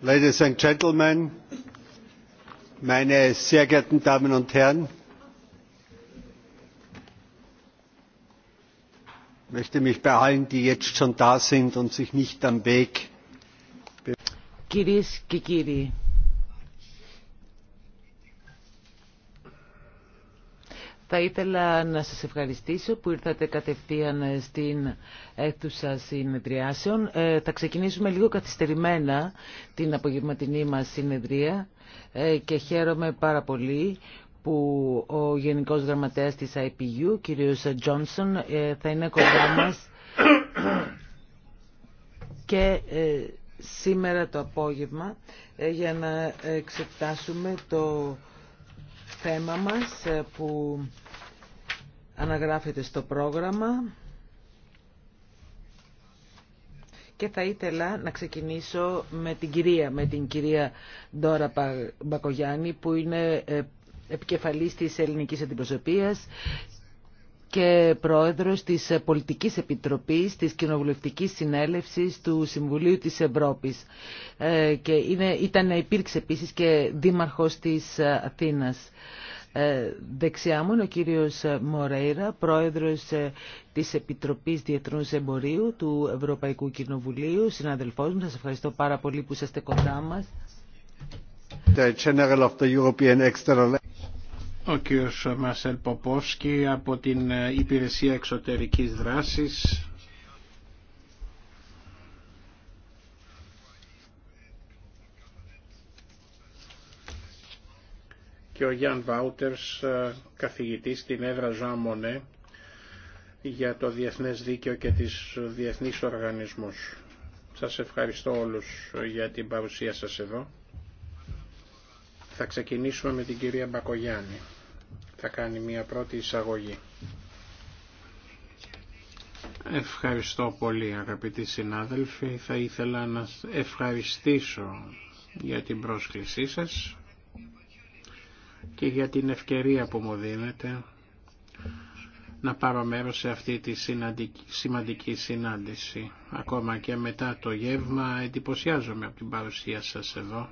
Ladies and gentlemen, meine sehr geehrten Damen und Herren, ich möchte mich bei allen, die jetzt schon da sind und sich nicht am Weg befinden. Θα ήθελα να σας ευχαριστήσω που ήρθατε κατευθείαν στην αίθουσα συνεδριάσεων. Ε, θα ξεκινήσουμε λίγο καθυστερημένα την απογευματινή μας συνεδρία ε, και χαίρομαι πάρα πολύ που ο Γενικός Γραμματέας της IPU, κύριος Τζόνσον, ε, θα είναι κοντά μας και σήμερα το απόγευμα για να εξετάσουμε το θέμα μας που αναγράφεται στο πρόγραμμα και θα ήθελα να ξεκινήσω με την κυρία, με την κυρία Ντόρα Μπακογιάννη που είναι ε, επικεφαλής της ελληνικής αντιπροσωπείας και πρόεδρος της Πολιτικής Επιτροπής της Κοινοβουλευτικής Συνέλευσης του Συμβουλίου της Ευρώπης ε, και είναι, ήταν, υπήρξε επίσης και δήμαρχος της Αθήνας. Ε, δεξιά μου είναι ο κύριος Μορέιρα, πρόεδρος ε, της Επιτροπής Διεθνούς Εμπορίου του Ευρωπαϊκού Κοινοβουλίου. Συναδελφός μου, σας ευχαριστώ πάρα πολύ που είσαστε κοντά μας. Ο κύριος Μασελ Ποπόσκι από την ε, Υπηρεσία Εξωτερικής Δράσης. και ο Γιάνν Βάουτερς, ε, καθηγητής στην έδρα Μονέ για το Διεθνές Δίκαιο και τις Διεθνείς Οργανισμούς. Σας ευχαριστώ όλους για την παρουσία σας εδώ. Θα ξεκινήσουμε με την κυρία Μπακογιάννη. Θα κάνει μια πρώτη εισαγωγή. Ευχαριστώ πολύ αγαπητοί συνάδελφοι. Θα ήθελα να ευχαριστήσω για την πρόσκλησή σας και για την ευκαιρία που μου δίνετε να πάρω μέρος σε αυτή τη σημαντική συνάντηση. Ακόμα και μετά το γεύμα εντυπωσιάζομαι από την παρουσία σας εδώ.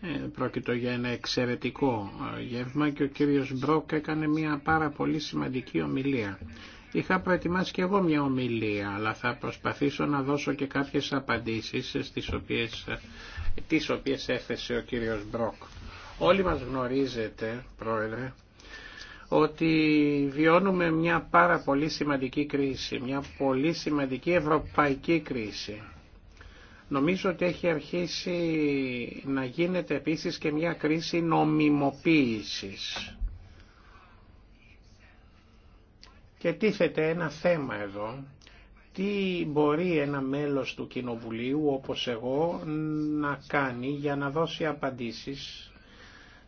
Ε, Πρόκειται για ένα εξαιρετικό ε, γεύμα και ο κύριος Μπρόκ έκανε μια πάρα πολύ σημαντική ομιλία. Είχα προετοιμάσει και εγώ μια ομιλία, αλλά θα προσπαθήσω να δώσω και κάποιες απαντήσεις ε, στις οποίες, τις οποίες έθεσε ο κύριος Μπρόκ. Όλοι μας γνωρίζετε, Πρόεδρε, ότι βιώνουμε μια πάρα πολύ σημαντική κρίση, μια πολύ σημαντική ευρωπαϊκή κρίση. Νομίζω ότι έχει αρχίσει να γίνεται επίσης και μια κρίση νομιμοποίησης. Και τίθεται ένα θέμα εδώ, τι μπορεί ένα μέλος του Κοινοβουλίου όπως εγώ να κάνει για να δώσει απαντήσεις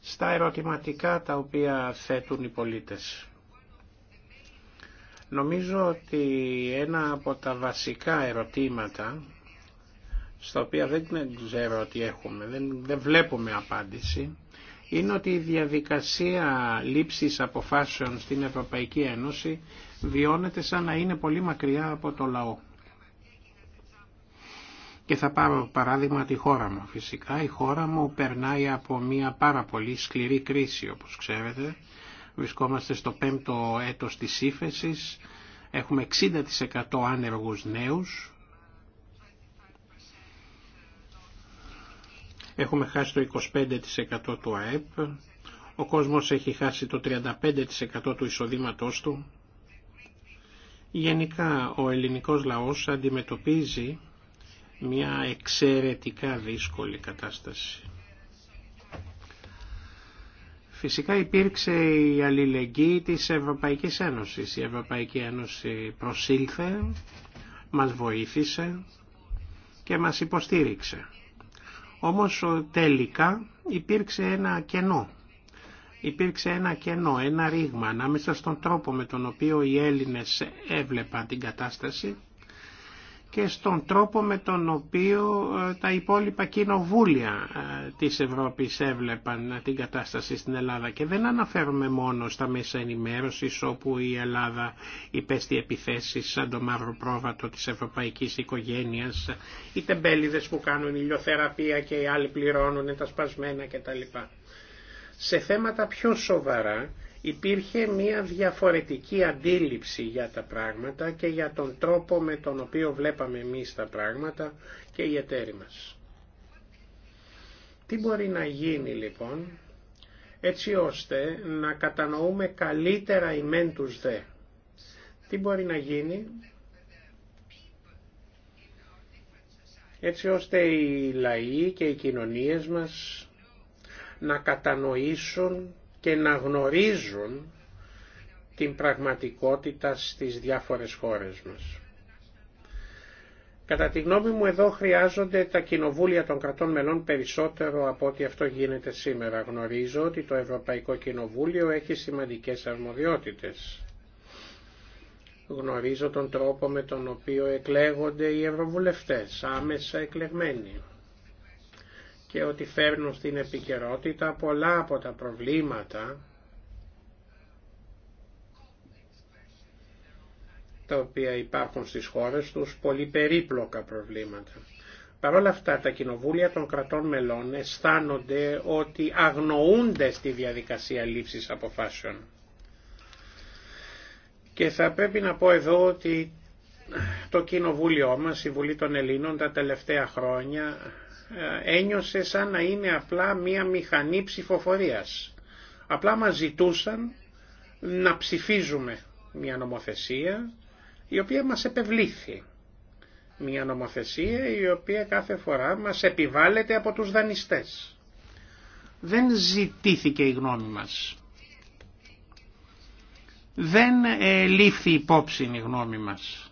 στα ερωτηματικά τα οποία θέτουν οι πολίτες. Νομίζω ότι ένα από τα βασικά ερωτήματα, στα οποία δεν ξέρω ότι έχουμε, δεν, δεν βλέπουμε απάντηση, είναι ότι η διαδικασία λήψης αποφάσεων στην Ευρωπαϊκή Ένωση βιώνεται σαν να είναι πολύ μακριά από το λαό. Και θα πάρω παράδειγμα τη χώρα μου. Φυσικά η χώρα μου περνάει από μια πάρα πολύ σκληρή κρίση όπως ξέρετε. Βρισκόμαστε στο πέμπτο έτος της ύφεση. Έχουμε 60% άνεργους νέους. Έχουμε χάσει το 25% του ΑΕΠ. Ο κόσμος έχει χάσει το 35% του εισοδήματός του. Γενικά ο ελληνικός λαός αντιμετωπίζει μια εξαιρετικά δύσκολη κατάσταση. Φυσικά υπήρξε η αλληλεγγύη της Ευρωπαϊκής Ένωσης. Η Ευρωπαϊκή Ένωση προσήλθε, μας βοήθησε και μας υποστήριξε. Όμως τελικά υπήρξε ένα κενό. Υπήρξε ένα κενό, ένα ρήγμα ανάμεσα στον τρόπο με τον οποίο οι Έλληνες έβλεπαν την κατάσταση και στον τρόπο με τον οποίο ε, τα υπόλοιπα κοινοβούλια ε, της Ευρώπης έβλεπαν ε, την κατάσταση στην Ελλάδα. Και δεν αναφέρουμε μόνο στα μέσα ενημέρωσης όπου η Ελλάδα υπέστη επιθέσεις σαν το μαύρο πρόβατο της ευρωπαϊκής οικογένειας, οι τεμπέληδες που κάνουν ηλιοθεραπεία και οι άλλοι πληρώνουν τα σπασμένα κτλ. Σε θέματα πιο σοβαρά υπήρχε μια διαφορετική αντίληψη για τα πράγματα και για τον τρόπο με τον οποίο βλέπαμε εμείς τα πράγματα και οι εταίροι μας. Τι μπορεί να γίνει λοιπόν έτσι ώστε να κατανοούμε καλύτερα οι μεν τους δε. Τι μπορεί να γίνει έτσι ώστε οι λαοί και οι κοινωνίες μας να κατανοήσουν και να γνωρίζουν την πραγματικότητα στις διάφορες χώρες μας. Κατά τη γνώμη μου εδώ χρειάζονται τα κοινοβούλια των κρατών μελών περισσότερο από ό,τι αυτό γίνεται σήμερα. Γνωρίζω ότι το Ευρωπαϊκό Κοινοβούλιο έχει σημαντικές αρμοδιότητες. Γνωρίζω τον τρόπο με τον οποίο εκλέγονται οι ευρωβουλευτές, άμεσα εκλεγμένοι και ότι φέρνουν στην επικαιρότητα πολλά από τα προβλήματα τα οποία υπάρχουν στις χώρες τους, πολύ περίπλοκα προβλήματα. Παρ' όλα αυτά τα κοινοβούλια των κρατών μελών αισθάνονται ότι αγνοούνται στη διαδικασία λήψης αποφάσεων. Και θα πρέπει να πω εδώ ότι το κοινοβούλιο μας, η Βουλή των Ελλήνων, τα τελευταία χρόνια ένιωσε σαν να είναι απλά μία μηχανή ψηφοφορίας. Απλά μας ζητούσαν να ψηφίζουμε μία νομοθεσία η οποία μας επευλήθη. Μία νομοθεσία η οποία κάθε φορά μας επιβάλλεται από τους δανειστές. Δεν ζητήθηκε η γνώμη μας. Δεν ε, λήφθη υπόψη η γνώμη μας.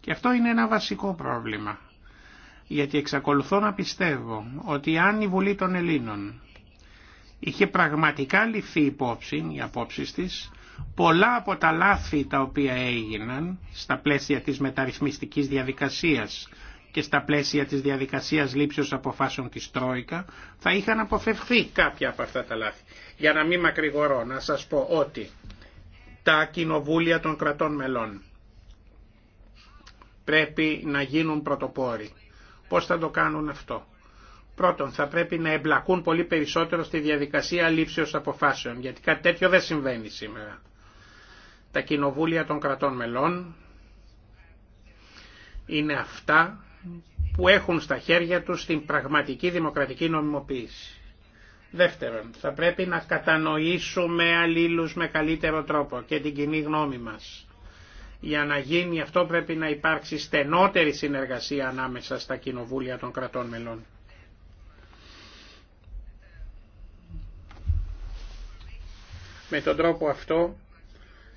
Και αυτό είναι ένα βασικό πρόβλημα γιατί εξακολουθώ να πιστεύω ότι αν η Βουλή των Ελλήνων είχε πραγματικά ληφθεί υπόψη, οι απόψεις της, πολλά από τα λάθη τα οποία έγιναν στα πλαίσια της μεταρρυθμιστικής διαδικασίας και στα πλαίσια της διαδικασίας λήψεως αποφάσεων της Τρόικα, θα είχαν αποφευθεί κάποια από αυτά τα λάθη. Για να μην μακρηγορώ, να σας πω ότι τα κοινοβούλια των κρατών μελών πρέπει να γίνουν πρωτοπόροι Πώς θα το κάνουν αυτό. Πρώτον, θα πρέπει να εμπλακούν πολύ περισσότερο στη διαδικασία λήψεως αποφάσεων, γιατί κάτι τέτοιο δεν συμβαίνει σήμερα. Τα κοινοβούλια των κρατών μελών είναι αυτά που έχουν στα χέρια τους την πραγματική δημοκρατική νομιμοποίηση. Δεύτερον, θα πρέπει να κατανοήσουμε αλλήλους με καλύτερο τρόπο και την κοινή γνώμη μας. Για να γίνει αυτό πρέπει να υπάρξει στενότερη συνεργασία ανάμεσα στα κοινοβούλια των κρατών μελών. Με τον τρόπο αυτό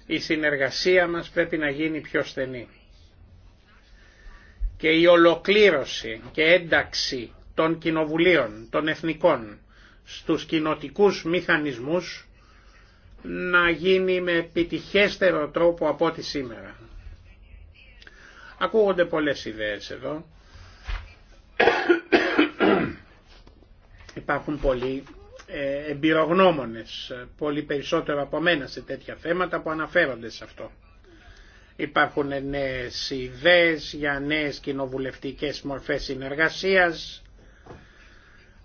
η συνεργασία μας πρέπει να γίνει πιο στενή. Και η ολοκλήρωση και ένταξη των κοινοβουλίων, των εθνικών, στους κοινοτικούς μηχανισμούς να γίνει με επιτυχέστερο τρόπο από ό,τι σήμερα. Ακούγονται πολλές ιδέες εδώ. Υπάρχουν πολλοί ε, εμπειρογνώμονες, πολύ περισσότερο από μένα σε τέτοια θέματα που αναφέρονται σε αυτό. Υπάρχουν νέες ιδέες για νέες κοινοβουλευτικές μορφές συνεργασίας,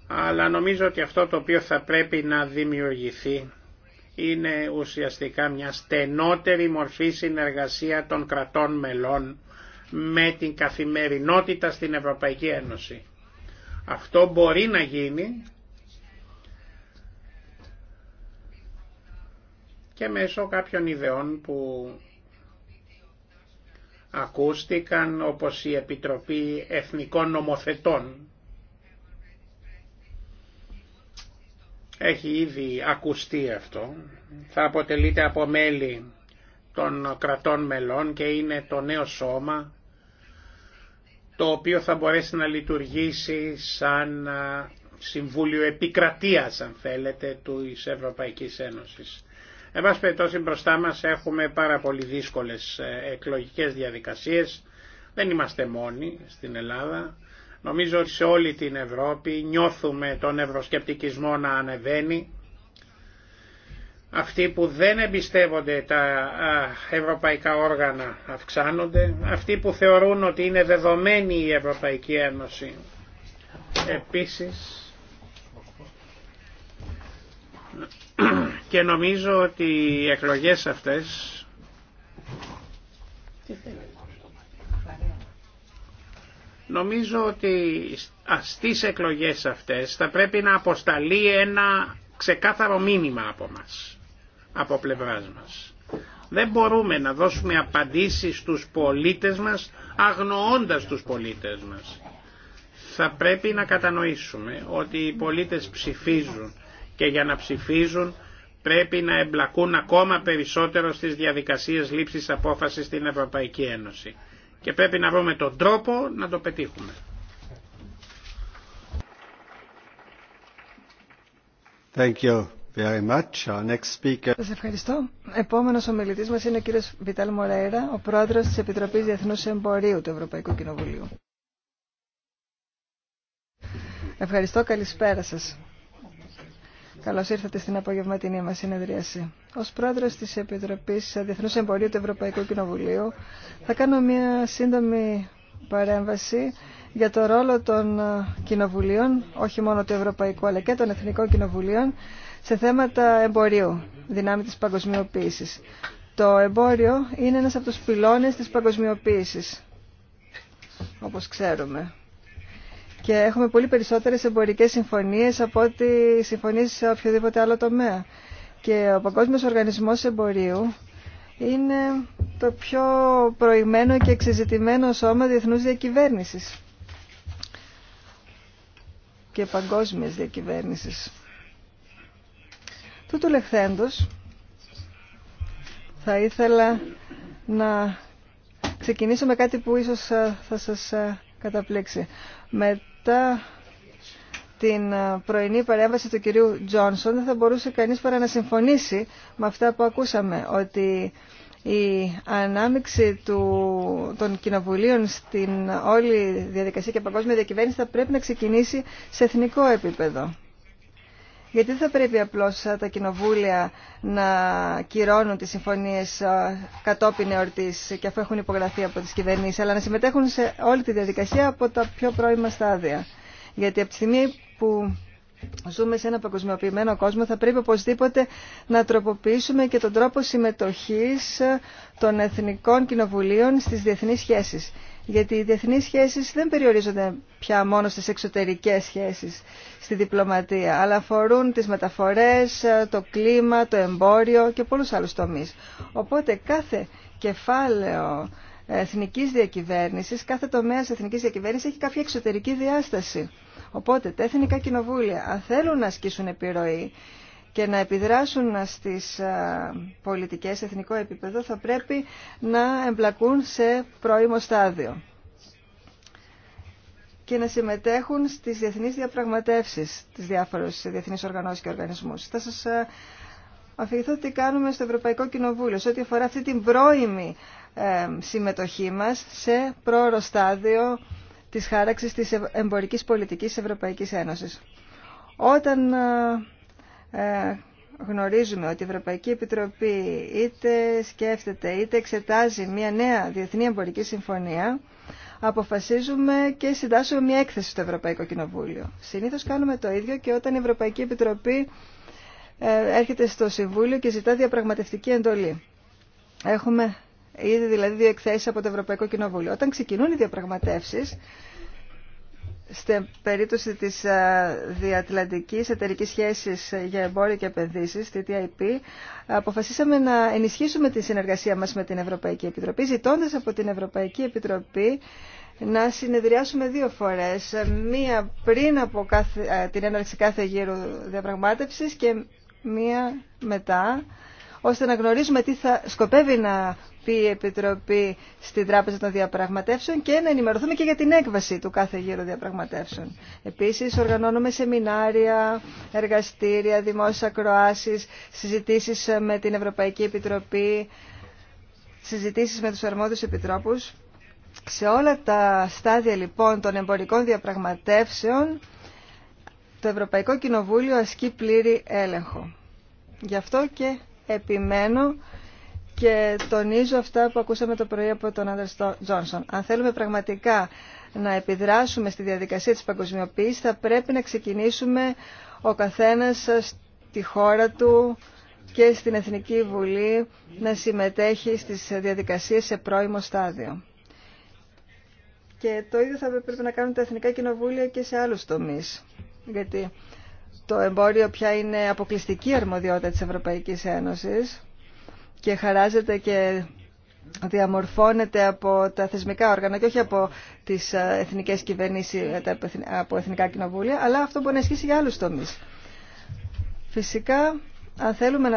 αλλά νομίζω ότι αυτό το οποίο θα πρέπει να δημιουργηθεί είναι ουσιαστικά μια στενότερη μορφή συνεργασία των κρατών μελών με την καθημερινότητα στην Ευρωπαϊκή Ένωση. Αυτό μπορεί να γίνει και μέσω κάποιων ιδεών που ακούστηκαν όπως η Επιτροπή Εθνικών Νομοθετών Έχει ήδη ακουστεί αυτό. Θα αποτελείται από μέλη των κρατών μελών και είναι το νέο σώμα το οποίο θα μπορέσει να λειτουργήσει σαν Συμβούλιο Επικρατείας, αν θέλετε, του Ευρωπαϊκής Ένωσης. Εν περιπτώσει μπροστά μας έχουμε πάρα πολύ δύσκολες ε, εκλογικές διαδικασίες. Δεν είμαστε μόνοι στην Ελλάδα. Νομίζω ότι σε όλη την Ευρώπη νιώθουμε τον ευρωσκεπτικισμό να ανεβαίνει. Αυτοί που δεν εμπιστεύονται τα ευρωπαϊκά όργανα αυξάνονται. Αυτοί που θεωρούν ότι είναι δεδομένη η Ευρωπαϊκή Ένωση. Επίσης, και νομίζω ότι οι εκλογές αυτές... Νομίζω ότι στις εκλογές αυτές θα πρέπει να αποσταλεί ένα ξεκάθαρο μήνυμα από μας, από πλευράς μας. Δεν μπορούμε να δώσουμε απαντήσεις στους πολίτες μας αγνοώντας τους πολίτες μας. Θα πρέπει να κατανοήσουμε ότι οι πολίτες ψηφίζουν και για να ψηφίζουν πρέπει να εμπλακούν ακόμα περισσότερο στις διαδικασίες λήψης απόφασης στην Ευρωπαϊκή Ένωση και πρέπει να βρούμε τον τρόπο να το πετύχουμε. Thank you very much. Our next speaker... Σας ευχαριστώ. Επόμενος ομιλητής μας είναι ο κύριος Βιτάλ Μοραέρα, ο πρόεδρος της Επιτροπής Διεθνούς Εμπορίου του Ευρωπαϊκού Κοινοβουλίου. Ευχαριστώ. Καλησπέρα σας. Καλώς ήρθατε στην απογευματινή μας συνεδρίαση. Ως πρόεδρος της Επιτροπής Διεθνού Εμπορίου του Ευρωπαϊκού Κοινοβουλίου θα κάνω μια σύντομη παρέμβαση για το ρόλο των κοινοβουλίων, όχι μόνο του Ευρωπαϊκού αλλά και των Εθνικών Κοινοβουλίων, σε θέματα εμπορίου, δυνάμει της παγκοσμιοποίησης. Το εμπόριο είναι ένας από τους πυλώνες της παγκοσμιοποίησης, όπως ξέρουμε και έχουμε πολύ περισσότερες εμπορικές συμφωνίες από ό,τι συμφωνίες σε οποιοδήποτε άλλο τομέα. Και ο Παγκόσμιος Οργανισμός Εμπορίου είναι το πιο προηγμένο και εξεζητημένο σώμα διεθνούς διακυβέρνησης και παγκόσμιας διακυβέρνησης. Τούτου λεχθέντος θα ήθελα να ξεκινήσω με κάτι που ίσως ε, θα σας ε, καταπλήξει. Με μετά την ε, πρωινή παρέμβαση του κυρίου Τζόνσον δεν θα μπορούσε κανείς παρά να συμφωνήσει με αυτά που ακούσαμε ότι η ανάμειξη του, των κοινοβουλίων στην όλη διαδικασία και παγκόσμια διακυβέρνηση θα πρέπει να ξεκινήσει σε εθνικό επίπεδο. Γιατί δεν θα πρέπει απλώς ε, τα κοινοβούλια να κυρώνουν τις συμφωνίες ε, κατόπιν εορτής και αφού έχουν υπογραφεί από τις κυβερνήσεις, αλλά να συμμετέχουν σε όλη τη διαδικασία από τα πιο πρώιμα στάδια. Γιατί από τη στιγμή που ζούμε σε ένα παγκοσμιοποιημένο κόσμο θα πρέπει οπωσδήποτε να τροποποιήσουμε και τον τρόπο συμμετοχής ε, των εθνικών κοινοβουλίων στις διεθνείς σχέσεις γιατί οι διεθνείς σχέσεις δεν περιορίζονται πια μόνο στις εξωτερικές σχέσεις, στη διπλωματία, αλλά αφορούν τις μεταφορές, το κλίμα, το εμπόριο και πολλούς άλλους τομείς. Οπότε κάθε κεφάλαιο εθνικής διακυβέρνησης, κάθε τομέας εθνικής διακυβέρνησης έχει κάποια εξωτερική διάσταση. Οπότε τα εθνικά κοινοβούλια, αν θέλουν να ασκήσουν επιρροή και να επιδράσουν στις ε, πολιτικές σε εθνικό επίπεδο θα πρέπει να εμπλακούν σε πρώιμο στάδιο και να συμμετέχουν στις διεθνείς διαπραγματεύσεις, της διάφορες διεθνείς οργανώσεις και οργανισμούς. Θα σας ε, αφηγηθώ τι κάνουμε στο Ευρωπαϊκό Κοινοβούλιο σε ό,τι αφορά αυτή την πρώιμη ε, συμμετοχή μας σε πρόωρο στάδιο της χάραξης της εμπορικής πολιτικής της Ευρωπαϊκής Ένωσης. Όταν ε, γνωρίζουμε ότι η Ευρωπαϊκή Επιτροπή είτε σκέφτεται είτε εξετάζει μια νέα διεθνή εμπορική συμφωνία, αποφασίζουμε και συντάσσουμε μια έκθεση στο Ευρωπαϊκό Κοινοβούλιο. Συνήθως κάνουμε το ίδιο και όταν η Ευρωπαϊκή Επιτροπή ε, έρχεται στο Συμβούλιο και ζητά διαπραγματευτική εντολή. Έχουμε ήδη δηλαδή δύο εκθέσεις από το Ευρωπαϊκό Κοινοβούλιο. Όταν ξεκινούν οι διαπραγματεύσεις, στην περίπτωση της ε, διατλαντικής εταιρικής σχέσης για εμπόριο και επενδύσεις, τη TIP, αποφασίσαμε να ενισχύσουμε τη συνεργασία μας με την Ευρωπαϊκή Επιτροπή, ζητώντας από την Ευρωπαϊκή Επιτροπή να συνεδριάσουμε δύο φορές. Μία πριν από κάθε, ε, την έναρξη κάθε γύρου διαπραγμάτευσης και μία μετά ώστε να γνωρίζουμε τι θα σκοπεύει να πει η Επιτροπή στην Τράπεζα των Διαπραγματεύσεων και να ενημερωθούμε και για την έκβαση του κάθε γύρω διαπραγματεύσεων. Επίσης, οργανώνουμε σεμινάρια, εργαστήρια, δημόσια κροάσεις, συζητήσεις με την Ευρωπαϊκή Επιτροπή, συζητήσεις με τους αρμόδιους επιτρόπους. Σε όλα τα στάδια λοιπόν των εμπορικών διαπραγματεύσεων, το Ευρωπαϊκό Κοινοβούλιο ασκεί πλήρη έλεγχο. Γι' αυτό και επιμένω και τονίζω αυτά που ακούσαμε το πρωί από τον Άντερ Τζόνσον. Αν θέλουμε πραγματικά να επιδράσουμε στη διαδικασία της παγκοσμιοποίησης θα πρέπει να ξεκινήσουμε ο καθένας στη χώρα του και στην Εθνική Βουλή να συμμετέχει στις διαδικασίες σε πρώιμο στάδιο. Και το ίδιο θα πρέπει να κάνουν τα Εθνικά Κοινοβούλια και σε άλλους τομείς το εμπόριο πια είναι αποκλειστική αρμοδιότητα της Ευρωπαϊκής Ένωσης και χαράζεται και διαμορφώνεται από τα θεσμικά όργανα και όχι από τις ε, εθνικές κυβερνήσεις, ε, από εθνικά κοινοβούλια, αλλά αυτό μπορεί να ισχύσει για άλλους τομείς. Φυσικά, αν θέλουμε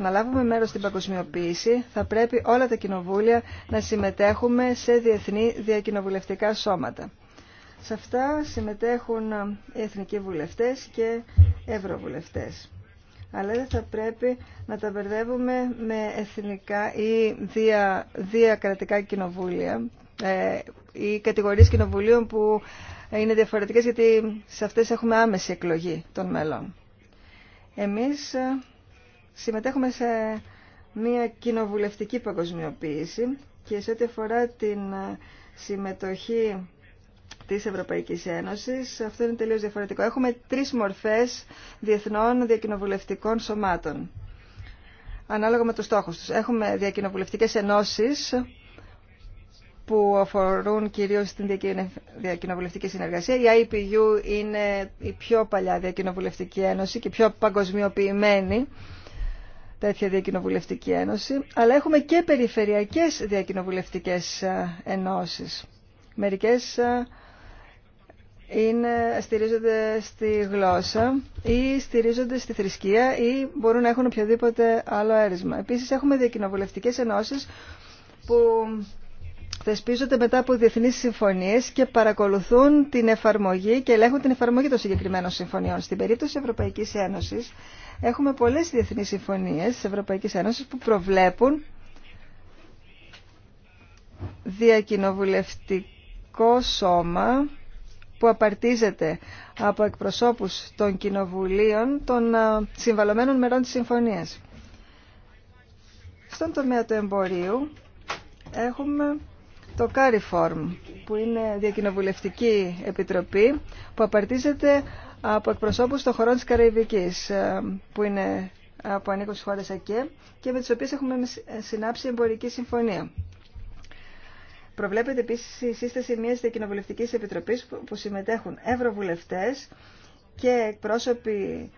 να λάβουμε μέρος στην παγκοσμιοποίηση, θα πρέπει όλα τα κοινοβούλια να συμμετέχουμε σε διεθνή διακοινοβουλευτικά σώματα. Σε αυτά συμμετέχουν ε, εθνικοί βουλευτές και ευρωβουλευτές. Αλλά δεν θα πρέπει να τα μπερδεύουμε με εθνικά ή δια, διακρατικά κοινοβούλια ε, ή κατηγορίες κοινοβουλίων που είναι διαφορετικές γιατί σε αυτές έχουμε άμεση εκλογή των μέλων. Εμείς ε, συμμετέχουμε σε μια κοινοβουλευτική παγκοσμιοποίηση και σε ό,τι αφορά την ε, συμμετοχή της Ευρωπαϊκής Ένωσης. Αυτό είναι τελείως διαφορετικό. Έχουμε τρεις μορφές διεθνών διακοινοβουλευτικών σωμάτων. Ανάλογα με τους στόχους τους. Έχουμε διακοινοβουλευτικές ενώσεις που αφορούν κυρίως την διακοινοβουλευτική συνεργασία. Η IPU είναι η πιο παλιά διακοινοβουλευτική ένωση και πιο παγκοσμιοποιημένη τέτοια διακοινοβουλευτική ένωση, αλλά έχουμε και περιφερειακές διακοινοβουλευτικές ε, ενώσεις. Μερικές ε, είναι, στηρίζονται στη γλώσσα ή στηρίζονται στη θρησκεία ή μπορούν να έχουν οποιοδήποτε άλλο αίρισμα. Επίσης έχουμε διακοινοβουλευτικέ ενώσεις που θεσπίζονται μετά από διεθνείς συμφωνίες και παρακολουθούν την εφαρμογή και ελέγχουν την εφαρμογή των συγκεκριμένων συμφωνιών. Στην περίπτωση Ευρωπαϊκής Ένωσης έχουμε πολλές διεθνείς συμφωνίες της Ευρωπαϊκής Ένωσης που προβλέπουν διακοινοβουλευτικό σώμα που απαρτίζεται από εκπροσώπους των κοινοβουλίων των ε, συμβαλωμένων μερών της συμφωνίας. Στον τομέα του εμπορίου έχουμε το CARIFORM, που είναι διακοινοβουλευτική επιτροπή που απαρτίζεται από εκπροσώπους των χωρών της Καραϊβικής, ε, που είναι από ανήκω χώρες ΑΚΕ και με τις οποίες έχουμε συνάψει εμπορική συμφωνία. Προβλέπεται επίση η σύσταση μια διακοινοβουλευτική επιτροπή που συμμετέχουν ευρωβουλευτέ και πρόσωποι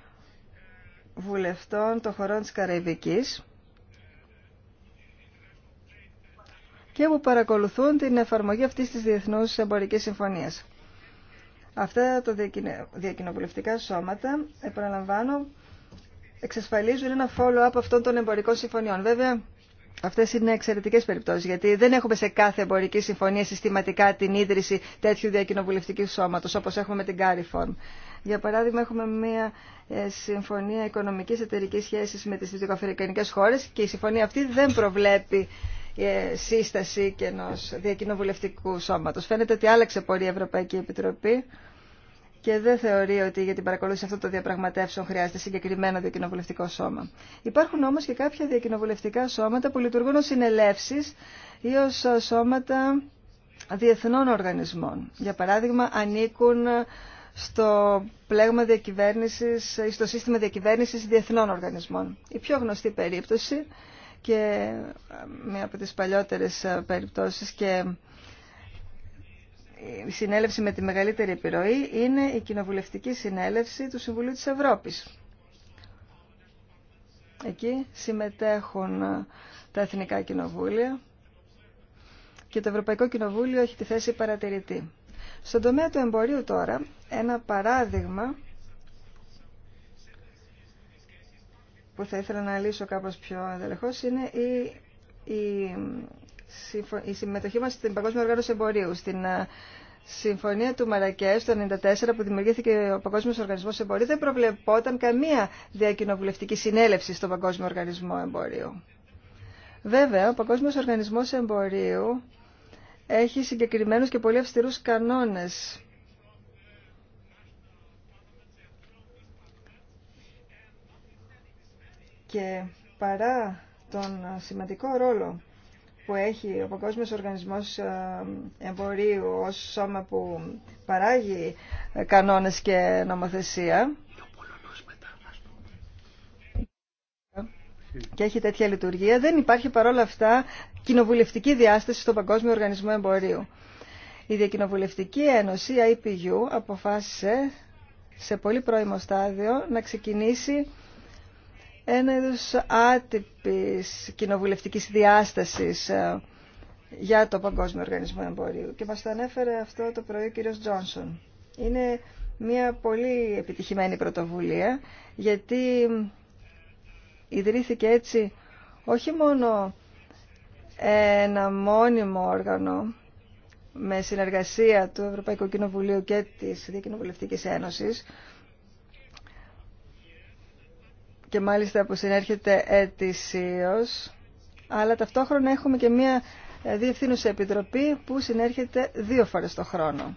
βουλευτών των χωρών τη Καραϊβική και που παρακολουθούν την εφαρμογή αυτής της Διεθνούς Εμπορικής Συμφωνίας. Αυτά τα διακοινοβουλευτικά σώματα, επαναλαμβάνω, εξασφαλίζουν ένα follow-up αυτών των εμπορικών συμφωνιών. Βέβαια, Αυτές είναι εξαιρετικές περιπτώσεις, γιατί δεν έχουμε σε κάθε εμπορική συμφωνία συστηματικά την ίδρυση τέτοιου διακοινοβουλευτικού σώματος, όπως έχουμε με την Κάριφον. Για παράδειγμα, έχουμε μια ε, συμφωνία οικονομικής εταιρικής σχέσης με τις δυτικοαφρικανικές χώρες και η συμφωνία αυτή δεν προβλέπει ε, σύσταση και ενό διακοινοβουλευτικού σώματος. Φαίνεται ότι άλλαξε πορεία η Ευρωπαϊκή Επιτροπή και δεν θεωρεί ότι για την παρακολούθηση αυτών των διαπραγματεύσεων χρειάζεται συγκεκριμένο διακοινοβουλευτικό σώμα. Υπάρχουν όμω και κάποια διακοινοβουλευτικά σώματα που λειτουργούν ω συνελεύσει ή ω σώματα διεθνών οργανισμών. Για παράδειγμα, ανήκουν στο πλέγμα διακυβέρνησης ή στο σύστημα διακυβέρνησης διεθνών οργανισμών. Η πιο γνωστή περίπτωση και ε, μία από τις παλιότερες ε, περιπτώσεις και η συνέλευση με τη μεγαλύτερη επιρροή είναι η κοινοβουλευτική συνέλευση του Συμβουλίου της Ευρώπης. Εκεί συμμετέχουν τα εθνικά κοινοβούλια και το Ευρωπαϊκό Κοινοβούλιο έχει τη θέση παρατηρητή. Στον τομέα του εμπορίου τώρα, ένα παράδειγμα που θα ήθελα να λύσω κάπως πιο ενδελεχώς είναι η, η η συμμετοχή μας στην Παγκόσμια Οργάνωση Εμπορίου, στην ε, Συμφωνία του Μαρακές το 1994 που δημιουργήθηκε ο Παγκόσμιος Οργανισμός Εμπορίου δεν προβλεπόταν καμία διακοινοβουλευτική συνέλευση στον Παγκόσμιο Οργανισμό Εμπορίου. Βέβαια, ο Παγκόσμιος Οργανισμός Εμπορίου έχει συγκεκριμένους και πολύ αυστηρούς κανόνες και παρά τον σημαντικό ρόλο που έχει ο Παγκόσμιος Οργανισμός ε, Εμπορίου ως σώμα που παράγει ε, κανόνες και νομοθεσία και έχει τέτοια λειτουργία, δεν υπάρχει παρόλα αυτά κοινοβουλευτική διάσταση στο Παγκόσμιο Οργανισμό Εμπορίου. Η Διακοινοβουλευτική Ένωση, η IPU, αποφάσισε σε πολύ πρώιμο στάδιο να ξεκινήσει ένα είδος άτυπης κοινοβουλευτικής διάστασης ε, για το Παγκόσμιο Οργανισμό Εμπορίου και μας το ανέφερε αυτό το πρωί ο κύριος Τζόνσον. Είναι μια πολύ επιτυχημένη πρωτοβουλία γιατί ιδρύθηκε έτσι όχι μόνο ένα μόνιμο όργανο με συνεργασία του Ευρωπαϊκού Κοινοβουλίου και της Διακοινοβουλευτικής Ένωσης και μάλιστα που συνέρχεται ετησίως, αλλά ταυτόχρονα έχουμε και μία ε, διευθύνουσα επιτροπή που συνέρχεται δύο φορές το χρόνο.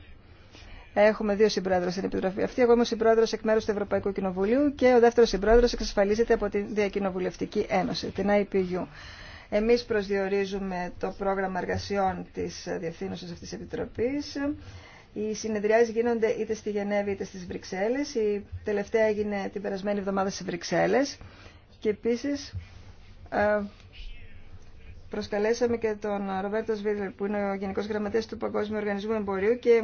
Έχουμε δύο συμπρόεδρου στην επιτροπή αυτή. Εγώ είμαι ο συμπρόεδρο εκ μέρου του Ευρωπαϊκού Κοινοβουλίου και ο δεύτερο συμπρόεδρο εξασφαλίζεται από την Διακοινοβουλευτική Ένωση, την IPU. Εμεί προσδιορίζουμε το πρόγραμμα εργασιών τη ε, διευθύνουσα αυτή τη οι συνεδριάσεις γίνονται είτε στη Γενέβη είτε στις Βρυξέλλες. Η τελευταία έγινε την περασμένη εβδομάδα στις Βρυξέλλες. Και επίσης ε, προσκαλέσαμε και τον Ρομπέρτο Σβίδλερ που είναι ο Γενικός Γραμματέας του Παγκόσμιου Οργανισμού Εμπορίου και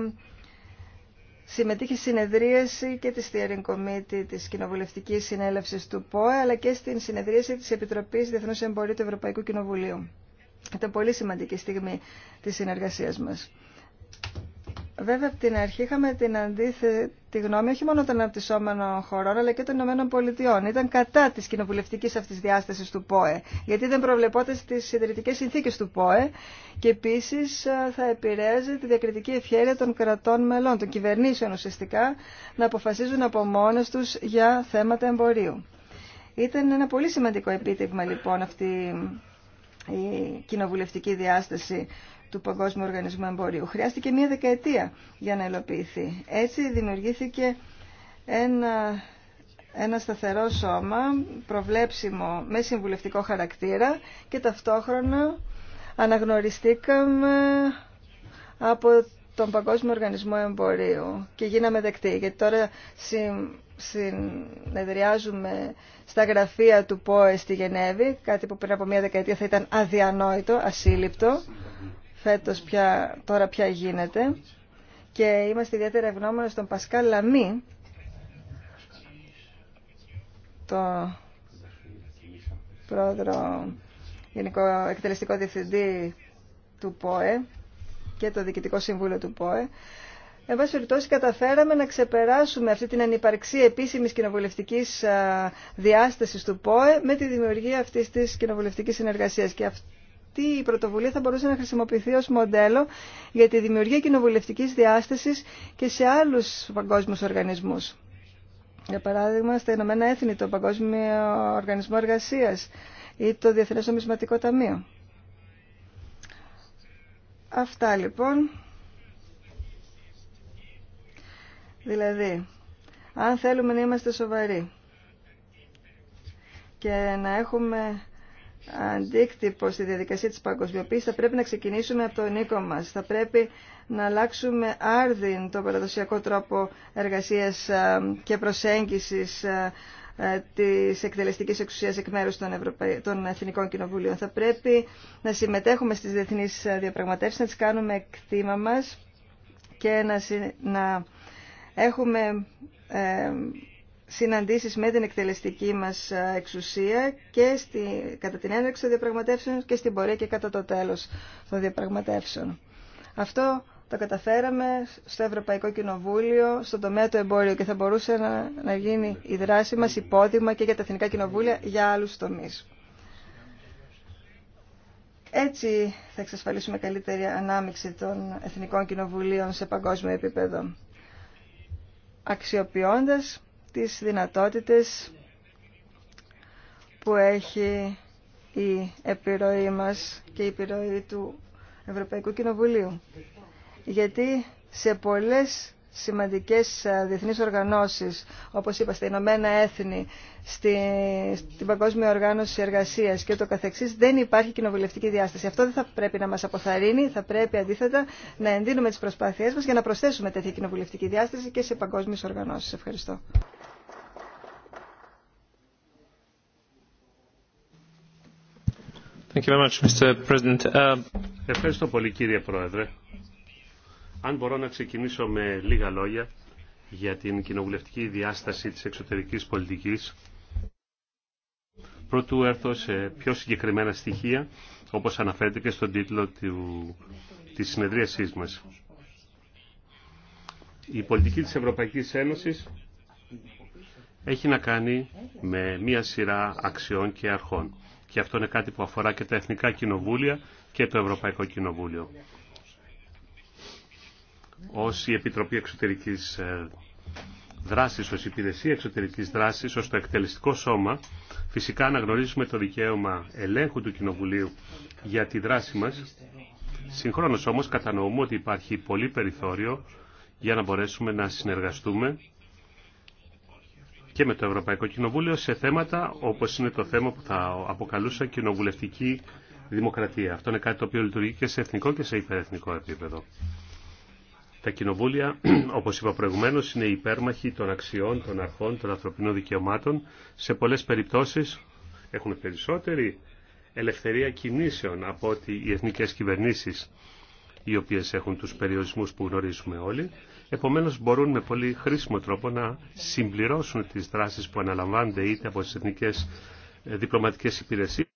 συμμετείχε στη συνεδρίαση και τη Steering Committee της Κοινοβουλευτικής Συνέλευσης του ΠΟΕ αλλά και στην συνεδρίαση της Επιτροπής Διεθνούς Εμπορίου του Ευρωπαϊκού Κοινοβουλίου. Ήταν πολύ σημαντική στιγμή τη μας. Βέβαια, από την αρχή είχαμε την αντίθετη γνώμη όχι μόνο των αναπτυσσόμενων χωρών αλλά και των Ηνωμένων Πολιτειών. Ήταν κατά τη κοινοβουλευτική αυτή διάσταση του ΠΟΕ, γιατί δεν προβλεπόταν στι ιδρυτικέ συνθήκε του ΠΟΕ και επίση ε, θα επηρέαζε τη διακριτική ευχέρεια των κρατών μελών, των κυβερνήσεων ουσιαστικά, να αποφασίζουν από μόνε του για θέματα εμπορίου. Ήταν ένα πολύ σημαντικό επίτευγμα λοιπόν αυτή η κοινοβουλευτική διάσταση του Παγκόσμιου Οργανισμού Εμπορίου. Χρειάστηκε μία δεκαετία για να υλοποιηθεί. Έτσι δημιουργήθηκε ένα, ένα σταθερό σώμα, προβλέψιμο με συμβουλευτικό χαρακτήρα και ταυτόχρονα αναγνωριστήκαμε από τον Παγκόσμιο Οργανισμό Εμπορίου και γίναμε δεκτοί. Γιατί τώρα συνεδριάζουμε στα γραφεία του ΠΟΕ στη Γενέβη, κάτι που πριν από μια δεκαετία θα ήταν αδιανόητο, ασύλληπτο φέτος πια, τώρα πια γίνεται και είμαστε ιδιαίτερα ευγνώμονες στον Πασκάλ Λαμή το πρόεδρο Γενικό Εκτελεστικό Διευθυντή του ΠΟΕ και το Διοικητικό Συμβούλιο του ΠΟΕ. Εν πάση περιπτώσει, καταφέραμε να ξεπεράσουμε αυτή την ανυπαρξή επίσημη κοινοβουλευτική διάσταση του ΠΟΕ με τη δημιουργία αυτή τη κοινοβουλευτική συνεργασία. Και αυτή η πρωτοβουλία θα μπορούσε να χρησιμοποιηθεί ως μοντέλο για τη δημιουργία κοινοβουλευτικής διάστασης και σε άλλους παγκόσμιους οργανισμούς. Για παράδειγμα, στα Ηνωμένα Έθνη, το Παγκόσμιο Οργανισμό Εργασίας ή το Διεθνές Ομισματικό Ταμείο. Αυτά λοιπόν. Δηλαδή, αν θέλουμε να είμαστε σοβαροί και να έχουμε αντίκτυπο στη διαδικασία της παγκοσμιοποίησης θα πρέπει να ξεκινήσουμε από τον οίκο μας. Θα πρέπει να αλλάξουμε άρδιν τον παραδοσιακό τρόπο εργασίας ε, και προσέγγισης ε, ε, της εκτελεστικής εξουσίας εκ μέρους των, Ευρωπαϊ... των Εθνικών Κοινοβουλίων. Θα πρέπει να συμμετέχουμε στις διεθνείς διαπραγματεύσεις, να τις κάνουμε εκτίμα μας και να, έχουμε συναντήσεις με την εκτελεστική μας ε, εξουσία και στη, κατά την έναρξη των διαπραγματεύσεων και στην πορεία και κατά το τέλος των διαπραγματεύσεων. Αυτό το καταφέραμε στο Ευρωπαϊκό Κοινοβούλιο, στον τομέα του εμπόριου και θα μπορούσε να, γίνει η δράση μας υπόδειγμα και για τα Εθνικά Κοινοβούλια για άλλους τομεί Έτσι θα εξασφαλίσουμε καλύτερη ανάμειξη των Εθνικών Κοινοβουλίων σε παγκόσμιο επίπεδο, αξιοποιώντας τις δυνατότητες που έχει η επιρροή μας και η επιρροή του Ευρωπαϊκού Κοινοβουλίου. Γιατί σε πολλές σημαντικές ε, διεθνείς οργανώσεις, όπως είπα, στα Ηνωμένα Έθνη, στη, στην Παγκόσμια Οργάνωση Εργασίας και το καθεξής, δεν υπάρχει κοινοβουλευτική διάσταση. Αυτό δεν θα πρέπει να μας αποθαρρύνει, θα πρέπει αντίθετα να ενδύνουμε τις προσπάθειές μας για να προσθέσουμε τέτοια κοινοβουλευτική διάσταση και σε παγκόσμιες οργανώσεις. Ευχαριστώ. Uh, Ευχαριστώ πολύ κύριε Πρόεδρε. Αν μπορώ να ξεκινήσω με λίγα λόγια για την κοινοβουλευτική διάσταση της εξωτερικής πολιτικής, πρώτου έρθω σε πιο συγκεκριμένα στοιχεία, όπως αναφέρεται και στον τίτλο του, της συνεδρίασής μας. Η πολιτική της Ευρωπαϊκής Ένωσης έχει να κάνει με μία σειρά αξιών και αρχών. Και αυτό είναι κάτι που αφορά και τα Εθνικά Κοινοβούλια και το Ευρωπαϊκό Κοινοβούλιο ως η Επιτροπή Εξωτερικής ε, Δράσης, ως η Υπηρεσία Εξωτερικής Δράσης, ως το εκτελεστικό σώμα, φυσικά αναγνωρίζουμε το δικαίωμα ελέγχου του Κοινοβουλίου για τη δράση μας. Συγχρόνως όμως κατανοούμε ότι υπάρχει πολύ περιθώριο για να μπορέσουμε να συνεργαστούμε και με το Ευρωπαϊκό Κοινοβούλιο σε θέματα όπως είναι το θέμα που θα αποκαλούσα κοινοβουλευτική δημοκρατία. Αυτό είναι κάτι το οποίο λειτουργεί και σε εθνικό και σε υπερεθνικό επίπεδο. Τα κοινοβούλια, όπως είπα προηγουμένως, είναι υπέρμαχοι των αξιών, των αρχών, των ανθρωπινών δικαιωμάτων. Σε πολλές περιπτώσεις έχουν περισσότερη ελευθερία κινήσεων από ότι οι εθνικές κυβερνήσεις οι οποίες έχουν τους περιορισμούς που γνωρίζουμε όλοι. Επομένως μπορούν με πολύ χρήσιμο τρόπο να συμπληρώσουν τις δράσεις που αναλαμβάνονται είτε από τις εθνικές ε, διπλωματικές υπηρεσίες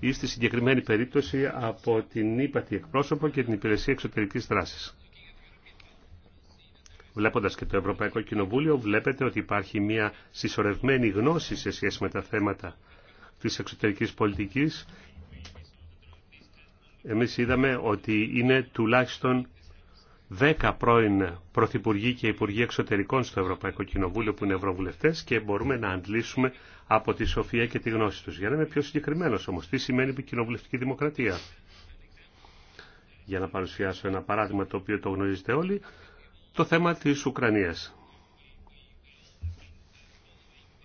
ή στη συγκεκριμένη περίπτωση από την ύπατη εκπρόσωπο και την υπηρεσία εξωτερικής δράσης. Βλέποντας και το Ευρωπαϊκό Κοινοβούλιο, βλέπετε ότι υπάρχει μια συσσωρευμένη γνώση σε σχέση με τα θέματα της εξωτερικής πολιτικής. Εμείς είδαμε ότι είναι τουλάχιστον 10 πρώην Πρωθυπουργοί και Υπουργοί Εξωτερικών στο Ευρωπαϊκό Κοινοβούλιο που είναι Ευρωβουλευτές και μπορούμε να αντλήσουμε από τη σοφία και τη γνώση τους. Για να είμαι πιο συγκεκριμένος όμως, τι σημαίνει η κοινοβουλευτική δημοκρατία. Για να παρουσιάσω ένα παράδειγμα το οποίο το γνωρίζετε όλοι, το θέμα της Ουκρανίας.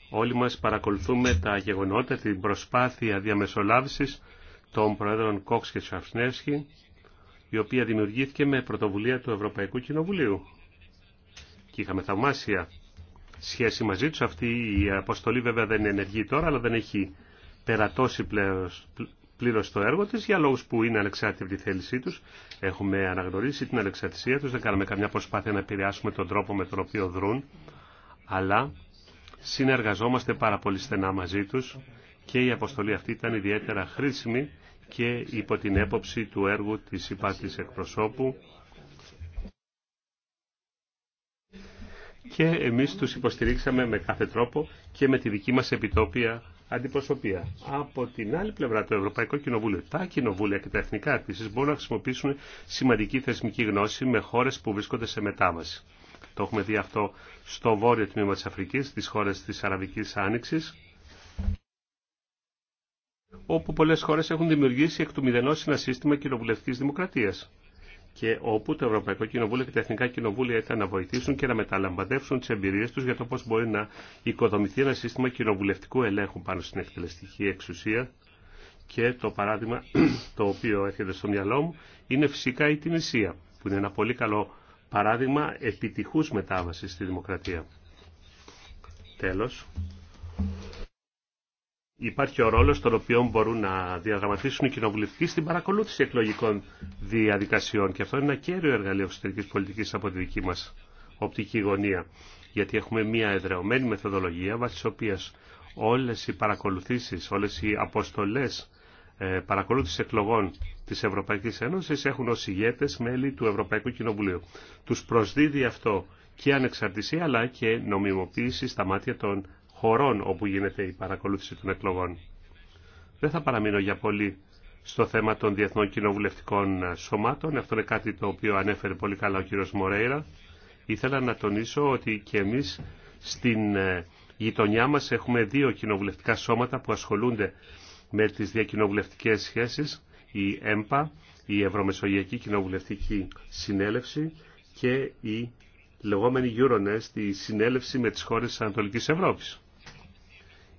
Όλοι μας παρακολουθούμε τα γεγονότα, την προσπάθεια διαμεσολάβησης των Προέδρων Κόξ και Σαφνεύσκη, η οποία δημιουργήθηκε με πρωτοβουλία του Ευρωπαϊκού Κοινοβουλίου. Και είχαμε θαυμάσια σχέση μαζί τους. Αυτή η αποστολή βέβαια δεν είναι ενεργή τώρα, αλλά δεν έχει περατώσει πλήρω το έργο της για λόγους που είναι ανεξάρτητη τη θέλησή τους. Έχουμε αναγνωρίσει την ανεξαρτησία τους, δεν κάναμε καμιά προσπάθεια να επηρεάσουμε τον τρόπο με τον οποίο δρούν, αλλά συνεργαζόμαστε πάρα πολύ στενά μαζί τους και η αποστολή αυτή ήταν ιδιαίτερα χρήσιμη και υπό την έποψη του έργου της υπάτης εκπροσώπου και εμείς τους υποστηρίξαμε με κάθε τρόπο και με τη δική μας επιτόπια αντιπροσωπεία. Από την άλλη πλευρά, το Ευρωπαϊκό Κοινοβούλιο, τα κοινοβούλια και τα εθνικά επίση μπορούν να χρησιμοποιήσουν σημαντική θεσμική γνώση με χώρες που βρίσκονται σε μετάβαση. Το έχουμε δει αυτό στο βόρειο τμήμα της Αφρικής, στις χώρες της Αραβικής Άνοιξης, όπου πολλές χώρες έχουν δημιουργήσει εκ του μηδενό ένα σύστημα κοινοβουλευτική δημοκρατία και όπου το Ευρωπαϊκό Κοινοβούλιο και τα Εθνικά Κοινοβούλια ήταν να βοηθήσουν και να μεταλαμβαντεύσουν τι εμπειρίε του για το πώ μπορεί να οικοδομηθεί ένα σύστημα κοινοβουλευτικού ελέγχου πάνω στην εκτελεστική εξουσία. Και το παράδειγμα το οποίο έρχεται στο μυαλό μου είναι φυσικά η Τινησία, που είναι ένα πολύ καλό παράδειγμα επιτυχούς μετάβασης στη δημοκρατία. Τέλος, υπάρχει ο ρόλος τον οποίο μπορούν να διαδραματίσουν οι κοινοβουλευτικοί στην παρακολούθηση εκλογικών διαδικασιών και αυτό είναι ένα κέριο εργαλείο εξωτερική πολιτικής από τη δική μας οπτική γωνία γιατί έχουμε μια εδρεωμένη μεθοδολογία βάσει της οποίας όλες οι παρακολουθήσεις, όλες οι αποστολές ε, παρακολούθηση εκλογών της Ευρωπαϊκής Ένωσης έχουν ως ηγέτες μέλη του Ευρωπαϊκού Κοινοβουλίου. Τους προσδίδει αυτό και ανεξαρτησία αλλά και νομιμοποίηση στα μάτια των χωρών όπου γίνεται η παρακολούθηση των εκλογών. Δεν θα παραμείνω για πολύ στο θέμα των διεθνών κοινοβουλευτικών σωμάτων. Αυτό είναι κάτι το οποίο ανέφερε πολύ καλά ο κύριος Μορέιρα. Ήθελα να τονίσω ότι και εμείς στην ε, γειτονιά μας έχουμε δύο κοινοβουλευτικά σώματα που ασχολούνται με τις διακοινοβουλευτικές σχέσεις, η ΕΜΠΑ, η Ευρωμεσογειακή Κοινοβουλευτική Συνέλευση και η λεγόμενη Euronest, η συνέλευση με τις χώρες της Ανατολικής Ευρώπης.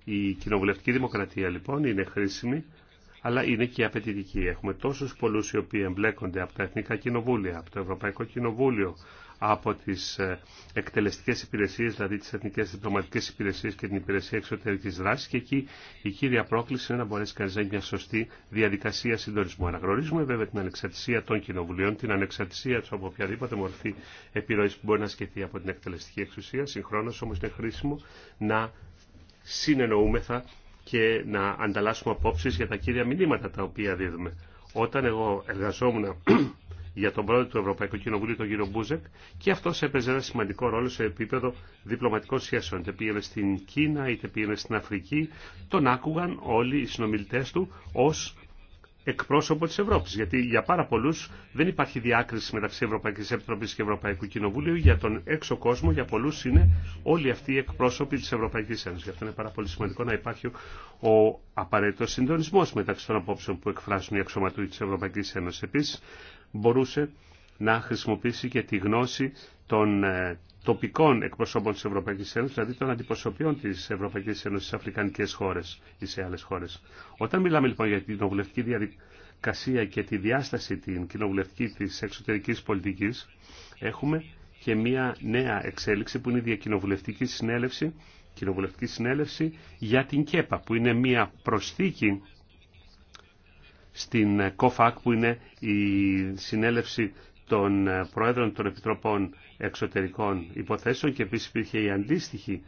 Η κοινοβουλευτική δημοκρατία λοιπόν είναι χρήσιμη, αλλά είναι και απαιτητική. Έχουμε τόσους πολλούς οι οποίοι εμπλέκονται από τα Εθνικά Κοινοβούλια, από το Ευρωπαϊκό Κοινοβούλιο, από τις ε, εκτελεστικές υπηρεσίες, δηλαδή τις εθνικές διπλωματικές υπηρεσίες και την υπηρεσία εξωτερικής δράσης και εκεί η κύρια πρόκληση είναι να μπορέσει κανείς να έχει μια σωστή διαδικασία συντονισμού. Αναγνωρίζουμε βέβαια την ανεξαρτησία των κοινοβουλίων, την ανεξαρτησία του από οποιαδήποτε μορφή επιρροή που μπορεί να σκεφτεί από την εκτελεστική εξουσία. Συγχρόνως όμως είναι χρήσιμο να συνεννοούμεθα και να ανταλλάσσουμε απόψει για τα κύρια μηνύματα τα οποία δίδουμε. Όταν εγώ εργαζόμουν για τον πρόεδρο του Ευρωπαϊκού Κοινοβουλίου, τον κύριο Μπούζεκ, και αυτό έπαιζε ένα σημαντικό ρόλο σε επίπεδο διπλωματικών σχέσεων. Είτε πήγαινε στην Κίνα, είτε πήγαινε στην Αφρική. Τον άκουγαν όλοι οι συνομιλητέ του ω εκπρόσωπο της Ευρώπης. Γιατί για πάρα πολλούς δεν υπάρχει διάκριση μεταξύ Ευρωπαϊκής Επιτροπής και Ευρωπαϊκού Κοινοβουλίου. Για τον έξω κόσμο, για πολλούς είναι όλοι αυτοί οι εκπρόσωποι της Ευρωπαϊκής Ένωσης. Γι' αυτό είναι πάρα πολύ σημαντικό να υπάρχει ο απαραίτητος συντονισμός μεταξύ των απόψεων που εκφράσουν οι αξιωματούχοι της Ευρωπαϊκής Ένωσης. Επίσης, μπορούσε να χρησιμοποιήσει και τη γνώση των ε, τοπικών εκπροσώπων της Ευρωπαϊκής Ένωσης, δηλαδή των αντιπροσωπείων της Ευρωπαϊκής Ένωσης στις αφρικανικές χώρες ή σε άλλες χώρες. Όταν μιλάμε λοιπόν για την κοινοβουλευτική διαδικασία και τη διάσταση την κοινοβουλευτική της εξωτερικής πολιτικής, έχουμε και μια νέα εξέλιξη που είναι η διακοινοβουλευτική συνέλευση, κοινοβουλευτική συνέλευση για την ΚΕΠΑ, που είναι μια προσθήκη στην ΚΟΦΑΚ που είναι η συνέλευση των ε, Προέδρων των Επιτροπών Εξωτερικών Υποθέσεων και επίσης υπήρχε η αντίστοιχη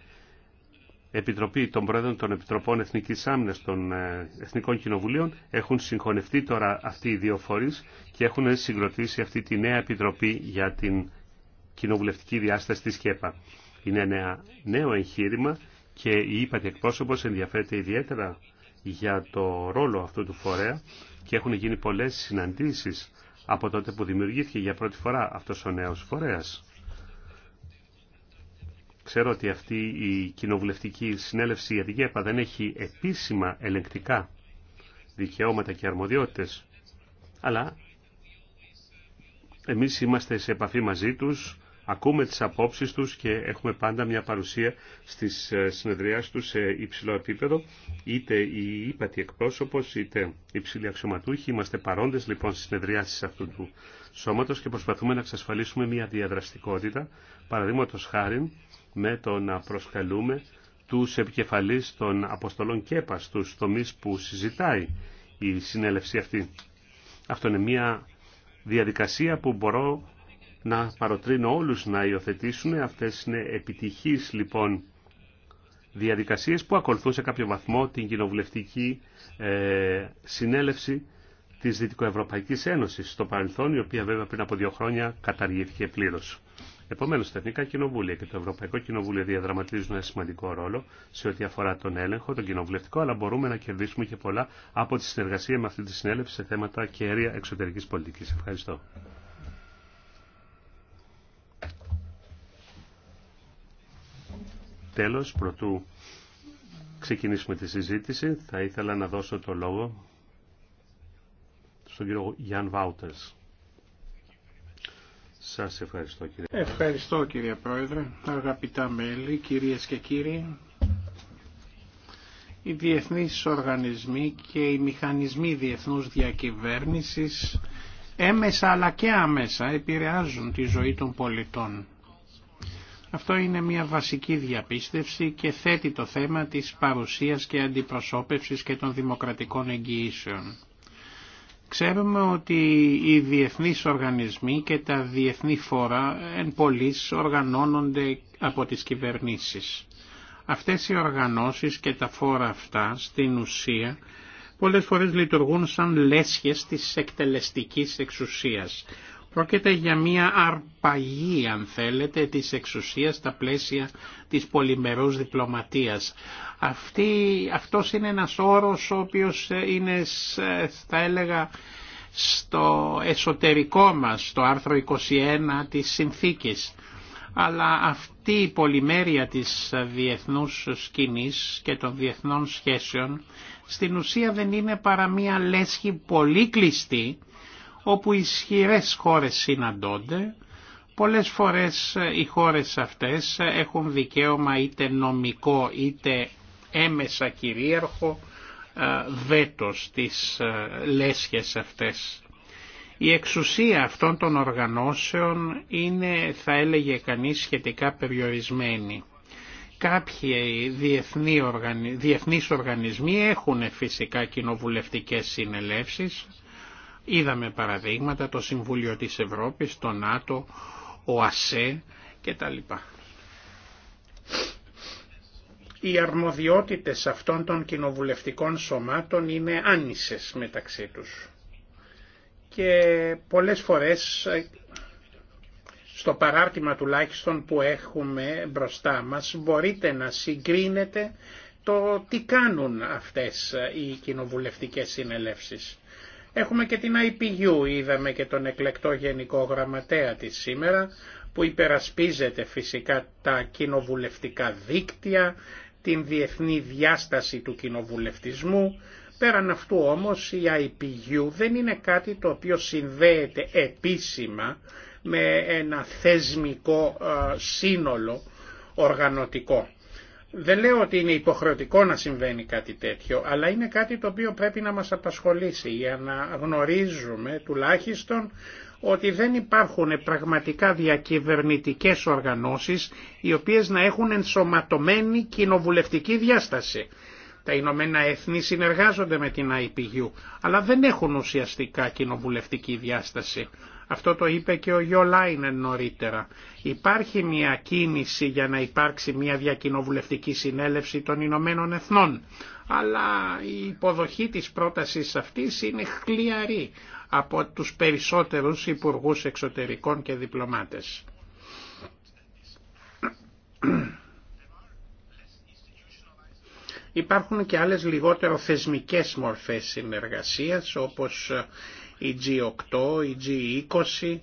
Επιτροπή των Πρόεδρων των Επιτροπών Εθνικής Άμυνας των ε, Εθνικών Κοινοβουλίων έχουν συγχωνευτεί τώρα αυτοί οι δύο φορείς και έχουν συγκροτήσει αυτή τη νέα Επιτροπή για την κοινοβουλευτική διάσταση της ΚΕΠΑ. Είναι ένα νέο εγχείρημα και η ύπατη εκπρόσωπος ενδιαφέρεται ιδιαίτερα για το ρόλο αυτού του φορέα και έχουν γίνει πολλές συναντήσεις από τότε που δημιουργήθηκε για πρώτη φορά αυτός ο νέος φορέας. Ξέρω ότι αυτή η κοινοβουλευτική συνέλευση για την ΚΕΠΑ δεν έχει επίσημα ελεγκτικά δικαιώματα και αρμοδιότητες, αλλά εμείς είμαστε σε επαφή μαζί τους, ακούμε τις απόψεις τους και έχουμε πάντα μια παρουσία στις ε, συνεδριάσεις τους σε υψηλό επίπεδο, είτε η ύπατη εκπρόσωπος, είτε υψηλή αξιωματούχοι. Είμαστε παρόντες λοιπόν στις συνεδριάσεις αυτού του σώματος και προσπαθούμε να εξασφαλίσουμε μια διαδραστικότητα, παραδείγματο χάρη με το να προσκαλούμε τους επικεφαλείς των αποστολών ΚΕΠΑ στους τομείς που συζητάει η συνέλευση αυτή. Αυτό είναι μια διαδικασία που μπορώ να παροτρύνω όλους να υιοθετήσουν. Αυτές είναι επιτυχείς λοιπόν διαδικασίες που ακολουθούν σε κάποιο βαθμό την κοινοβουλευτική ε, συνέλευση της Δυτικοευρωπαϊκής Ένωσης στο παρελθόν, η οποία βέβαια πριν από δύο χρόνια καταργήθηκε πλήρως. Επομένω, τα Εθνικά Κοινοβούλια και το Ευρωπαϊκό Κοινοβούλιο διαδραματίζουν ένα σημαντικό ρόλο σε ό,τι αφορά τον έλεγχο, τον κοινοβουλευτικό, αλλά μπορούμε να κερδίσουμε και πολλά από τη συνεργασία με αυτή τη συνέλευση σε θέματα κέρια εξωτερική πολιτική. Ευχαριστώ. Τέλος, πρωτού ξεκινήσουμε τη συζήτηση, θα ήθελα να δώσω το λόγο στον κύριο Γιάν Βάουτερς. Σας ευχαριστώ κύριε Πρόεδρε. Ευχαριστώ κύριε Πρόεδρε, αγαπητά μέλη, κυρίες και κύριοι. Οι διεθνείς οργανισμοί και οι μηχανισμοί διεθνούς διακυβέρνησης έμεσα αλλά και άμεσα επηρεάζουν τη ζωή των πολιτών. Αυτό είναι μια βασική διαπίστευση και θέτει το θέμα της παρουσίας και αντιπροσώπευσης και των δημοκρατικών εγγυήσεων. Ξέρουμε ότι οι διεθνείς οργανισμοί και τα διεθνή φόρα εν πολλής οργανώνονται από τις κυβερνήσεις. Αυτές οι οργανώσεις και τα φόρα αυτά στην ουσία πολλές φορές λειτουργούν σαν λέσχες της εκτελεστικής εξουσίας. Πρόκειται για μια αρπαγή, αν θέλετε, της εξουσίας στα πλαίσια της πολυμερούς διπλωματίας. Αυτή, αυτός είναι ένας όρος ο οποίος είναι, θα έλεγα, στο εσωτερικό μας, στο άρθρο 21 της συνθήκης. Αλλά αυτή η πολυμέρεια της διεθνούς σκηνής και των διεθνών σχέσεων στην ουσία δεν είναι παρά μία λέσχη πολύ κλειστή όπου ισχυρές χώρες συναντώνται, πολλές φορές ε, οι χώρες αυτές ε, έχουν δικαίωμα είτε νομικό είτε έμεσα κυρίαρχο ε, βέτο στις λέσχες αυτές. Η εξουσία αυτών των οργανώσεων είναι, θα έλεγε κανείς, σχετικά περιορισμένη. Κάποιοι διεθνείς οργανισμοί έχουν φυσικά κοινοβουλευτικές συνελεύσεις, Είδαμε παραδείγματα το Συμβούλιο της Ευρώπης, το ΝΑΤΟ, ο ΑΣΕ λοιπά. Οι αρμοδιότητες αυτών των κοινοβουλευτικών σωμάτων είναι άνισες μεταξύ τους. Και πολλές φορές στο παράρτημα τουλάχιστον που έχουμε μπροστά μας μπορείτε να συγκρίνετε το τι κάνουν αυτές οι κοινοβουλευτικές συνελεύσεις. Έχουμε και την IPU, είδαμε και τον εκλεκτό γενικό γραμματέα της σήμερα, που υπερασπίζεται φυσικά τα κοινοβουλευτικά δίκτυα, την διεθνή διάσταση του κοινοβουλευτισμού. Πέραν αυτού όμως η IPU δεν είναι κάτι το οποίο συνδέεται επίσημα με ένα θεσμικό ε, σύνολο οργανωτικό. Δεν λέω ότι είναι υποχρεωτικό να συμβαίνει κάτι τέτοιο, αλλά είναι κάτι το οποίο πρέπει να μας απασχολήσει για να γνωρίζουμε τουλάχιστον ότι δεν υπάρχουν πραγματικά διακυβερνητικές οργανώσεις οι οποίες να έχουν ενσωματωμένη κοινοβουλευτική διάσταση. Τα Ηνωμένα Έθνη συνεργάζονται με την IPU, αλλά δεν έχουν ουσιαστικά κοινοβουλευτική διάσταση. Αυτό το είπε και ο Γιώ νωρίτερα. Υπάρχει μια κίνηση για να υπάρξει μια διακοινοβουλευτική συνέλευση των Ηνωμένων Εθνών. Αλλά η υποδοχή της πρότασης αυτής είναι χλιαρή από τους περισσότερους υπουργούς εξωτερικών και διπλωμάτες. Υπάρχουν και άλλες λιγότερο θεσμικές μορφές συνεργασίας όπως οι G8, οι G20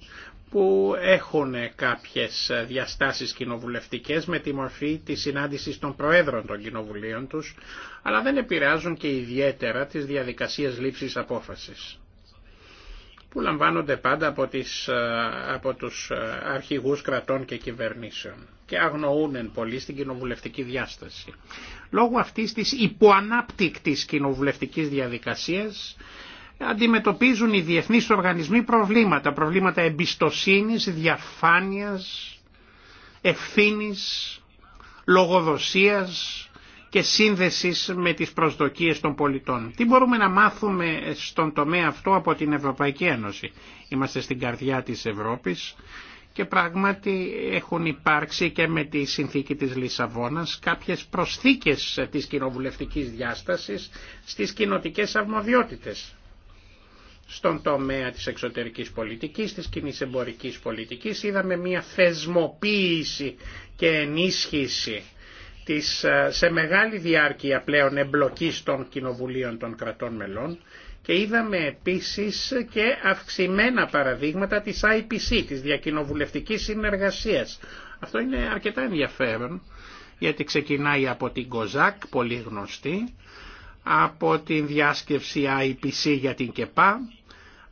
που έχουν κάποιες διαστάσεις κοινοβουλευτικές με τη μορφή της συνάντησης των προέδρων των κοινοβουλίων τους, αλλά δεν επηρεάζουν και ιδιαίτερα τις διαδικασίες λήψης απόφασης που λαμβάνονται πάντα από, τις, από τους αρχηγούς κρατών και κυβερνήσεων και αγνοούν πολύ στην κοινοβουλευτική διάσταση. Λόγω αυτής της υποανάπτυκτης κοινοβουλευτικής διαδικασίας αντιμετωπίζουν οι διεθνείς οργανισμοί προβλήματα, προβλήματα εμπιστοσύνης, διαφάνειας, ευθύνης, λογοδοσίας και σύνδεσης με τις προσδοκίες των πολιτών. Τι μπορούμε να μάθουμε στον τομέα αυτό από την Ευρωπαϊκή Ένωση. Είμαστε στην καρδιά της Ευρώπης και πράγματι έχουν υπάρξει και με τη συνθήκη της Λισαβόνας κάποιες προσθήκες της κοινοβουλευτικής διάστασης στις κοινοτικές αρμοδιότητες στον τομέα της εξωτερικής πολιτικής, της κοινή εμπορικής πολιτικής. Είδαμε μια θεσμοποίηση και ενίσχυση της, ε, σε μεγάλη διάρκεια πλέον εμπλοκής των κοινοβουλίων των κρατών μελών και είδαμε επίσης και αυξημένα παραδείγματα της IPC, της διακοινοβουλευτικής συνεργασίας. Αυτό είναι αρκετά ενδιαφέρον γιατί ξεκινάει από την Κοζάκ, πολύ γνωστή, από την διάσκευση IPC για την ΚΕΠΑ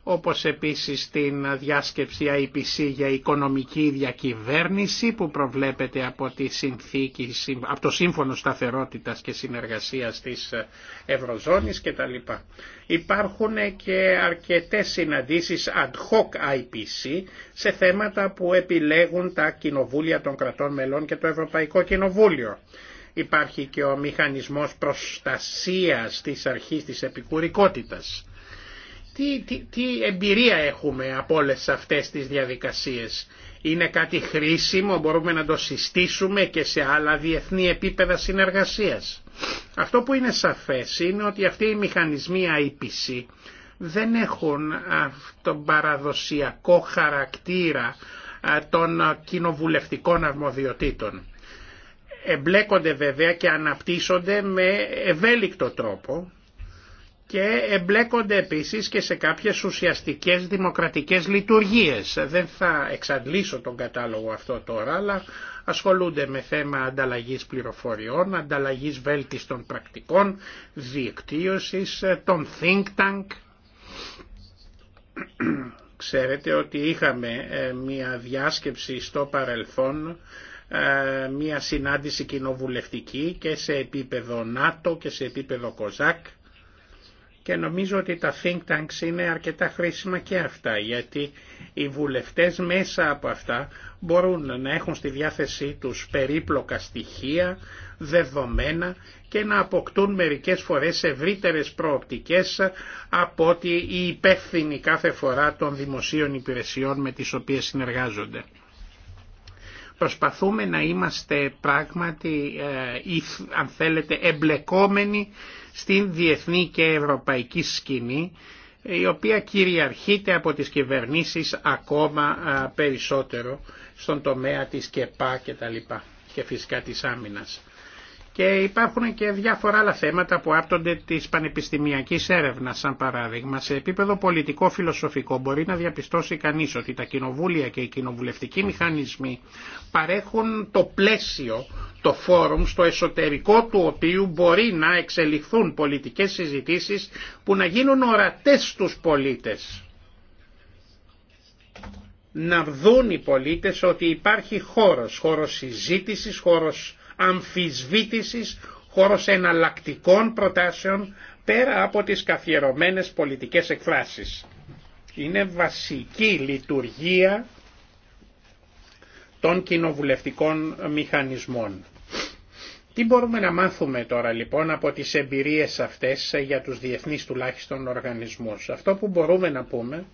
όπως επίσης την διάσκεψη IPC για οικονομική διακυβέρνηση που προβλέπεται από, τη συνθήκη, από το Σύμφωνο Σταθερότητας και Συνεργασίας της Ευρωζώνης κτλ. Υπάρχουν και αρκετές συναντήσεις ad hoc IPC σε θέματα που επιλέγουν τα κοινοβούλια των κρατών μελών και το Ευρωπαϊκό Κοινοβούλιο. Υπάρχει και ο μηχανισμός προστασίας της αρχής της επικουρικότητας τι, εμπειρία έχουμε από όλες αυτές τις διαδικασίες. Είναι κάτι χρήσιμο, μπορούμε να το συστήσουμε και σε άλλα διεθνή επίπεδα συνεργασίας. Αυτό που είναι σαφές είναι ότι αυτοί οι μηχανισμοί IPC δεν έχουν τον παραδοσιακό χαρακτήρα των κοινοβουλευτικών αρμοδιοτήτων. Εμπλέκονται βέβαια και αναπτύσσονται με ευέλικτο τρόπο και εμπλέκονται επίσης και σε κάποιες ουσιαστικές δημοκρατικές λειτουργίες. Δεν θα εξαντλήσω τον κατάλογο αυτό τώρα, αλλά ασχολούνται με θέμα ανταλλαγής πληροφοριών, ανταλλαγής βέλτιστων πρακτικών, διεκτύωσης, των think tank. Ξέρετε ότι είχαμε ε, μια διάσκεψη στο παρελθόν ε, μια συνάντηση κοινοβουλευτική και σε επίπεδο ΝΑΤΟ και σε επίπεδο ΚΟΖΑΚ και νομίζω ότι τα think tanks είναι αρκετά χρήσιμα και αυτά γιατί οι βουλευτές μέσα από αυτά μπορούν να έχουν στη διάθεσή τους περίπλοκα στοιχεία, δεδομένα και να αποκτούν μερικές φορές ευρύτερες προοπτικές από ότι οι υπεύθυνοι κάθε φορά των δημοσίων υπηρεσιών με τις οποίες συνεργάζονται. Προσπαθούμε να είμαστε πράγματι, ε, αν θέλετε, εμπλεκόμενοι στην διεθνή και ευρωπαϊκή σκηνή η οποία κυριαρχείται από τις κυβερνήσεις ακόμα περισσότερο στον τομέα της ΚΕΠΑ και τα λοιπά και φυσικά της άμυνας. Και υπάρχουν και διάφορα άλλα θέματα που άπτονται τη πανεπιστημιακής έρευνα, σαν παράδειγμα. Σε επίπεδο πολιτικό-φιλοσοφικό μπορεί να διαπιστώσει κανείς ότι τα κοινοβούλια και οι κοινοβουλευτικοί μηχανισμοί παρέχουν το πλαίσιο, το φόρουμ, στο εσωτερικό του οποίου μπορεί να εξελιχθούν πολιτικές συζητήσεις που να γίνουν ορατές στους πολίτες να δουν οι πολίτες ότι υπάρχει χώρος, χώρος συζήτησης, χώρος αμφισβήτησης, χώρος εναλλακτικών προτάσεων πέρα από τις καθιερωμένες πολιτικές εκφράσεις. Είναι βασική λειτουργία των κοινοβουλευτικών μηχανισμών. Τι μπορούμε να μάθουμε τώρα λοιπόν από τις εμπειρίες αυτές για τους διεθνείς τουλάχιστον οργανισμούς. Αυτό που μπορούμε να πούμε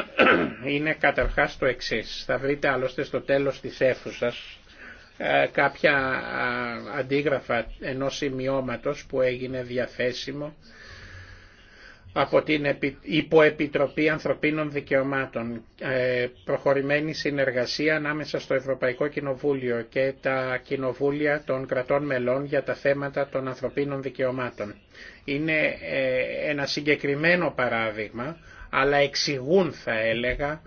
είναι καταρχάς το εξής. Θα βρείτε άλλωστε στο τέλος της αίθουσας ε, κάποια αντίγραφα ενός σημειώματος που έγινε διαθέσιμο από την Υποεπιτροπή Ανθρωπίνων Δικαιωμάτων, ε, προχωρημένη συνεργασία ανάμεσα στο Ευρωπαϊκό Κοινοβούλιο και τα κοινοβούλια των κρατών μελών για τα θέματα των ανθρωπίνων δικαιωμάτων. Είναι ε, ένα συγκεκριμένο παράδειγμα, αλλά εξηγούν θα έλεγα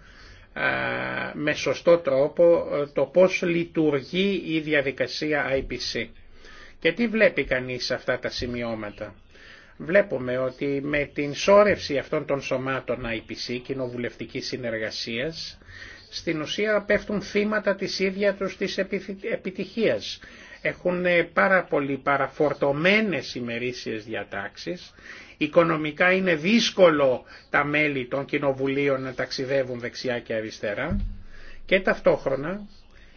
ε, με σωστό τρόπο ε, το πώς λειτουργεί η διαδικασία IPC. Και τι βλέπει κανείς αυτά τα σημειώματα. Βλέπουμε ότι με την σόρευση αυτών των σωμάτων IPC, κοινοβουλευτική συνεργασίας, στην ουσία πέφτουν θύματα της ίδια τους της επιτυχίας. Έχουν πάρα πολύ παραφορτωμένες ημερήσιες διατάξεις Οικονομικά είναι δύσκολο τα μέλη των κοινοβουλίων να ταξιδεύουν δεξιά και αριστερά και ταυτόχρονα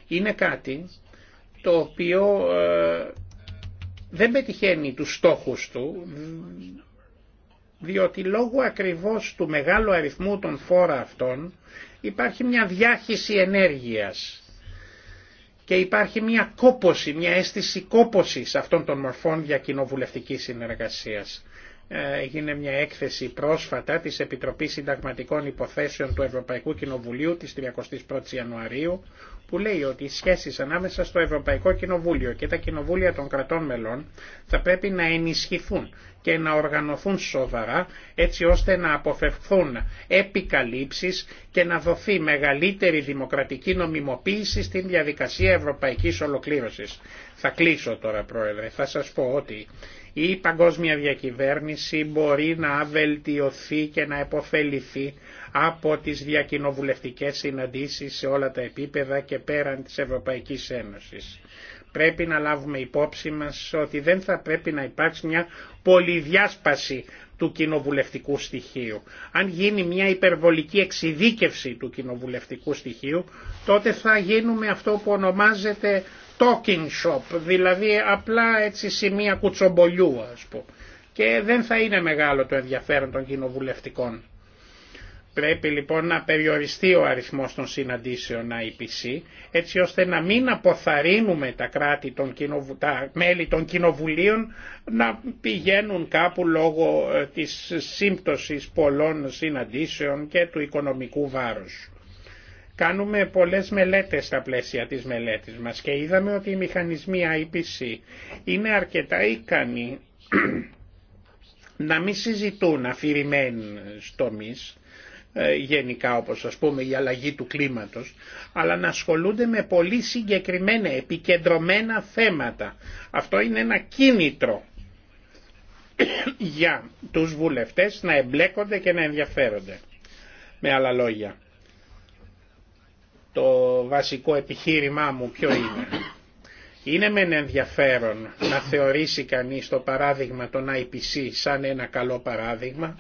είναι κάτι το οποίο ε, δεν πετυχαίνει τους στόχους του, διότι λόγω ακριβώς του μεγάλου αριθμού των φόρα αυτών υπάρχει μια διάχυση ενέργειας και υπάρχει μια κόποση, μια αίσθηση κόπωσης αυτών των μορφών κοινοβουλευτική συνεργασίας. Ε, έγινε μια έκθεση πρόσφατα της Επιτροπής Συνταγματικών Υποθέσεων του Ευρωπαϊκού Κοινοβουλίου της 31ης Ιανουαρίου που λέει ότι οι σχέσεις ανάμεσα στο Ευρωπαϊκό Κοινοβούλιο και τα κοινοβούλια των κρατών μελών θα πρέπει να ενισχυθούν και να οργανωθούν σοβαρά έτσι ώστε να αποφευχθούν επικαλύψεις και να δοθεί μεγαλύτερη δημοκρατική νομιμοποίηση στην διαδικασία ευρωπαϊκής ολοκλήρωσης. Θα κλείσω τώρα πρόεδρε, θα σας πω ότι η παγκόσμια διακυβέρνηση μπορεί να βελτιωθεί και να επωφεληθεί από τις διακοινοβουλευτικές συναντήσεις σε όλα τα επίπεδα και πέραν της Ευρωπαϊκής Ένωσης. Πρέπει να λάβουμε υπόψη μας ότι δεν θα πρέπει να υπάρξει μια πολυδιάσπαση του κοινοβουλευτικού στοιχείου. Αν γίνει μια υπερβολική εξειδίκευση του κοινοβουλευτικού στοιχείου, τότε θα γίνουμε αυτό που ονομάζεται talking shop, δηλαδή απλά έτσι σημεία κουτσομπολιού ας πούμε. Και δεν θα είναι μεγάλο το ενδιαφέρον των κοινοβουλευτικών. Πρέπει λοιπόν να περιοριστεί ο αριθμός των συναντήσεων IPC, έτσι ώστε να μην αποθαρρύνουμε τα, κράτη των κοινοβου... τα μέλη των κοινοβουλίων να πηγαίνουν κάπου λόγω ε, της σύμπτωσης πολλών συναντήσεων και του οικονομικού βάρους. Κάνουμε πολλές μελέτες στα πλαίσια της μελέτης μας και είδαμε ότι οι μηχανισμοί IPC είναι αρκετά ικανοί να μην συζητούν αφηρημένες τομείς, ε, γενικά όπως ας πούμε η αλλαγή του κλίματος, αλλά να ασχολούνται με πολύ συγκεκριμένα επικεντρωμένα θέματα. Αυτό είναι ένα κίνητρο για τους βουλευτές να εμπλέκονται και να ενδιαφέρονται. Με άλλα λόγια, το βασικό επιχείρημά μου ποιο είναι. Είναι μεν ενδιαφέρον να θεωρήσει κανείς το παράδειγμα των IPC σαν ένα καλό παράδειγμα,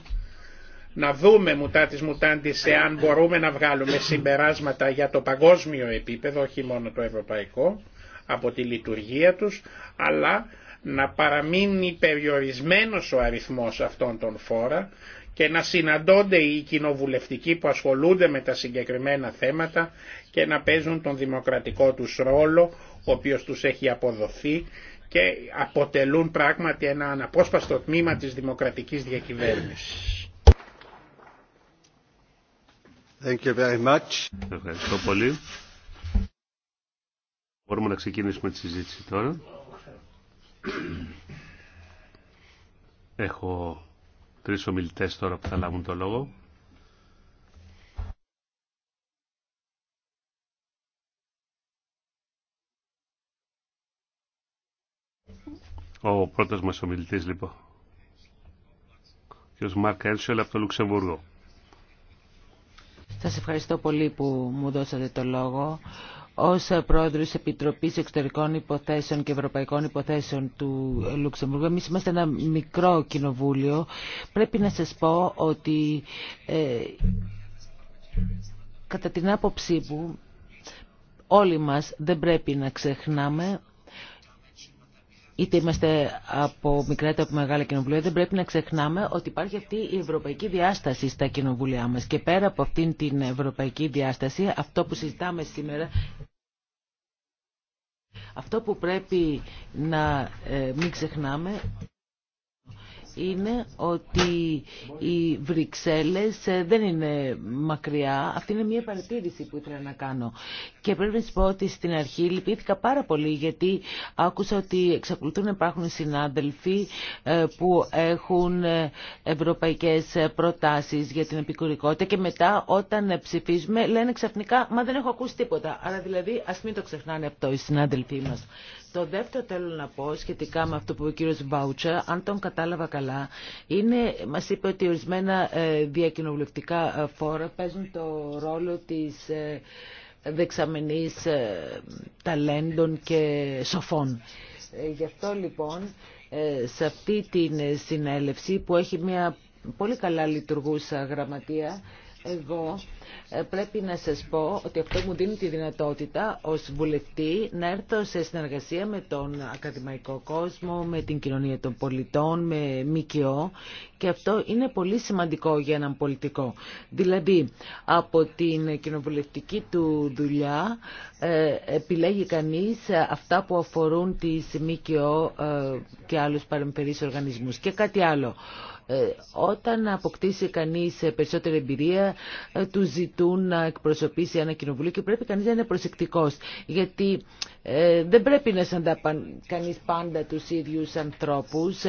να δούμε μουτά της μουτάντης εάν μπορούμε να βγάλουμε συμπεράσματα για το παγκόσμιο επίπεδο, όχι μόνο το ευρωπαϊκό, από τη λειτουργία τους, αλλά να παραμείνει περιορισμένος ο αριθμός αυτών των φόρα, και να συναντώνται οι κοινοβουλευτικοί που ασχολούνται με τα συγκεκριμένα θέματα και να παίζουν τον δημοκρατικό τους ρόλο ο οποίος τους έχει αποδοθεί και αποτελούν πράγματι ένα αναπόσπαστο τμήμα της δημοκρατικής διακυβέρνησης. Thank you very much. Ευχαριστώ πολύ. Μπορούμε να ξεκινήσουμε τη συζήτηση τώρα. Έχω τρεις ομιλητές τώρα που θα λάβουν το λόγο. Ο πρώτος μας ομιλητής λοιπόν. Ο κ. Μάρκ Έλσιολ από το Λουξεμβούργο. Σας ευχαριστώ πολύ που μου δώσατε το λόγο ως πρόεδρος Επιτροπής Εξωτερικών Υποθέσεων και Ευρωπαϊκών Υποθέσεων του Λουξεμβούργου. Εμείς είμαστε ένα μικρό κοινοβούλιο. Πρέπει να σας πω ότι ε, κατά την άποψή μου όλοι μας δεν πρέπει να ξεχνάμε είτε είμαστε από μικρά είτε από μεγάλα κοινοβουλία, δεν πρέπει να ξεχνάμε ότι υπάρχει αυτή η ευρωπαϊκή διάσταση στα κοινοβουλιά μας. Και πέρα από αυτήν την ευρωπαϊκή διάσταση, αυτό που συζητάμε σήμερα, αυτό που πρέπει να ε, μην ξεχνάμε είναι ότι οι Βρυξέλλες ε, δεν είναι μακριά. Αυτή είναι μια παρατήρηση που ήθελα να κάνω. Και πρέπει να σα πω ότι στην αρχή λυπήθηκα πάρα πολύ γιατί άκουσα ότι εξακολουθούν να υπάρχουν συνάδελφοι ε, που έχουν ε, ευρωπαϊκές προτάσεις για την επικουρικότητα και μετά όταν ψηφίζουμε λένε ξαφνικά «Μα δεν έχω ακούσει τίποτα». Άρα δηλαδή ας μην το ξεχνάνε αυτό οι συνάδελφοί μας. Το δεύτερο θέλω να πω σχετικά με αυτό που είπε ο κύριος Μπάουτσα, αν τον κατάλαβα καλά, είναι, μας είπε ότι ορισμένα ε, διακοινοβουλευτικά ε, φόρα παίζουν το ρόλο της ε, δεξαμενής ταλέντων και σοφών. Γι' αυτό λοιπόν σε αυτή την συνέλευση που έχει μια πολύ καλά λειτουργούσα γραμματεία εγώ ε, πρέπει να σας πω ότι αυτό μου δίνει τη δυνατότητα ως βουλευτή να έρθω σε συνεργασία με τον ακαδημαϊκό κόσμο, με την κοινωνία των πολιτών, με ΜΚΟ και αυτό είναι πολύ σημαντικό για έναν πολιτικό. Δηλαδή, από την κοινοβουλευτική του δουλειά ε, επιλέγει κανείς αυτά που αφορούν τις ΜΚΟ ε, και άλλους παρεμφερείς οργανισμούς. Και κάτι άλλο. Ε, όταν αποκτήσει κανείς ε, περισσότερη εμπειρία, ε, του ζητούν να εκπροσωπήσει ένα κοινοβουλίο και πρέπει κανείς να είναι προσεκτικός. Γιατί δεν πρέπει να σαντά κανείς πάντα τους ίδιους ανθρώπους,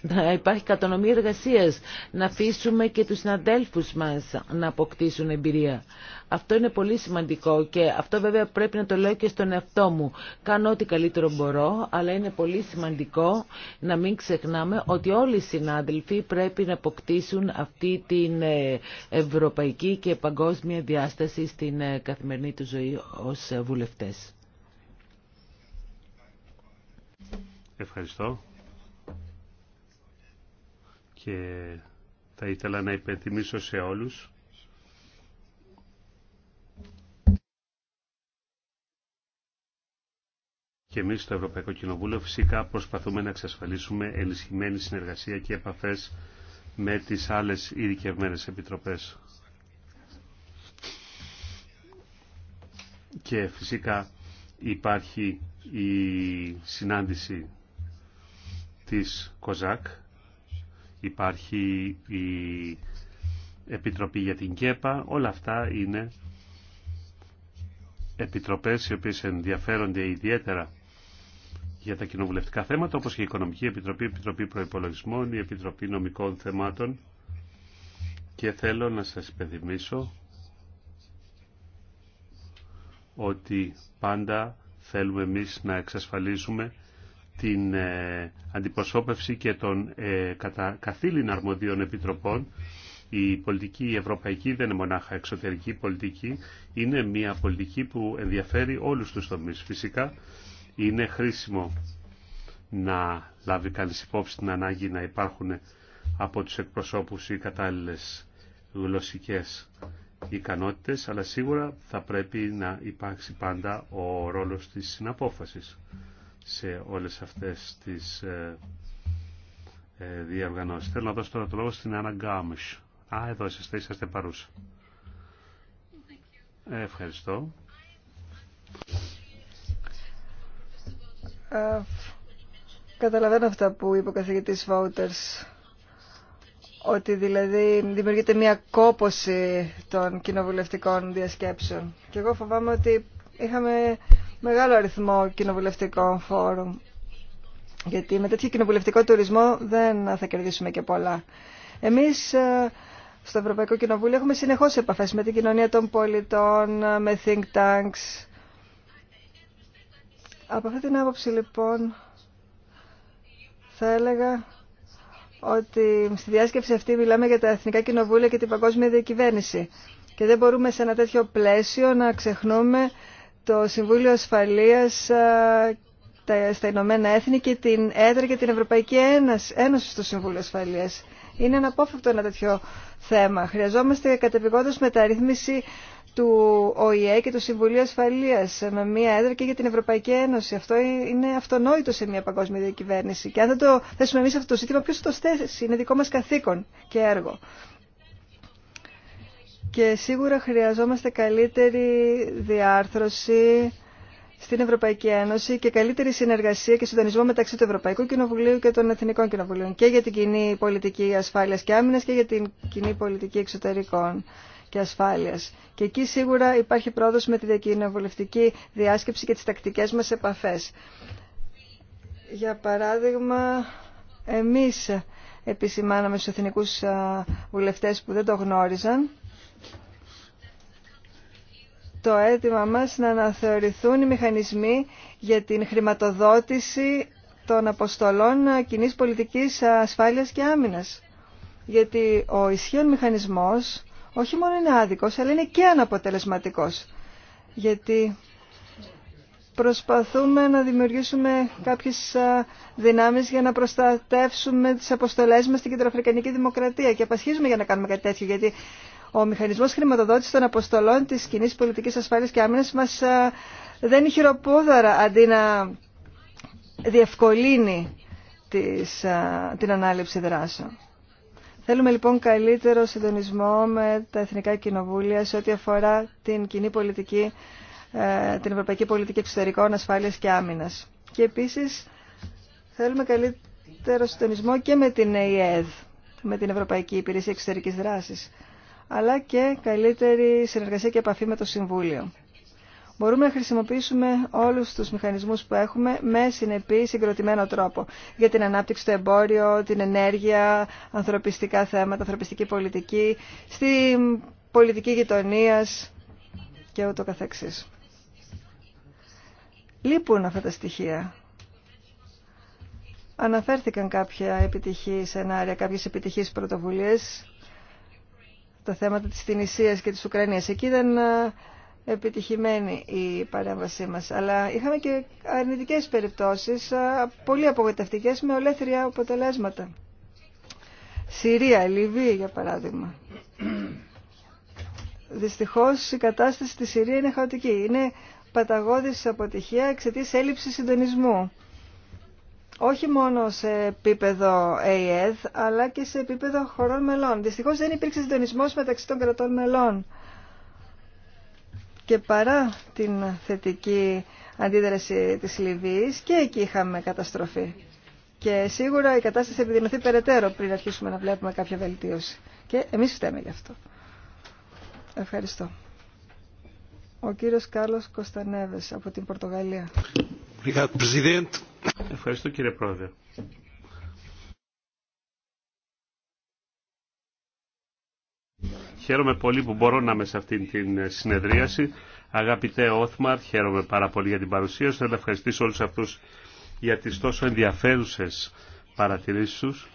να υπάρχει κατανομή εργασίας, να αφήσουμε και τους συναντέλφους μας να αποκτήσουν εμπειρία. Αυτό είναι πολύ σημαντικό και αυτό βέβαια πρέπει να το λέω και στον εαυτό μου. Κάνω ό,τι καλύτερο μπορώ, αλλά είναι πολύ σημαντικό να μην ξεχνάμε ότι όλοι οι συνάδελφοι πρέπει να αποκτήσουν αυτή την ε, ευρωπαϊκή και παγκόσμια διάσταση στην ε, καθημερινή του ζωή ως βουλευτές. Ευχαριστώ. Και θα ήθελα να υπενθυμίσω σε όλους και εμείς στο Ευρωπαϊκό Κοινοβούλιο φυσικά προσπαθούμε να εξασφαλίσουμε ενισχυμένη συνεργασία και επαφές με τις άλλες ειδικευμένε επιτροπές. Και φυσικά υπάρχει η συνάντηση της ΚΟΖΑΚ, υπάρχει η Επιτροπή για την ΚΕΠΑ, όλα αυτά είναι επιτροπές οι οποίες ενδιαφέρονται ιδιαίτερα για τα κοινοβουλευτικά θέματα, όπως και η Οικονομική Επιτροπή, η Επιτροπή Προϋπολογισμών, η Επιτροπή Νομικών Θεμάτων. Και θέλω να σας υπενθυμίσω ότι πάντα θέλουμε εμείς να εξασφαλίσουμε την ε, αντιπροσώπευση και των ε, αρμοδίων επιτροπών. Η πολιτική η ευρωπαϊκή δεν είναι μονάχα εξωτερική πολιτική, είναι μια πολιτική που ενδιαφέρει όλους τους τομείς. Φυσικά είναι χρήσιμο να λάβει κανείς υπόψη την ανάγκη να υπάρχουν από τους εκπροσώπους οι κατάλληλες γλωσσικές ικανότητες, αλλά σίγουρα θα πρέπει να υπάρξει πάντα ο ρόλος της συναπόφασης σε όλες αυτές τις ε, ε, διοργανώσεις. Θέλω να δώσω τώρα το λόγο στην Άννα Γκάμισ. Α, εδώ είσαστε, είσαστε παρούσα. Ε, ευχαριστώ. Ε, καταλαβαίνω αυτά που είπε ο καθηγητής Βόουτερς ότι δηλαδή δημιουργείται μια κόποση των κοινοβουλευτικών διασκέψεων. Και εγώ φοβάμαι ότι είχαμε μεγάλο αριθμό κοινοβουλευτικών φόρουμ. Γιατί με τέτοιο κοινοβουλευτικό τουρισμό δεν θα κερδίσουμε και πολλά. Εμείς ε, στο Ευρωπαϊκό Κοινοβούλιο έχουμε συνεχώς επαφές με την κοινωνία των πολιτών, με think tanks, από αυτή την άποψη λοιπόν θα έλεγα ότι στη διάσκεψη αυτή μιλάμε για τα Εθνικά Κοινοβούλια και την Παγκόσμια Διακυβέρνηση και δεν μπορούμε σε ένα τέτοιο πλαίσιο να ξεχνούμε το Συμβούλιο Ασφαλείας στα Ηνωμένα Έθνη και την έδρα και την Ευρωπαϊκή Ένωση στο Συμβούλιο Ασφαλείας. Είναι αναπόφευκτο ένα τέτοιο θέμα. Χρειαζόμαστε κατεπηγόντως μεταρρύθμιση του ΟΗΕ και του Συμβουλίου Ασφαλείας με μία έδρα και για την Ευρωπαϊκή Ένωση. Αυτό είναι αυτονόητο σε μία παγκόσμια διακυβέρνηση. Και αν δεν το θέσουμε εμείς αυτό το ζήτημα, ποιος το θέσει. Είναι δικό μας καθήκον και έργο. Και σίγουρα χρειαζόμαστε καλύτερη διάρθρωση στην Ευρωπαϊκή Ένωση και καλύτερη συνεργασία και συντονισμό μεταξύ του Ευρωπαϊκού Κοινοβουλίου και των Εθνικών Κοινοβουλίων και για την κοινή πολιτική ασφάλειας και άμυνας και για την κοινή πολιτική εξωτερικών και ασφάλειας. Και εκεί σίγουρα υπάρχει πρόοδος με τη διακοινοβουλευτική διάσκεψη και τις τακτικές μας επαφές. Για παράδειγμα, εμείς επισημάναμε στους εθνικού βουλευτές που δεν το γνώριζαν το αίτημα μας να αναθεωρηθούν οι μηχανισμοί για την χρηματοδότηση των αποστολών κοινή πολιτικής ασφάλειας και άμυνας. Γιατί ο ισχύων μηχανισμός όχι μόνο είναι άδικος, αλλά είναι και αναποτελεσματικός. Γιατί προσπαθούμε να δημιουργήσουμε κάποιες δυνάμεις για να προστατεύσουμε τις αποστολές μας στην Κεντροαφρικανική Δημοκρατία και απασχίζουμε για να κάνουμε κάτι τέτοιο, γιατί ο μηχανισμός χρηματοδότησης των αποστολών της κοινή πολιτικής ασφάλειας και άμυνας μας δεν χειροπόδαρα αντί να διευκολύνει την ανάληψη δράσεων. Θέλουμε λοιπόν καλύτερο συντονισμό με τα Εθνικά Κοινοβούλια σε ό,τι αφορά την κοινή πολιτική, ε, την Ευρωπαϊκή Πολιτική Εξωτερικών Ασφάλεια και Άμυνας. Και επίσης θέλουμε καλύτερο συντονισμό και με την ΕΕΔ, με την Ευρωπαϊκή Υπηρεσία Εξωτερικής Δράσης, αλλά και καλύτερη συνεργασία και επαφή με το Συμβούλιο μπορούμε να χρησιμοποιήσουμε όλους τους μηχανισμούς που έχουμε με συνεπή συγκροτημένο τρόπο για την ανάπτυξη του εμπόριο, την ενέργεια, ανθρωπιστικά θέματα, ανθρωπιστική πολιτική, στην πολιτική γειτονία και ούτω καθεξής. Λείπουν αυτά τα στοιχεία. Αναφέρθηκαν κάποια επιτυχή σενάρια, κάποιες επιτυχείς πρωτοβουλίες, τα θέματα της Τινησίας και της Ουκρανίας. Εκεί ήταν επιτυχημένη η παρέμβασή μας. Αλλά είχαμε και αρνητικές περιπτώσεις, πολύ απογοητευτικές, με ολέθρια αποτελέσματα. Συρία, Λιβύη για παράδειγμα. Δυστυχώς η κατάσταση στη Συρία είναι χαοτική. Είναι παταγώδης αποτυχία εξαιτίας έλλειψης συντονισμού. Όχι μόνο σε επίπεδο ΑΕΔ, αλλά και σε επίπεδο χωρών μελών. Δυστυχώς δεν υπήρξε συντονισμός μεταξύ των κρατών μελών και παρά την θετική αντίδραση της Λιβύης και εκεί είχαμε καταστροφή. Και σίγουρα η κατάσταση επιδεινωθεί περαιτέρω πριν αρχίσουμε να βλέπουμε κάποια βελτίωση. Και εμείς φταίμε γι' αυτό. Ευχαριστώ. Ο κύριος Κάρλος Κωνστανέβες από την Πορτογαλία. Ευχαριστώ κύριε Πρόεδρε. Χαίρομαι πολύ που μπορώ να είμαι σε αυτήν την ε, συνεδρίαση. Αγαπητέ Όθμαρ, χαίρομαι πάρα πολύ για την παρουσία σου. Θέλω να ευχαριστήσω όλους αυτούς για τις τόσο ενδιαφέρουσες παρατηρήσεις τους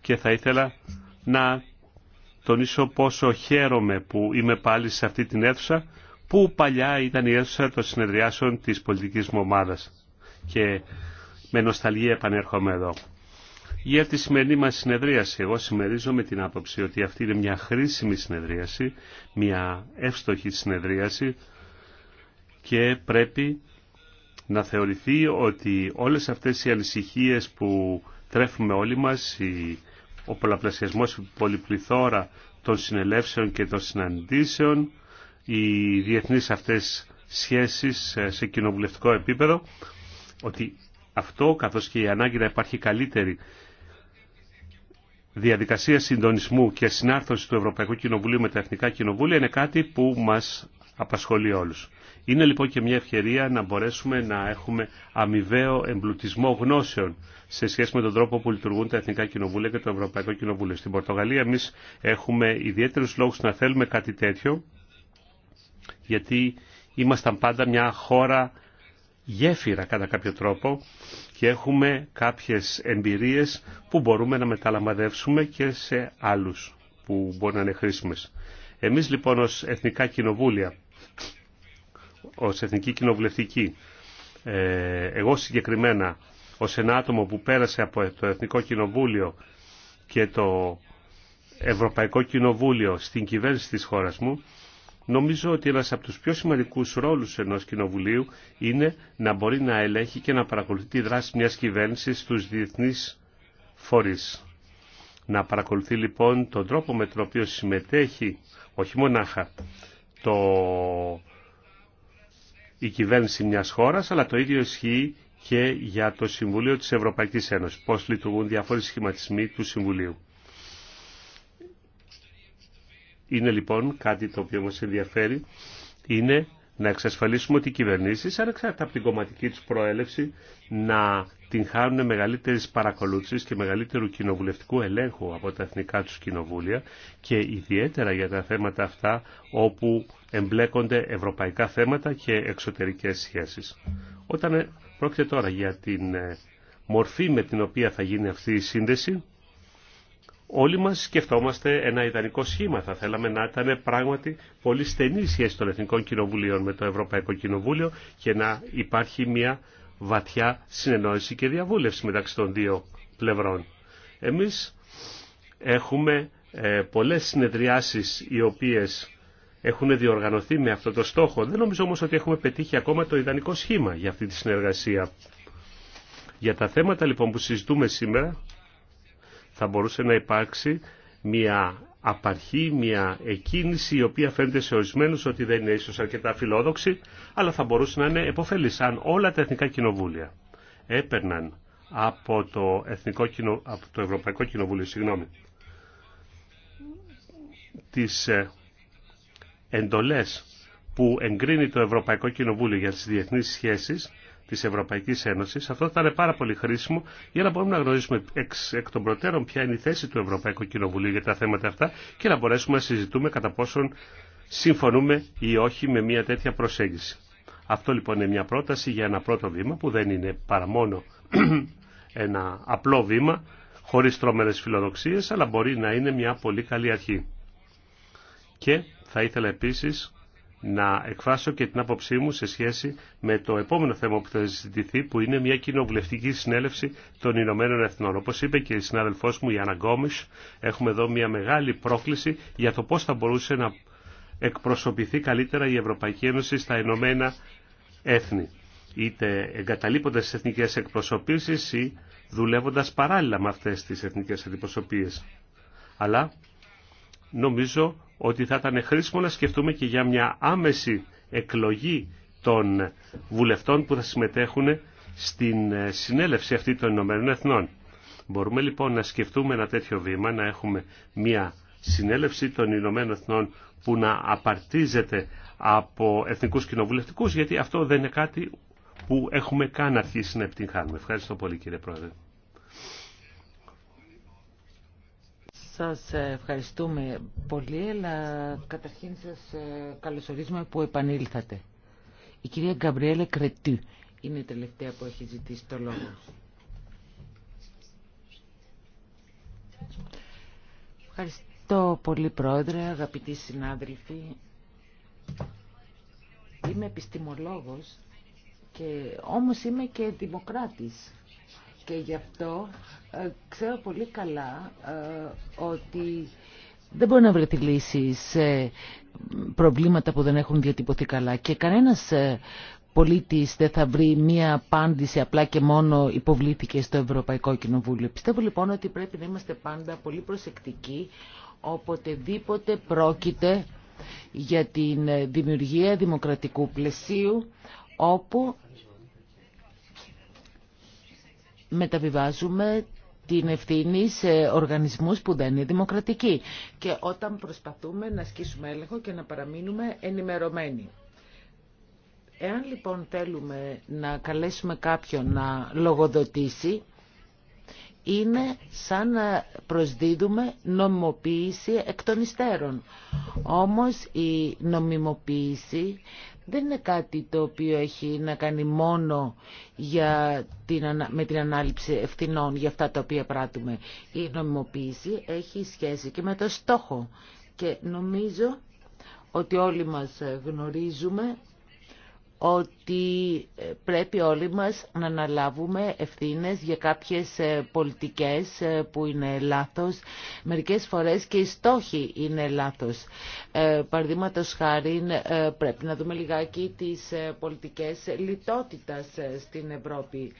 και θα ήθελα να τονίσω πόσο χαίρομαι που είμαι πάλι σε αυτή την αίθουσα που παλιά ήταν η αίθουσα των συνεδριάσεων της πολιτικής μου ομάδας και με νοσταλγία επανέρχομαι εδώ για τη σημερινή μας συνεδρίαση. Εγώ με την άποψη ότι αυτή είναι μια χρήσιμη συνεδρίαση, μια εύστοχη συνεδρίαση και πρέπει να θεωρηθεί ότι όλες αυτές οι ανησυχίες που τρέφουμε όλοι μας, ο πολλαπλασιασμός, η πολυπληθώρα των συνελεύσεων και των συναντήσεων, οι διεθνείς αυτές σχέσεις σε κοινοβουλευτικό επίπεδο, ότι αυτό καθώς και η ανάγκη να υπάρχει καλύτερη διαδικασία συντονισμού και συνάρθρωση του Ευρωπαϊκού Κοινοβουλίου με τα Εθνικά Κοινοβούλια είναι κάτι που μας απασχολεί όλους. Είναι λοιπόν και μια ευκαιρία να μπορέσουμε να έχουμε αμοιβαίο εμπλουτισμό γνώσεων σε σχέση με τον τρόπο που λειτουργούν τα Εθνικά Κοινοβούλια και το Ευρωπαϊκό Κοινοβούλιο. Στην Πορτογαλία εμεί έχουμε ιδιαίτερου λόγου να θέλουμε κάτι τέτοιο, γιατί ήμασταν πάντα μια χώρα γέφυρα κατά κάποιο τρόπο και έχουμε κάποιες εμπειρίες που μπορούμε να μεταλαμβαδεύσουμε και σε άλλους που μπορεί να είναι χρήσιμες. Εμείς λοιπόν ως Εθνικά Κοινοβούλια, ως Εθνική Κοινοβουλευτική, ε, εγώ συγκεκριμένα ως ένα άτομο που πέρασε από το Εθνικό Κοινοβούλιο και το Ευρωπαϊκό Κοινοβούλιο στην κυβέρνηση της χώρας μου, Νομίζω ότι ένας από τους πιο σημαντικούς ρόλους ενός κοινοβουλίου είναι να μπορεί να ελέγχει και να παρακολουθεί τη δράση μιας κυβέρνησης στους διεθνείς φορείς. Να παρακολουθεί λοιπόν τον τρόπο με τον οποίο συμμετέχει όχι μονάχα το... η κυβέρνηση μιας χώρας, αλλά το ίδιο ισχύει και για το Συμβουλίο της Ευρωπαϊκής Ένωσης, πώς λειτουργούν διάφοροι σχηματισμοί του Συμβουλίου. Είναι λοιπόν κάτι το οποίο μας ενδιαφέρει, είναι να εξασφαλίσουμε ότι οι κυβερνήσεις, ανεξάρτητα από την κομματική τους προέλευση, να την χάνουν μεγαλύτερες παρακολούθησης και μεγαλύτερου κοινοβουλευτικού ελέγχου από τα εθνικά τους κοινοβούλια και ιδιαίτερα για τα θέματα αυτά όπου εμπλέκονται ευρωπαϊκά θέματα και εξωτερικές σχέσεις. Όταν πρόκειται τώρα για την ε, μορφή με την οποία θα γίνει αυτή η σύνδεση, Όλοι μας σκεφτόμαστε ένα ιδανικό σχήμα. Θα θέλαμε να ήταν πράγματι πολύ στενή η σχέση των Εθνικών Κοινοβουλίων με το Ευρωπαϊκό Κοινοβούλιο και να υπάρχει μια βαθιά συνεννόηση και διαβούλευση μεταξύ των δύο πλευρών. Εμείς έχουμε ε, πολλές συνεδριάσεις οι οποίες έχουν διοργανωθεί με αυτό το στόχο. Δεν νομίζω όμως ότι έχουμε πετύχει ακόμα το ιδανικό σχήμα για αυτή τη συνεργασία. Για τα θέματα λοιπόν που συζητούμε σήμερα θα μπορούσε να υπάρξει μια απαρχή, μια εκκίνηση η οποία φαίνεται σε ορισμένου ότι δεν είναι ίσως αρκετά φιλόδοξη, αλλά θα μπορούσε να είναι επωφελής αν όλα τα εθνικά κοινοβούλια έπαιρναν από το, Εθνικό Κοινο... από το Ευρωπαϊκό Κοινοβούλιο συγγνώμη, τις ε, εντολές που εγκρίνει το Ευρωπαϊκό Κοινοβούλιο για τις διεθνείς σχέσεις, Τη Ευρωπαϊκής Ένωσης. Αυτό θα είναι πάρα πολύ χρήσιμο για να μπορούμε να γνωρίσουμε εκ των προτέρων ποια είναι η θέση του Ευρωπαϊκού Κοινοβουλίου για τα θέματα αυτά και να μπορέσουμε να συζητούμε κατά πόσον συμφωνούμε ή όχι με μια τέτοια προσέγγιση. Αυτό λοιπόν είναι μια πρόταση για ένα πρώτο βήμα που δεν είναι παρά μόνο ένα απλό βήμα χωρίς τρόμενες φιλοδοξίες αλλά μπορεί να είναι μια πολύ καλή αρχή. Και θα ήθελα επίσης να εκφράσω και την άποψή μου σε σχέση με το επόμενο θέμα που θα συζητηθεί, που είναι μια κοινοβουλευτική συνέλευση των Ηνωμένων Εθνών. Όπω είπε και η συνάδελφό μου, η Άννα έχουμε εδώ μια μεγάλη πρόκληση για το πώς θα μπορούσε να εκπροσωπηθεί καλύτερα η Ευρωπαϊκή Ένωση στα Ηνωμένα Έθνη. Είτε εγκαταλείποντας τι εθνικέ εκπροσωπήσει ή δουλεύοντα παράλληλα με αυτέ τι εθνικέ αντιπροσωπείε. Αλλά νομίζω ότι θα ήταν χρήσιμο να σκεφτούμε και για μια άμεση εκλογή των βουλευτών που θα συμμετέχουν στην ε, συνέλευση αυτή των Ηνωμένων Εθνών. Μπορούμε λοιπόν να σκεφτούμε ένα τέτοιο βήμα, να έχουμε μια συνέλευση των Ηνωμένων Εθνών που να απαρτίζεται από εθνικούς κοινοβουλευτικούς, γιατί αυτό δεν είναι κάτι που έχουμε καν αρχίσει να επιτυγχάνουμε. Ευχαριστώ πολύ κύριε Πρόεδρε. Σας ευχαριστούμε πολύ, αλλά καταρχήν σας ε, καλωσορίζουμε που επανήλθατε. Η κυρία Γκαμπριέλε Κρετή είναι η τελευταία που έχει ζητήσει το λόγο. Ευχαριστώ πολύ, Πρόεδρε, αγαπητοί συνάδελφοι. Είμαι επιστημολόγος και όμως είμαι και δημοκράτης και γι' αυτό ε, ξέρω πολύ καλά ε, ότι δεν μπορεί να βρεθεί λύση σε προβλήματα που δεν έχουν διατυπωθεί καλά και κανένας ε, πολίτης δεν θα βρει μία απάντηση απλά και μόνο υποβλήθηκε στο Ευρωπαϊκό Κοινοβούλιο. Πιστεύω λοιπόν ότι πρέπει να είμαστε πάντα πολύ προσεκτικοί οποτεδήποτε πρόκειται για την δημιουργία δημοκρατικού πλαισίου όπου μεταβιβάζουμε την ευθύνη σε οργανισμούς που δεν είναι δημοκρατικοί και όταν προσπαθούμε να ασκήσουμε έλεγχο και να παραμείνουμε ενημερωμένοι. Εάν λοιπόν θέλουμε να καλέσουμε κάποιον να λογοδοτήσει, είναι σαν να προσδίδουμε νομιμοποίηση εκ των υστέρων. Όμως η νομιμοποίηση δεν είναι κάτι το οποίο έχει να κάνει μόνο για την, με την ανάληψη ευθυνών για αυτά τα οποία πράττουμε. Η νομιμοποίηση έχει σχέση και με το στόχο. Και νομίζω ότι όλοι μας γνωρίζουμε ότι ε, πρέπει όλοι μας να αναλάβουμε ευθύνες για κάποιες ε, πολιτικές ε, που είναι λάθος. Μερικές φορές και οι στόχοι είναι λάθος. Ε, χάρη πρέπει να δούμε λιγάκι τις πολιτικές λιτότητας στην Ευρώπη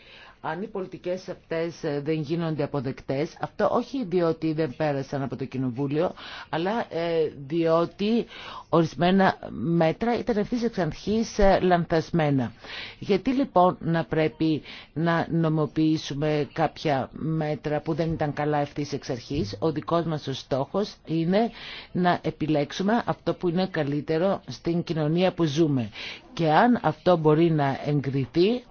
αν οι πολιτικές αυτές ε, δεν γίνονται αποδεκτές, αυτό όχι διότι δεν πέρασαν από το Κοινοβούλιο, αλλά ε, διότι ορισμένα μέτρα ήταν ευθύς εξ αρχής ε, λανθασμένα. Γιατί λοιπόν να πρέπει να νομοποιήσουμε κάποια μέτρα που δεν ήταν καλά ευθύς εξ αρχής. Ο δικός μας ο στόχος είναι να επιλέξουμε αυτό που είναι καλύτερο στην κοινωνία που ζούμε. Και αν αυτό μπορεί να εγκριθεί,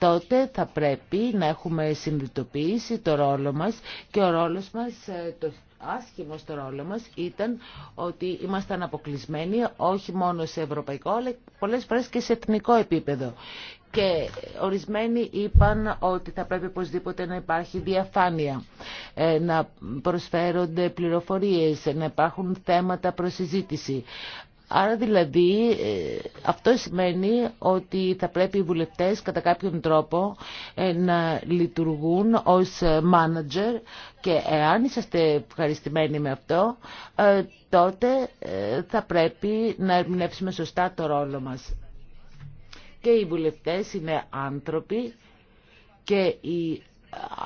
τότε θα πρέπει να έχουμε συνειδητοποιήσει το ρόλο μας και ο ρόλος μας, ε, το άσχημο στο ρόλο μας ήταν ότι ήμασταν αποκλεισμένοι όχι μόνο σε ευρωπαϊκό αλλά πολλές φορές και σε εθνικό επίπεδο. Και ορισμένοι είπαν ότι θα πρέπει οπωσδήποτε να υπάρχει διαφάνεια, ε, να προσφέρονται πληροφορίες, να υπάρχουν θέματα προς συζήτηση. Άρα δηλαδή ε, αυτό σημαίνει ότι θα πρέπει οι βουλευτές κατά κάποιον τρόπο ε, να λειτουργούν ως μάνατζερ και εάν είσαστε ευχαριστημένοι με αυτό ε, τότε θα πρέπει να ερμηνεύσουμε σωστά το ρόλο μας. Και οι βουλευτές είναι άνθρωποι και οι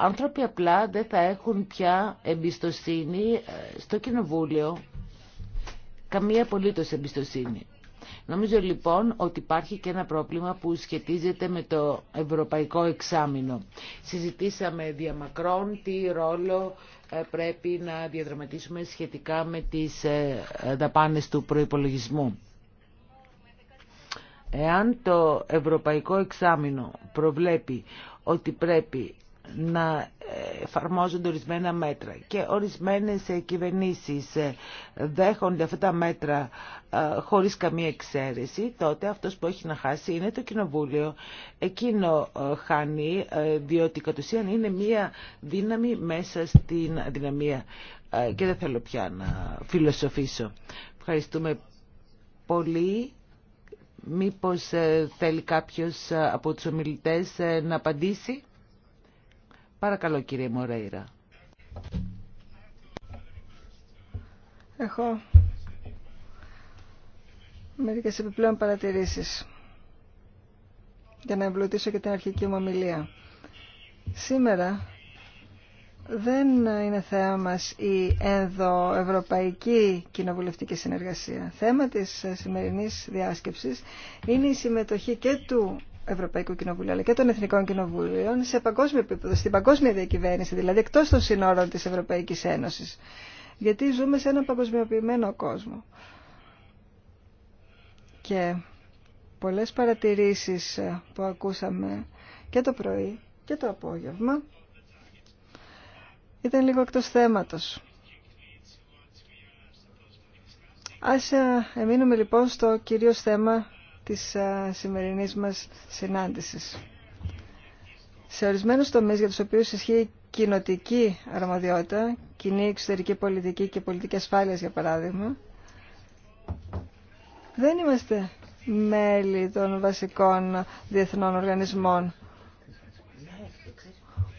άνθρωποι απλά δεν θα έχουν πια εμπιστοσύνη στο κοινοβούλιο καμία απολύτως εμπιστοσύνη. Νομίζω λοιπόν ότι υπάρχει και ένα πρόβλημα που σχετίζεται με το ευρωπαϊκό εξάμεινο. Συζητήσαμε διαμακρών τι ρόλο ε, πρέπει να διαδραματίσουμε σχετικά με τις ε, δαπάνες του προϋπολογισμού. Εάν το ευρωπαϊκό εξάμεινο προβλέπει ότι πρέπει να εφαρμόζονται ορισμένα μέτρα και ορισμένες ε, κυβερνήσεις ε, δέχονται αυτά τα μέτρα ε, χωρίς καμία εξαίρεση, τότε αυτός που έχει να χάσει είναι το Κοινοβούλιο. Εκείνο χάνει, διότι κατ' ουσίαν είναι μία δύναμη μέσα στην αδυναμία. Και δεν θέλω πια να φιλοσοφήσω. Ευχαριστούμε πολύ. Μήπως θέλει κάποιος από τους ομιλητές να απαντήσει. Παρακαλώ κύριε Μορέιρα. Έχω μερικές επιπλέον παρατηρήσεις για να εμπλουτίσω και την αρχική μου ομιλία. Σήμερα δεν είναι θέμα μας η ενδοευρωπαϊκή κοινοβουλευτική συνεργασία. Θέμα της σημερινής διάσκεψης είναι η συμμετοχή και του Ευρωπαϊκού Κοινοβουλίου αλλά και των Εθνικών Κοινοβουλίων σε παγκόσμιο επίπεδο, στην παγκόσμια διακυβέρνηση, δηλαδή εκτό των συνόρων της Ευρωπαϊκής Ένωσης. Γιατί ζούμε σε ένα παγκοσμιοποιημένο κόσμο. Και πολλές παρατηρήσεις ε, που ακούσαμε και το πρωί και το απόγευμα ήταν λίγο εκτός θέματος. Ας ε, εμείνουμε λοιπόν στο κυρίως θέμα της σημερινής μας συνάντησης. Σε ορισμένους τομείς για τους οποίους ισχύει κοινοτική αρμοδιότητα, κοινή εξωτερική πολιτική και πολιτική ασφάλειας για παράδειγμα, δεν είμαστε μέλη των βασικών διεθνών οργανισμών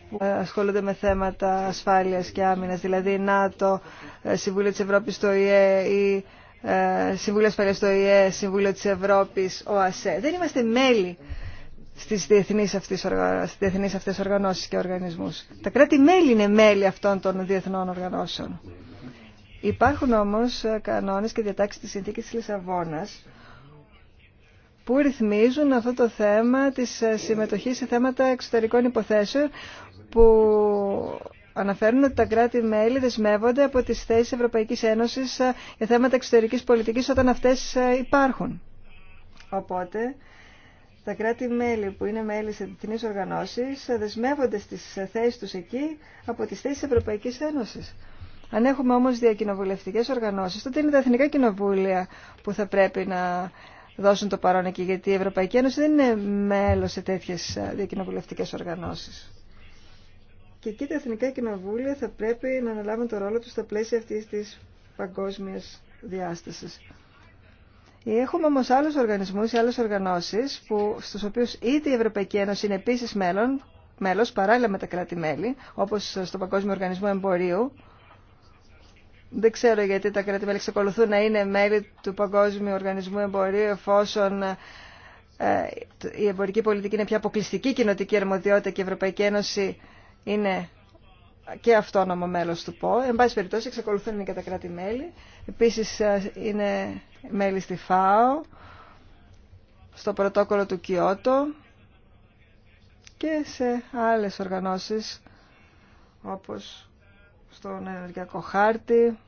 που ασχολούνται με θέματα ασφάλειας και άμυνας, δηλαδή ΝΑΤΟ, ε, Συμβούλιο της Ευρώπης, το ΙΕ ή Συμβούλιο Ασφαλείας του ΟΗΕ, Συμβούλιο της Ευρώπης, ΟΑΣΕ. Δεν είμαστε μέλη στις διεθνείς αυτές, στις διεθνείς αυτές οργανώσεις και οργανισμούς. Τα κράτη-μέλη είναι μέλη αυτών των διεθνών οργανώσεων. Υπάρχουν όμως ε, κανόνες και διατάξεις της συνθήκη της Λισαβόνας που ρυθμίζουν αυτό το θέμα της ε, συμμετοχής σε θέματα εξωτερικών υποθέσεων που αναφέρουν ότι τα κράτη-μέλη δεσμεύονται από τις θέσεις Ευρωπαϊκής Ένωσης ε, για θέματα εξωτερικής πολιτικής όταν αυτές ε, υπάρχουν. Οπότε, τα κράτη-μέλη που είναι μέλη σε διεθνείς οργανώσεις ε, δεσμεύονται στις θέσεις τους εκεί από τις θέσεις Ευρωπαϊκής Ένωσης. Αν έχουμε όμως διακοινοβουλευτικές οργανώσεις, τότε είναι τα εθνικά κοινοβούλια που θα πρέπει να δώσουν το παρόν εκεί, γιατί η Ευρωπαϊκή Ένωση δεν είναι μέλος σε τέτοιες διακοινοβουλευτικές οργανώσεις. Και εκεί τα εθνικά κοινοβούλια θα πρέπει να αναλάβουν το ρόλο τους στα πλαίσια αυτής της παγκόσμιας διάστασης. Έχουμε όμω άλλου οργανισμού ή άλλε οργανώσεις στους οποίους ήδη η Ευρωπαϊκή Ένωση ηδη η επίση μέλο, παράλληλα με τα κράτη-μέλη, όπως στο Παγκόσμιο Οργανισμό Εμπορίου. Δεν ξέρω γιατί τα κράτη-μέλη εξακολουθούν να είναι μέλη του Παγκόσμιου Οργανισμού Εμπορίου, εφόσον ε, η εμπορική πολιτική είναι πια αποκλειστική κοινοτική αρμοδιότητα και η Ευρωπαϊκή Ένωση είναι και αυτόνομο μέλος του ΠΟΕ. Εν πάση περιπτώσει, εξακολουθούν και τα κράτη-μέλη. Επίσης, ε, είναι μέλη στη ΦΑΟ, στο πρωτόκολλο του Κιώτο και σε άλλες οργανώσεις, όπως στον ενεργειακό χάρτη.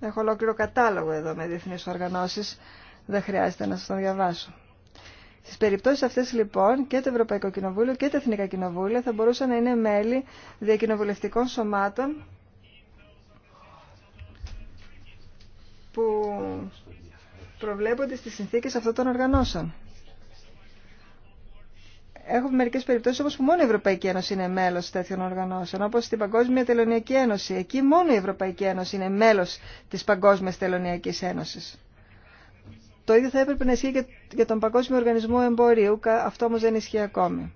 Έχω ολόκληρο κατάλογο εδώ με διεθνείς οργανώσεις. Δεν χρειάζεται να σας τον διαβάσω. Στις περιπτώσεις αυτές λοιπόν και το Ευρωπαϊκό Κοινοβούλιο και τα Εθνικά Κοινοβούλια θα μπορούσαν να είναι μέλη διακοινοβουλευτικών σωμάτων που προβλέπονται στις συνθήκες αυτών των οργανώσεων. Έχουμε μερικέ περιπτώσει όμω που μόνο η Ευρωπαϊκή Ένωση είναι μέλο τέτοιων οργανώσεων, όπω στην Παγκόσμια Τελωνιακή Ένωση. Εκεί μόνο η Ευρωπαϊκή Ένωση είναι μέλο τη Παγκόσμια Τελωνιακή Ένωση. Το ίδιο θα έπρεπε να ισχύει και για τον Παγκόσμιο Οργανισμό Εμπορίου, αυτό όμως δεν ισχύει ακόμη.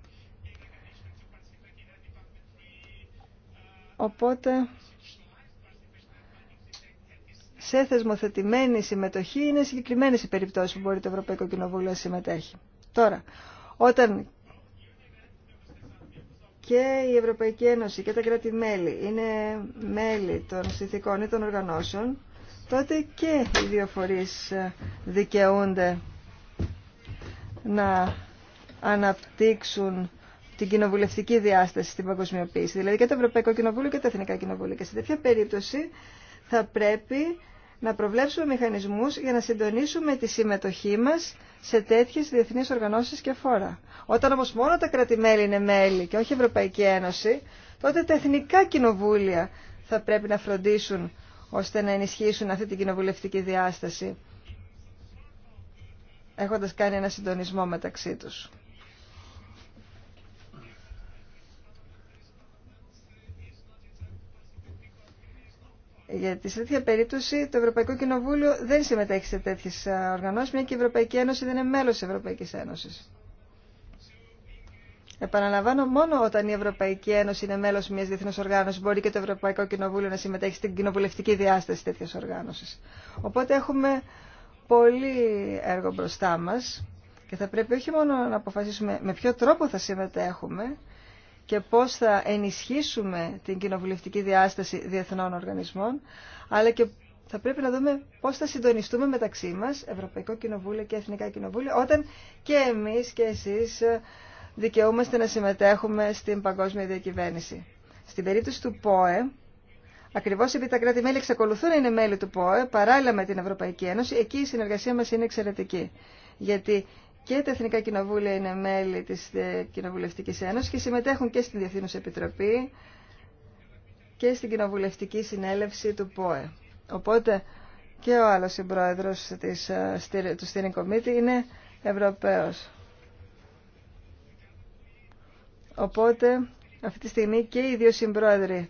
Οπότε, σε θεσμοθετημένη συμμετοχή είναι συγκεκριμένε οι περιπτώσεις που μπορεί το Ευρωπαϊκό Κοινοβούλιο να συμμετέχει. Τώρα, όταν και η Ευρωπαϊκή Ένωση και τα κράτη-μέλη είναι μέλη των συνθηκών ή των οργανώσεων, τότε και οι δύο φορείς ε, δικαιούνται να αναπτύξουν την κοινοβουλευτική διάσταση στην παγκοσμιοποίηση. Δηλαδή και το Ευρωπαϊκό Κοινοβούλιο και τα Εθνικά Κοινοβούλια. Και σε τέτοια περίπτωση θα πρέπει να προβλέψουμε μηχανισμούς για να συντονίσουμε τη συμμετοχή μας σε τέτοιες διεθνείς οργανώσεις και φόρα. Όταν όμως μόνο τα κράτη-μέλη είναι μέλη και όχι η Ευρωπαϊκή Ένωση, τότε τα εθνικά κοινοβούλια θα πρέπει να φροντίσουν ώστε να ενισχύσουν αυτή την κοινοβουλευτική διάσταση, έχοντας κάνει ένα συντονισμό μεταξύ τους. Γιατί σε τέτοια περίπτωση το Ευρωπαϊκό Κοινοβούλιο δεν συμμετέχει σε τέτοιε οργανώσει, μια και η Ευρωπαϊκή Ένωση δεν είναι μέλο τη Ευρωπαϊκή Ένωση. Επαναλαμβάνω, μόνο όταν η Ευρωπαϊκή Ένωση είναι μέλο μια διεθνή οργάνωση μπορεί και το Ευρωπαϊκό Κοινοβούλιο να συμμετέχει στην κοινοβουλευτική διάσταση τέτοια οργάνωση. Οπότε έχουμε πολύ έργο μπροστά μα και θα πρέπει όχι μόνο να αποφασίσουμε με ποιο τρόπο θα συμμετέχουμε και πώ θα ενισχύσουμε την κοινοβουλευτική διάσταση διεθνών οργανισμών, αλλά και θα πρέπει να δούμε πώ θα συντονιστούμε μεταξύ μα, Ευρωπαϊκό Κοινοβούλιο και Εθνικά Κοινοβούλια, όταν και εμεί και εσεί δικαιούμαστε να συμμετέχουμε στην παγκόσμια διακυβέρνηση. Στην περίπτωση του ΠΟΕ, ακριβώς επειδή τα κράτη-μέλη εξακολουθούν να είναι μέλη του ΠΟΕ, παράλληλα με την Ευρωπαϊκή Ένωση, εκεί η συνεργασία μας είναι εξαιρετική. Γιατί και τα Εθνικά Κοινοβούλια είναι μέλη της ε, Κοινοβουλευτικής Ένωσης και συμμετέχουν και στην Διεθνούς Επιτροπή και στην Κοινοβουλευτική Συνέλευση του ΠΟΕ. Οπότε και ο άλλος συμπρόεδρος της, ε, του Steering Committee είναι Ευρωπαίος. Οπότε αυτή τη στιγμή και οι δύο συμπρόεδροι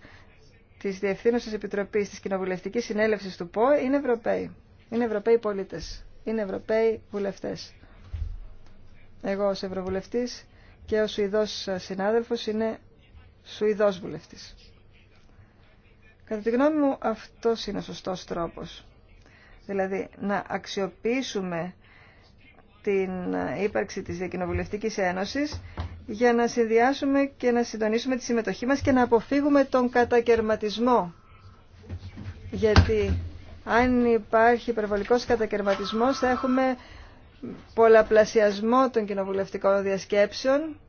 της Διευθύνωση Επιτροπής της κοινοβουλευτική Συνέλευσης του ΠΟΕ είναι Ευρωπαίοι. Είναι Ευρωπαίοι πολίτε. Είναι Ευρωπαίοι βουλευτές. Εγώ ως ευρωβουλευτή και ο Σουηδό συνάδελφος είναι Σουηδό βουλευτής. Κατά τη γνώμη μου αυτό είναι ο σωστός τρόπος. Δηλαδή να αξιοποιήσουμε την ύπαρξη της Διακοινοβουλευτικής Ένωσης για να συνδυάσουμε και να συντονίσουμε τη συμμετοχή μας και να αποφύγουμε τον κατακαιρματισμό. Γιατί αν υπάρχει υπερβολικός κατακαιρματισμός θα έχουμε πολλαπλασιασμό των κοινοβουλευτικών διασκέψεων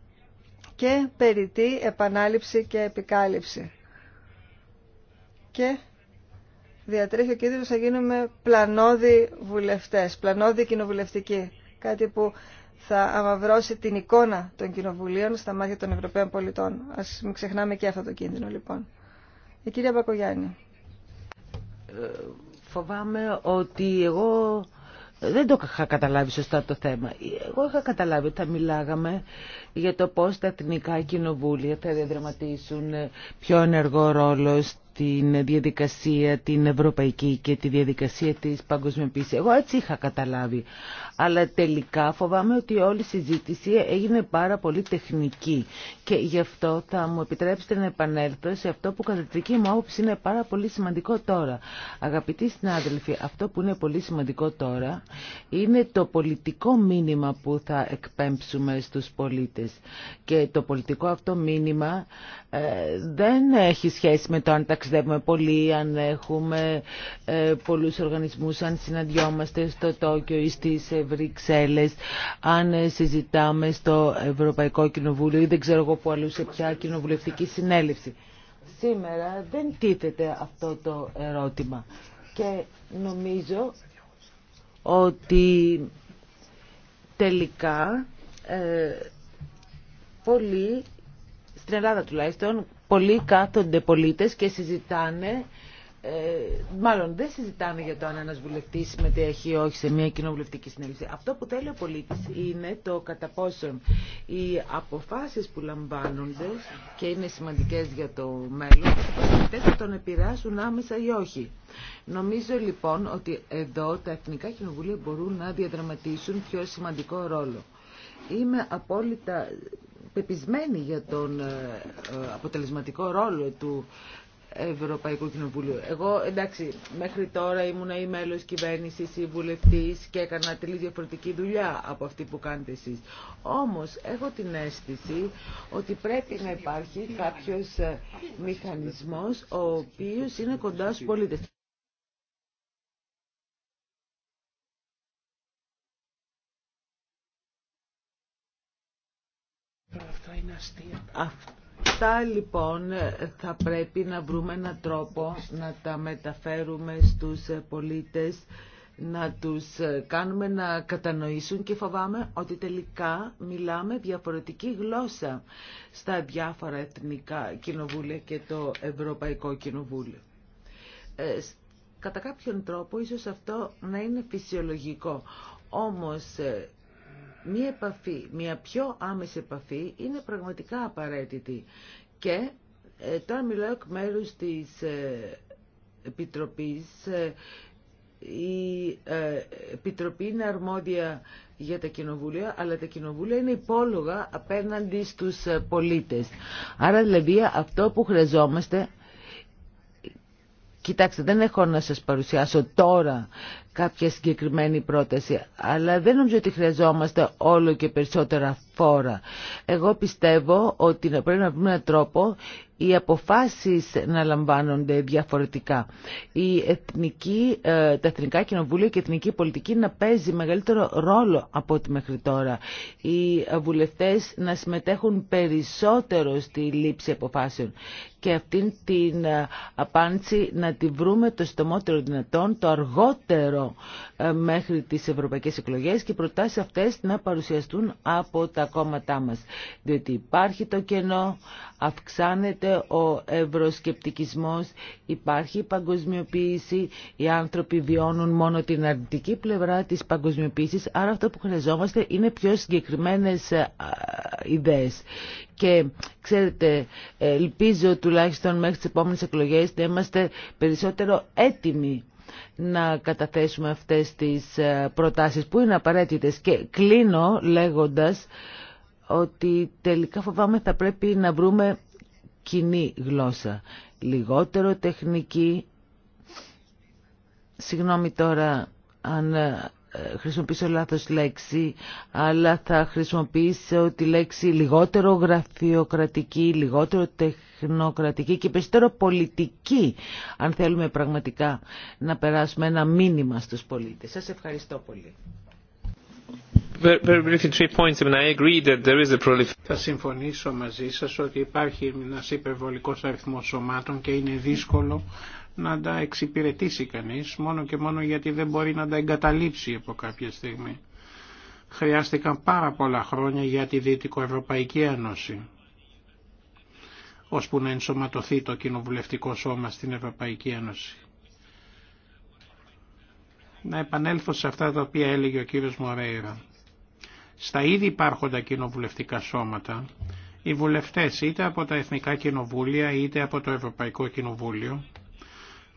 και περιττή επανάληψη και επικάλυψη. Και διατρέχει ο κίνδυνος να γίνουμε πλανώδη βουλευτές, πλανώδη κοινοβουλευτικοί. Κάτι που θα αμαυρώσει την εικόνα των κοινοβουλίων στα μάτια των Ευρωπαίων πολιτών. Ας μην ξεχνάμε και αυτό το κίνδυνο λοιπόν. Η κυρία Μπακογιάννη. Ε, φοβάμαι ότι εγώ δεν το είχα καταλάβει σωστά το θέμα. Εγώ είχα καταλάβει ότι θα μιλάγαμε για το πώς τα εθνικά κοινοβούλια θα διαδραματίσουν πιο ενεργό ρόλο την διαδικασία την ευρωπαϊκή και τη διαδικασία της παγκοσμιοποίηση. Εγώ έτσι είχα καταλάβει. Αλλά τελικά φοβάμαι ότι όλη η συζήτηση έγινε πάρα πολύ τεχνική και γι' αυτό θα μου επιτρέψετε να επανέλθω σε αυτό που κατά τη δική μου άποψη είναι πάρα πολύ σημαντικό τώρα. Αγαπητοί συνάδελφοι, αυτό που είναι πολύ σημαντικό τώρα είναι το πολιτικό μήνυμα που θα εκπέμψουμε στους πολίτες. Και το πολιτικό αυτό μήνυμα ε, δεν έχει σχέση με το ταξιδεύουμε πολύ, αν έχουμε ε, πολλούς οργανισμούς, αν συναντιόμαστε στο Τόκιο ή στις Βρυξέλλες, αν ε, συζητάμε στο Ευρωπαϊκό Κοινοβούλιο ή δεν ξέρω εγώ που αλλού σε ποια κοινοβουλευτική συνέλευση. Σήμερα δεν τίθεται αυτό το ερώτημα και νομίζω ότι τελικά ε, πολλοί στην Ελλάδα τουλάχιστον πολλοί κάθονται πολίτες και συζητάνε ε, μάλλον δεν συζητάνε για το αν ένας βουλευτής συμμετέχει ή όχι σε μια κοινοβουλευτική συνέλευση. Αυτό που θέλει ο πολίτης είναι το κατά πόσον οι αποφάσεις που λαμβάνονται και είναι σημαντικές για το μέλλον, δεν θα τον επηρεάσουν άμεσα ή όχι. Νομίζω λοιπόν ότι εδώ τα Εθνικά Κοινοβούλια μπορούν να διαδραματίσουν πιο σημαντικό ρόλο. Είμαι απόλυτα πεπισμένη για τον ε, ε, αποτελεσματικό ρόλο του Ευρωπαϊκού Κοινοβουλίου. Εγώ, εντάξει, μέχρι τώρα ήμουν ή μέλος κυβέρνησης ή βουλευτής και έκανα τελείως διαφορετική δουλειά από αυτή που κάνετε εσείς. Όμως, έχω την αίσθηση ότι πρέπει να υπάρχει κάποιος ε, μηχανισμός ο οποίος είναι κοντά στους πολίτες. Αυτά λοιπόν θα πρέπει να βρούμε έναν τρόπο να τα μεταφέρουμε στους πολίτες, να τους κάνουμε να κατανοήσουν και φοβάμαι ότι τελικά μιλάμε διαφορετική γλώσσα στα διάφορα εθνικά κοινοβούλια και το Ευρωπαϊκό Κοινοβούλιο. Ε, κατά κάποιον τρόπο ίσως αυτό να είναι φυσιολογικό. Όμως ε, μία επαφή, μία πιο άμεση επαφή είναι πραγματικά απαραίτητη. Και ε, τώρα μιλάω εκ μέρους της ε, ε, η Επιτροπή είναι αρμόδια για τα κοινοβούλια, αλλά τα κοινοβούλια είναι υπόλογα απέναντι στους πολίτες. Άρα δηλαδή αυτό που χρειαζόμαστε Κοιτάξτε, δεν έχω να σας παρουσιάσω τώρα κάποια συγκεκριμένη πρόταση, αλλά δεν νομίζω ότι χρειαζόμαστε όλο και περισσότερα φόρα. Εγώ πιστεύω ότι πρέπει να βρούμε έναν τρόπο οι αποφάσεις να λαμβάνονται διαφορετικά. Η εθνική, ε, τα εθνικά κοινοβούλια και η εθνική πολιτική να παίζει μεγαλύτερο ρόλο από ό,τι μέχρι τώρα. Οι βουλευτές να συμμετέχουν περισσότερο στη λήψη αποφάσεων. Και αυτήν την ε, απάντηση να τη βρούμε το στομότερο δυνατόν, το αργότερο ε, μέχρι τις ευρωπαϊκές εκλογές και οι προτάσεις αυτές να παρουσιαστούν από τα κόμματά μας. Διότι υπάρχει το κενό, αυξάνεται ο ευρωσκεπτικισμός υπάρχει, η παγκοσμιοποίηση, οι άνθρωποι βιώνουν μόνο την αρνητική πλευρά της παγκοσμιοποίησης, άρα αυτό που χρειαζόμαστε είναι πιο συγκεκριμένες ε, ε, ιδέες. Και ξέρετε, ε, ελπίζω τουλάχιστον μέχρι τις επόμενες εκλογές να είμαστε περισσότερο έτοιμοι να καταθέσουμε αυτές τις προτάσεις που είναι απαραίτητες. Και κλείνω λέγοντας ότι τελικά φοβάμαι θα πρέπει να βρούμε κοινή γλώσσα. Λιγότερο τεχνική. Συγγνώμη τώρα αν ε, χρησιμοποιήσω λάθος λέξη, αλλά θα χρησιμοποιήσω τη λέξη λιγότερο γραφειοκρατική, λιγότερο τεχνοκρατική και περισσότερο πολιτική, αν θέλουμε πραγματικά να περάσουμε ένα μήνυμα στους πολίτες. Σας ευχαριστώ πολύ. Θα συμφωνήσω μαζί σας ότι υπάρχει ένας υπερβολικός αριθμός σωμάτων και είναι δύσκολο να τα εξυπηρετήσει κανείς μόνο και μόνο γιατί δεν μπορεί να τα εγκαταλείψει από κάποια στιγμή. Χρειάστηκαν πάρα πολλά χρόνια για τη Δυτικοευρωπαϊκή Ένωση ώσπου να ενσωματωθεί το κοινοβουλευτικό σώμα στην Ευρωπαϊκή Ένωση. Να επανέλθω σε αυτά τα οποία έλεγε ο κύριος Μορέιρα στα ήδη υπάρχοντα κοινοβουλευτικά σώματα, οι βουλευτές είτε από τα Εθνικά Κοινοβούλια είτε από το Ευρωπαϊκό Κοινοβούλιο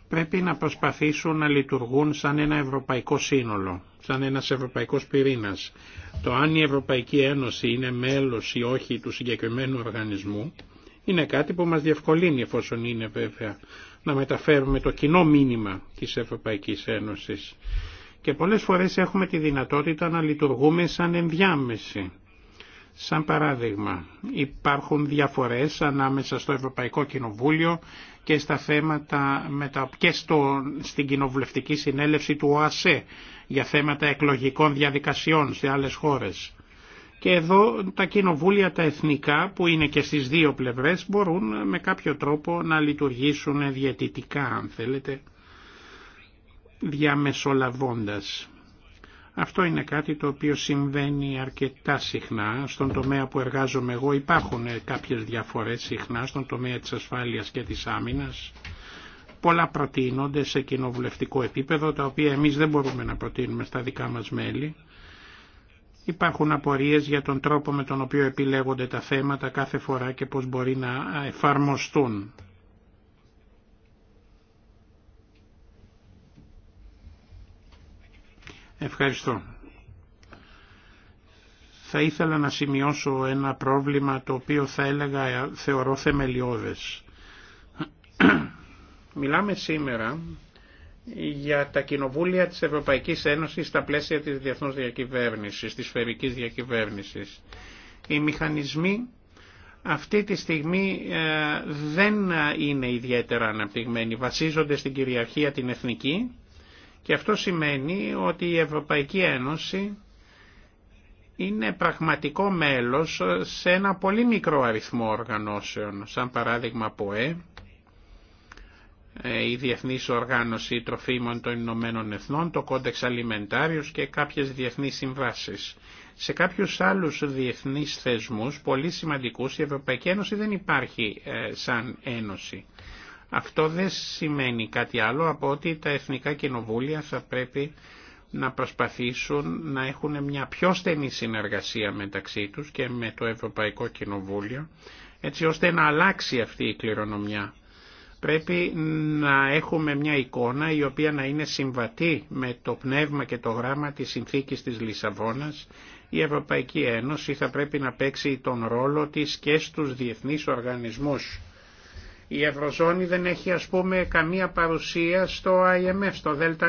πρέπει να προσπαθήσουν να λειτουργούν σαν ένα ευρωπαϊκό σύνολο, σαν ένα ευρωπαϊκός πυρήνας. Το αν η Ευρωπαϊκή Ένωση είναι μέλος ή όχι του συγκεκριμένου οργανισμού είναι κάτι που μας διευκολύνει εφόσον είναι βέβαια να μεταφέρουμε το κοινό μήνυμα της Ευρωπαϊκής Ένωσης και πολλές φορές έχουμε τη δυνατότητα να λειτουργούμε σαν ενδιάμεση. Σαν παράδειγμα, υπάρχουν διαφορές ανάμεσα στο Ευρωπαϊκό Κοινοβούλιο και στα θέματα μετα... και στο... στην κοινοβουλευτική συνέλευση του ΟΑΣΕ για θέματα εκλογικών διαδικασιών σε άλλες χώρες. Και εδώ τα κοινοβούλια τα εθνικά που είναι και στις δύο πλευρές μπορούν με κάποιο τρόπο να λειτουργήσουν διαιτητικά αν θέλετε διαμεσολαβώντας. Αυτό είναι κάτι το οποίο συμβαίνει αρκετά συχνά. Στον τομέα που εργάζομαι εγώ υπάρχουν κάποιες διαφορές συχνά στον τομέα της ασφάλειας και της άμυνας. Πολλά προτείνονται σε κοινοβουλευτικό επίπεδο, τα οποία εμείς δεν μπορούμε να προτείνουμε στα δικά μας μέλη. Υπάρχουν απορίες για τον τρόπο με τον οποίο επιλέγονται τα θέματα κάθε φορά και πώς μπορεί να εφαρμοστούν Ευχαριστώ. Θα ήθελα να σημειώσω ένα πρόβλημα το οποίο θα έλεγα θεωρώ θεμελιώδες. Μιλάμε σήμερα για τα κοινοβούλια της Ευρωπαϊκής Ένωσης στα πλαίσια της διεθνούς διακυβέρνησης, της σφαιρικής διακυβέρνησης. Οι μηχανισμοί αυτή τη στιγμή ε, δεν είναι ιδιαίτερα αναπτυγμένοι. Βασίζονται στην κυριαρχία την εθνική και αυτό σημαίνει ότι η Ευρωπαϊκή Ένωση είναι πραγματικό μέλος σε ένα πολύ μικρό αριθμό οργανώσεων, σαν παράδειγμα ΠΟΕ, ε, η Διεθνής Οργάνωση Τροφίμων των Ηνωμένων Εθνών, το Κόντεξ Αλιμεντάριος και κάποιες διεθνείς συμβάσεις. Σε κάποιους άλλους διεθνείς θεσμούς, πολύ σημαντικούς, η Ευρωπαϊκή Ένωση δεν υπάρχει ε, σαν ένωση. Αυτό δεν σημαίνει κάτι άλλο από ότι τα εθνικά κοινοβούλια θα πρέπει να προσπαθήσουν να έχουν μια πιο στενή συνεργασία μεταξύ τους και με το Ευρωπαϊκό Κοινοβούλιο, έτσι ώστε να αλλάξει αυτή η κληρονομιά. Πρέπει να έχουμε μια εικόνα η οποία να είναι συμβατή με το πνεύμα και το γράμμα της συνθήκης της Λισαβόνας. Η Ευρωπαϊκή Ένωση θα πρέπει να παίξει τον ρόλο της και στους διεθνείς οργανισμούς η Ευρωζώνη δεν έχει ας πούμε καμία παρουσία στο IMF, στο ΔΝΤ.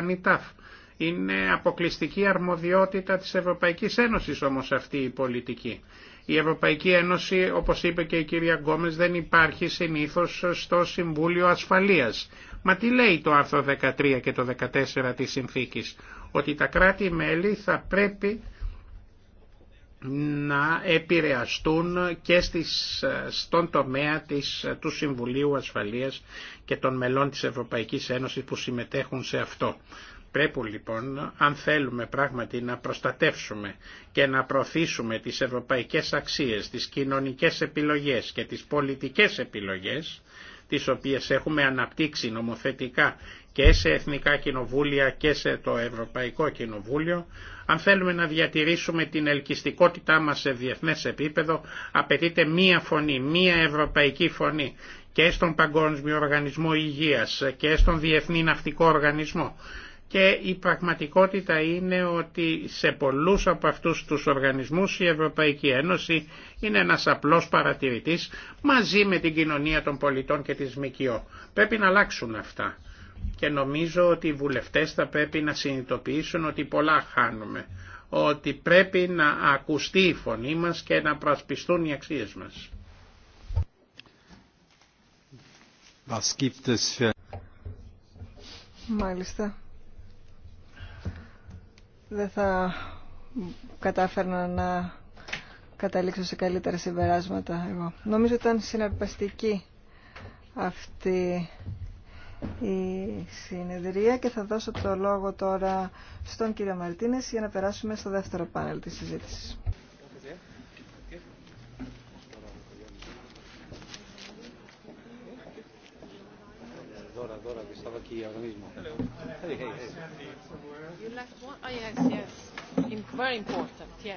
Είναι αποκλειστική αρμοδιότητα της Ευρωπαϊκής Ένωσης όμως αυτή η πολιτική. Η Ευρωπαϊκή Ένωση, όπως είπε και η κυρία Γκόμες, δεν υπάρχει συνήθως στο Συμβούλιο Ασφαλείας. Μα τι λέει το άρθρο 13 και το 14 της συνθήκης, ότι τα κράτη-μέλη θα πρέπει να επηρεαστούν και στις, στον τομέα της, του Συμβουλίου Ασφαλείας και των μελών της Ευρωπαϊκής Ένωσης που συμμετέχουν σε αυτό. Πρέπει λοιπόν, αν θέλουμε πράγματι να προστατεύσουμε και να προωθήσουμε τις ευρωπαϊκές αξίες, τις κοινωνικές επιλογές και τις πολιτικές επιλογές, τις οποίες έχουμε αναπτύξει νομοθετικά και σε εθνικά κοινοβούλια και σε το Ευρωπαϊκό Κοινοβούλιο, αν θέλουμε να διατηρήσουμε την ελκυστικότητά μας σε διεθνές επίπεδο, απαιτείται μία φωνή, μία ευρωπαϊκή φωνή και στον Παγκόσμιο Οργανισμό Υγείας και στον Διεθνή Ναυτικό Οργανισμό. Και η πραγματικότητα είναι ότι σε πολλούς από αυτούς τους οργανισμούς η Ευρωπαϊκή Ένωση είναι ένας απλός παρατηρητής μαζί με την κοινωνία των πολιτών και της ΜΚΟ. Πρέπει να αλλάξουν αυτά και νομίζω ότι οι βουλευτές θα πρέπει να συνειδητοποιήσουν ότι πολλά χάνουμε, ότι πρέπει να ακουστεί η φωνή μας και να προασπιστούν οι αξίες μας. Μάλιστα. Δεν θα κατάφερνα να καταλήξω σε καλύτερα συμπεράσματα εγώ. Νομίζω ήταν συναρπαστική αυτή η συνεδρία και θα δώσω το λόγο τώρα στον κύριο Μαρτίνες για να περάσουμε στο δεύτερο πάνελ της συζήτησης. You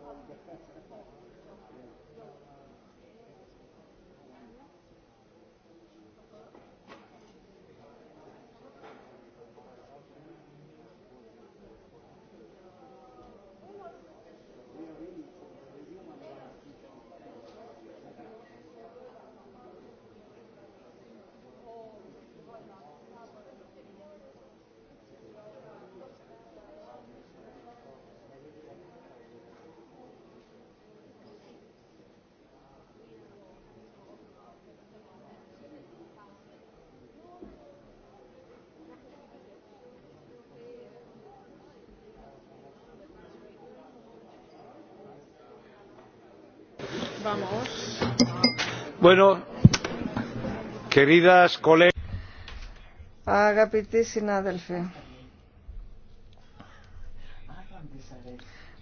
Αγαπητοί συνάδελφοι,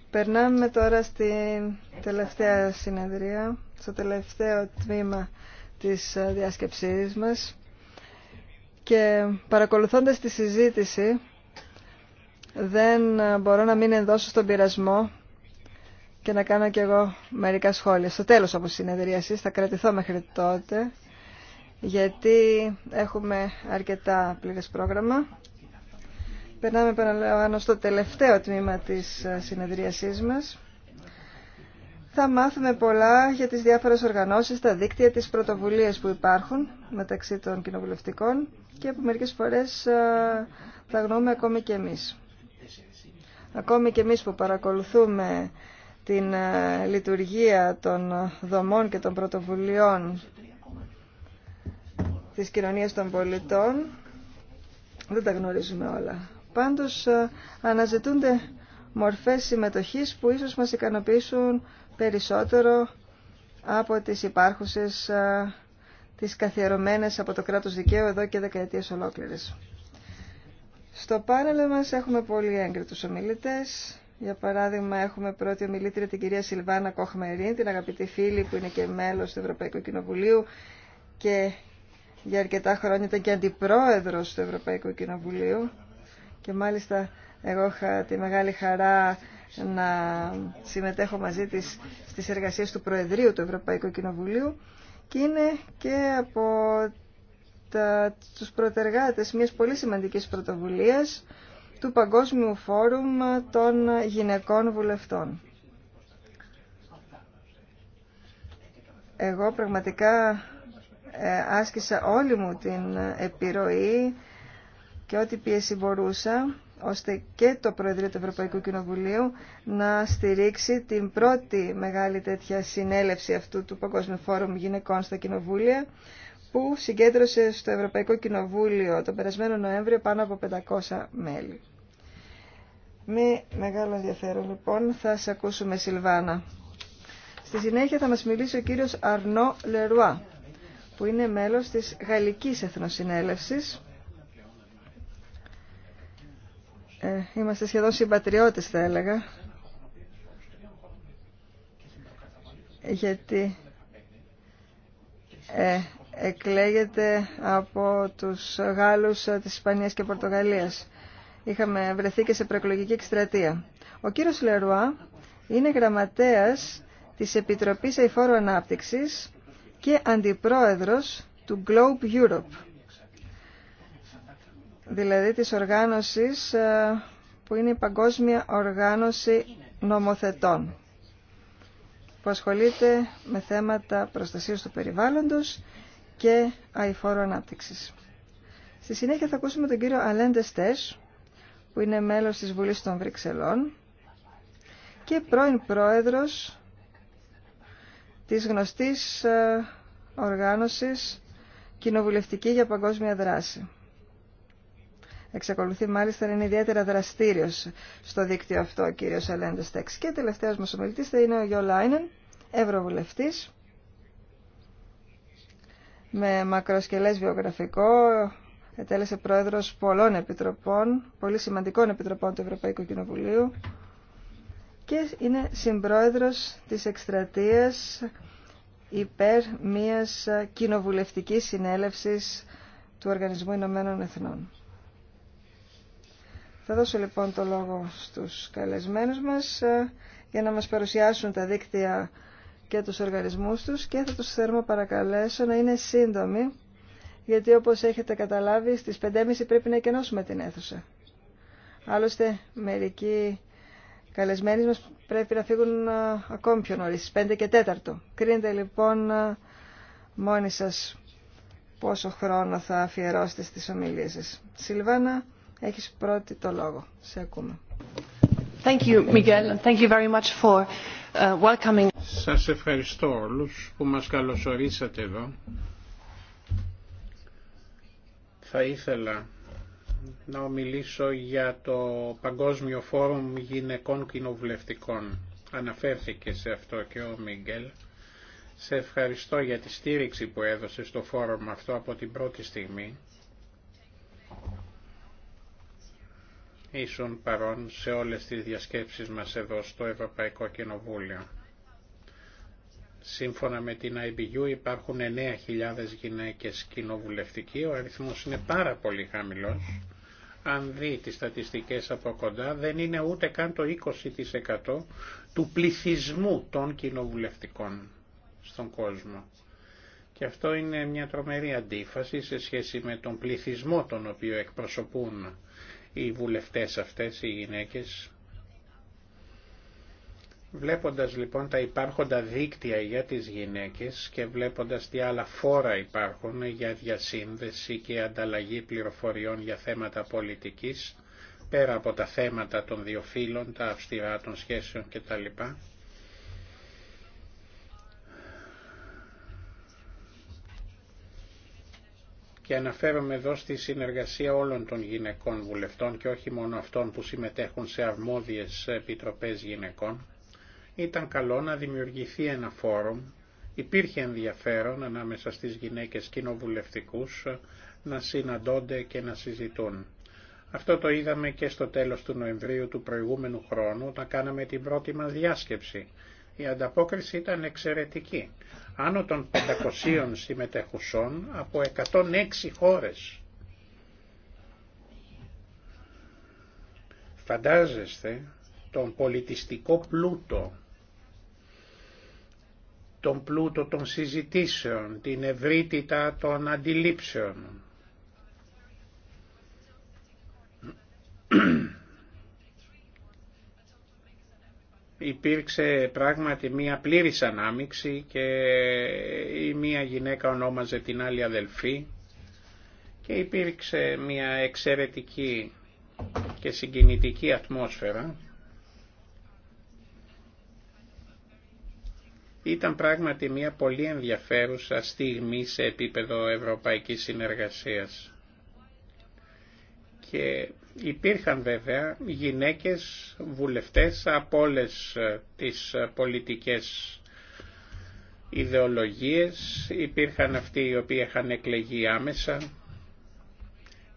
περνάμε τώρα στην τελευταία συνεδρία, στο τελευταίο τμήμα της ε, διάσκεψής μας και παρακολουθώντας τη συζήτηση δεν ε, μπορώ να μην ενδώσω στον πειρασμό και να κάνω και εγώ μερικά σχόλια. Στο τέλος όμως συνεδρίαση θα κρατηθώ μέχρι τότε γιατί έχουμε αρκετά πλήρες πρόγραμμα. Περνάμε επαναλαμβάνω στο τελευταίο τμήμα της ε, συνεδρίασής μας. Θα μάθουμε πολλά για τις διάφορες οργανώσεις, τα δίκτυα, τις πρωτοβουλίες που υπάρχουν μεταξύ των κοινοβουλευτικών και που μερικές φορές θα ε, γνωρούμε ακόμη και εμείς. Ακόμη και εμείς που παρακολουθούμε την ε, λειτουργία των δομών και των πρωτοβουλειών της κοινωνίας των πολιτών δεν τα γνωρίζουμε όλα. Πάντως ε, αναζητούνται μορφές συμμετοχής που ίσως μας ικανοποιήσουν περισσότερο από τις υπάρχουσες, ε, τις καθιερωμένες από το κράτος δικαίου εδώ και δεκαετίες ολόκληρες. Στο πάνελ μας έχουμε πολύ έγκριτους ομιλητές για παράδειγμα, έχουμε πρώτη ομιλήτρια την κυρία Σιλβάνα Κοχμερίν, την αγαπητή φίλη που είναι και μέλος του Ευρωπαϊκού Κοινοβουλίου και για αρκετά χρόνια ήταν και αντιπρόεδρος του Ευρωπαϊκού Κοινοβουλίου. Και μάλιστα εγώ είχα τη μεγάλη χαρά να συμμετέχω μαζί της στις εργασίες του Προεδρείου του Ευρωπαϊκού Κοινοβουλίου και είναι και από του τους προτεργάτες μιας πολύ σημαντικής πρωτοβουλίας του Παγκόσμιου Φόρουμ των Γυναικών Βουλευτών. Εγώ πραγματικά ε, άσκησα όλη μου την επιρροή και ό,τι πίεση μπορούσα, ώστε και το Προεδρείο του Ευρωπαϊκού Κοινοβουλίου να στηρίξει την πρώτη μεγάλη τέτοια συνέλευση αυτού του Παγκόσμιου Φόρουμ Γυναικών στα Κοινοβούλια, που συγκέντρωσε στο Ευρωπαϊκό Κοινοβούλιο τον περασμένο Νοέμβριο πάνω από 500 μέλη. Με μεγάλο ενδιαφέρον λοιπόν θα σας ακούσουμε Σιλβάνα. Στη συνέχεια θα μας μιλήσει ο κύριος Αρνό Λερουά, που είναι μέλος της Γαλλικής Εθνοσυνέλευσης. Ε, είμαστε σχεδόν συμπατριώτες θα έλεγα, γιατί ε, εκλέγεται από τους Γάλλους ε, της Ισπανίας και Πορτογαλίας. Είχαμε βρεθεί και σε προεκλογική εκστρατεία. Ο κύριος Λερουά είναι γραμματέας της Επιτροπής Αιφόρου Ανάπτυξης και αντιπρόεδρος του Globe Europe, δηλαδή της οργάνωσης ε, που είναι η Παγκόσμια Οργάνωση Νομοθετών που ασχολείται με θέματα προστασίας του περιβάλλοντος και αηφόρο ανάπτυξης. Στη συνέχεια θα ακούσουμε τον κύριο Αλέντε Τέσ, που είναι μέλος της Βουλής των Βρυξελών και πρώην πρόεδρος της γνωστής ε, οργάνωσης Κοινοβουλευτική για Παγκόσμια Δράση. Εξακολουθεί μάλιστα να είναι ιδιαίτερα δραστήριος στο δίκτυο αυτό ο κύριος Αλέντε Τέξ. Και τελευταίος μας ομιλητής θα είναι ο Γιώ Λάινεν, Ευρωβουλευτής με μακροσκελές βιογραφικό, ετέλεσε πρόεδρος πολλών επιτροπών, πολύ σημαντικών επιτροπών του Ευρωπαϊκού Κοινοβουλίου και είναι συμπρόεδρος της εκστρατείας υπέρ μιας κοινοβουλευτικής συνέλευσης του Οργανισμού Ηνωμένων Εθνών. Θα δώσω λοιπόν το λόγο στους καλεσμένους μας ε, για να μας παρουσιάσουν τα δίκτυα και τους οργανισμούς τους και θα τους θέρμα παρακαλέσω να είναι σύντομοι γιατί όπως έχετε καταλάβει στις 5.30 πρέπει να εκενώσουμε την αίθουσα. Άλλωστε μερικοί καλεσμένοι μας πρέπει να φύγουν ε, ακόμη πιο νωρίς, στις 5 και 4. Κρίνετε λοιπόν ε, μόνοι σας πόσο χρόνο θα αφιερώσετε στις ομιλίες σας. Σιλβάνα, έχεις πρώτη το λόγο. Σε ακούμε. Uh, Σας ευχαριστώ όλους που μας καλωσορίσατε εδώ. Θα ήθελα να ομιλήσω για το Παγκόσμιο Φόρουμ Γυναικών Κοινοβουλευτικών. Αναφέρθηκε σε αυτό και ο Μίγκελ. Σε ευχαριστώ για τη στήριξη που έδωσε στο φόρουμ αυτό από την πρώτη στιγμή ήσουν παρόν σε όλες τις διασκέψεις μας εδώ στο Ευρωπαϊκό Κοινοβούλιο. Σύμφωνα με την IBU υπάρχουν 9.000 γυναίκες κοινοβουλευτικοί, ο αριθμός είναι πάρα πολύ χαμηλός. Αν δει τις στατιστικές από κοντά δεν είναι ούτε καν το 20% του πληθυσμού των κοινοβουλευτικών στον κόσμο. Και αυτό είναι μια τρομερή αντίφαση σε σχέση με τον πληθυσμό τον οποίο εκπροσωπούν οι βουλευτές αυτές, οι γυναίκες. Βλέποντας λοιπόν τα υπάρχοντα δίκτυα για τις γυναίκες και βλέποντας τι άλλα φόρα υπάρχουν για διασύνδεση και ανταλλαγή πληροφοριών για θέματα πολιτικής, πέρα από τα θέματα των δύο τα αυστηρά των σχέσεων κτλ. και αναφέρομαι εδώ στη συνεργασία όλων των γυναικών βουλευτών και όχι μόνο αυτών που συμμετέχουν σε αρμόδιες επιτροπές γυναικών, ήταν καλό να δημιουργηθεί ένα φόρουμ, υπήρχε ενδιαφέρον ανάμεσα στις γυναίκες κοινοβουλευτικούς να συναντώνται και να συζητούν. Αυτό το είδαμε και στο τέλος του Νοεμβρίου του προηγούμενου χρόνου, όταν κάναμε την πρώτη μας διάσκεψη η ανταπόκριση ήταν εξαιρετική. Άνω των 500 συμμετεχουσών από 106 χώρες. Φαντάζεστε τον πολιτιστικό πλούτο, τον πλούτο των συζητήσεων, την ευρύτητα των αντιλήψεων. υπήρξε πράγματι μία πλήρης ανάμιξη και η μία γυναίκα ονόμαζε την άλλη αδελφή και υπήρξε μία εξαιρετική και συγκινητική ατμόσφαιρα. Ήταν πράγματι μία πολύ ενδιαφέρουσα στιγμή σε επίπεδο ευρωπαϊκής συνεργασίας. Και Υπήρχαν βέβαια γυναίκες βουλευτές από όλες ε, τις ε, πολιτικές ιδεολογίες, υπήρχαν αυτοί οι οποίοι είχαν εκλεγεί άμεσα,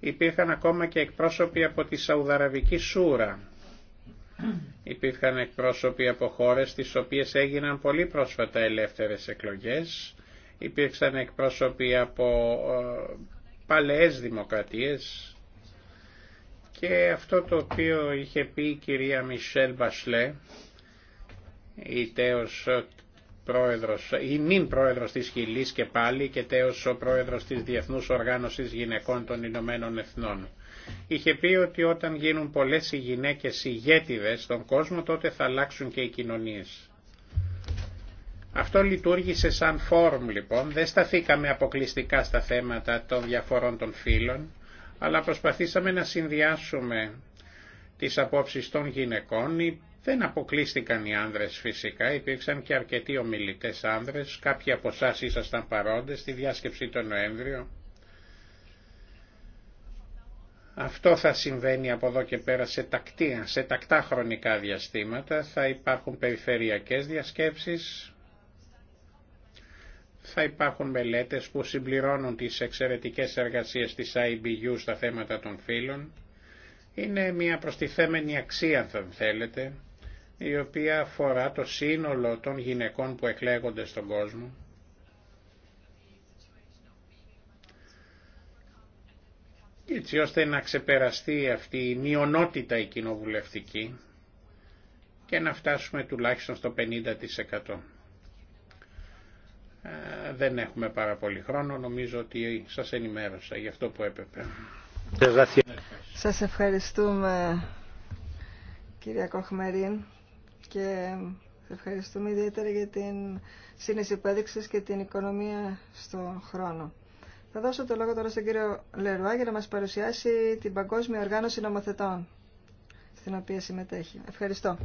υπήρχαν ακόμα και εκπρόσωποι από τη Σαουδαραβική Σούρα, υπήρχαν εκπρόσωποι από χώρες τις οποίες έγιναν πολύ πρόσφατα ελεύθερες εκλογές, υπήρξαν εκπρόσωποι από ε, παλαιές δημοκρατίες, και αυτό το οποίο είχε πει η κυρία Μισελ Μπασλέ, η τέος πρόεδρος, η μην πρόεδρος της Χιλής και πάλι και τέος ο πρόεδρος της Διεθνούς Οργάνωσης Γυναικών των Ηνωμένων Εθνών. Είχε πει ότι όταν γίνουν πολλές οι γυναίκες ηγέτιδες στον κόσμο τότε θα αλλάξουν και οι κοινωνίες. Αυτό λειτουργήσε σαν φόρουμ λοιπόν, δεν σταθήκαμε αποκλειστικά στα θέματα των διαφορών των φύλων, αλλά προσπαθήσαμε να συνδυάσουμε τις απόψεις των γυναικών. Δεν αποκλείστηκαν οι άνδρες φυσικά, υπήρξαν και αρκετοί ομιλητές άνδρες, κάποιοι από εσά ήσασταν παρόντες στη διάσκεψη τον Νοέμβριο. Αυτό θα συμβαίνει από εδώ και πέρα σε, τακτία, σε τακτά χρονικά διαστήματα. Θα υπάρχουν περιφερειακές διασκέψεις, θα υπάρχουν μελέτες που συμπληρώνουν τις εξαιρετικές εργασίες της IBU στα θέματα των φύλων. Είναι μια προστιθέμενη αξία, αν θέλετε, η οποία αφορά το σύνολο των γυναικών που εκλέγονται στον κόσμο. έτσι ώστε να ξεπεραστεί αυτή η μειονότητα η κοινοβουλευτική και να φτάσουμε τουλάχιστον στο 50%. Ε, δεν έχουμε πάρα πολύ χρόνο. Νομίζω ότι σας ενημέρωσα για αυτό που έπρεπε. Σας ευχαριστούμε κυρία Κοχμερίν και ευχαριστούμε ιδιαίτερα για την σύνεση που και την οικονομία στον χρόνο. Θα δώσω το λόγο τώρα στον κύριο Λερουά για να μας παρουσιάσει την Παγκόσμια Οργάνωση Νομοθετών στην οποία συμμετέχει. Ευχαριστώ.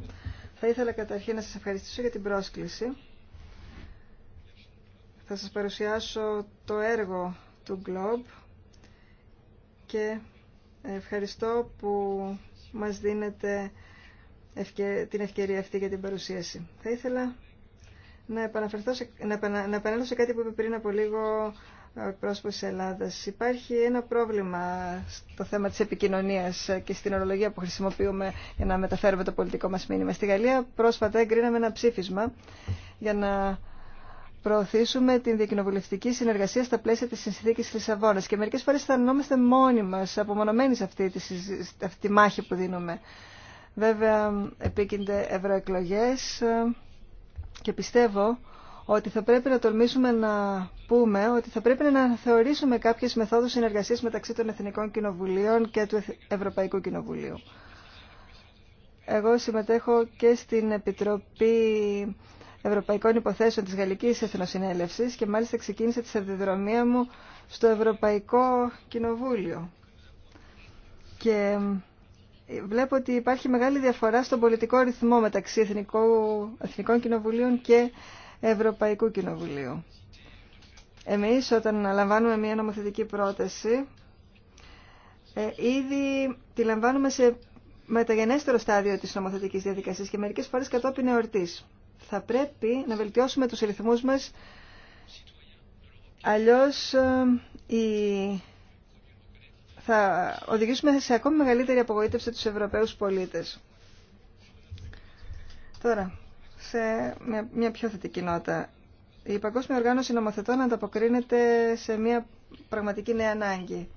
Θα ήθελα καταρχήν να σας ευχαριστήσω για την πρόσκληση θα σας παρουσιάσω το έργο του Globe και ευχαριστώ που μας δίνετε την ευκαιρία αυτή για την παρουσίαση. Θα ήθελα να, επαναφερθώ σε, να, επανέλθω σε κάτι που είπε πριν από λίγο ο εκπρόσωπος της Ελλάδας. Υπάρχει ένα πρόβλημα στο θέμα της επικοινωνίας και στην ορολογία που χρησιμοποιούμε για να μεταφέρουμε το πολιτικό μας μήνυμα. Στη Γαλλία πρόσφατα εγκρίναμε ένα ψήφισμα για να προωθήσουμε την διακοινοβουλευτική συνεργασία στα πλαίσια της συνθήκης Λισαβόνας και μερικές φορές αισθανόμαστε μόνοι μας, απομονωμένοι σε αυτή τη, αυτή μάχη που δίνουμε. Βέβαια, επίκυνται ευρωεκλογέ ε, και πιστεύω ότι θα πρέπει να τολμήσουμε να πούμε ότι θα πρέπει να θεωρήσουμε κάποιες μεθόδους συνεργασίας μεταξύ των Εθνικών Κοινοβουλίων και του Ευρωπαϊκού Κοινοβουλίου. Εγώ συμμετέχω και στην Επιτροπή Ευρωπαϊκών Υποθέσεων της Γαλλικής Εθνοσυνέλευσης και μάλιστα ξεκίνησα τη σαρδιδρομία μου στο Ευρωπαϊκό Κοινοβούλιο. Και ε, βλέπω ότι υπάρχει μεγάλη διαφορά στον πολιτικό ρυθμό μεταξύ Εθνικού, Εθνικών Κοινοβουλίων και Ευρωπαϊκού Κοινοβουλίου. Εμείς όταν αναλαμβάνουμε μια νομοθετική πρόταση, ε, ήδη τη λαμβάνουμε σε μεταγενέστερο στάδιο της νομοθετικής διαδικασίας και μερικές φορές κατόπιν εορτής. Θα πρέπει να βελτιώσουμε τους ρυθμούς μας, αλλιώς ε, η... θα οδηγήσουμε σε ακόμη μεγαλύτερη απογοήτευση τους Ευρωπαίους πολίτες. Τώρα, σε μια πιο θετική νότα. Η Παγκόσμια Οργάνωση Νομοθετών ανταποκρίνεται σε μια πραγματική νέα ανάγκη.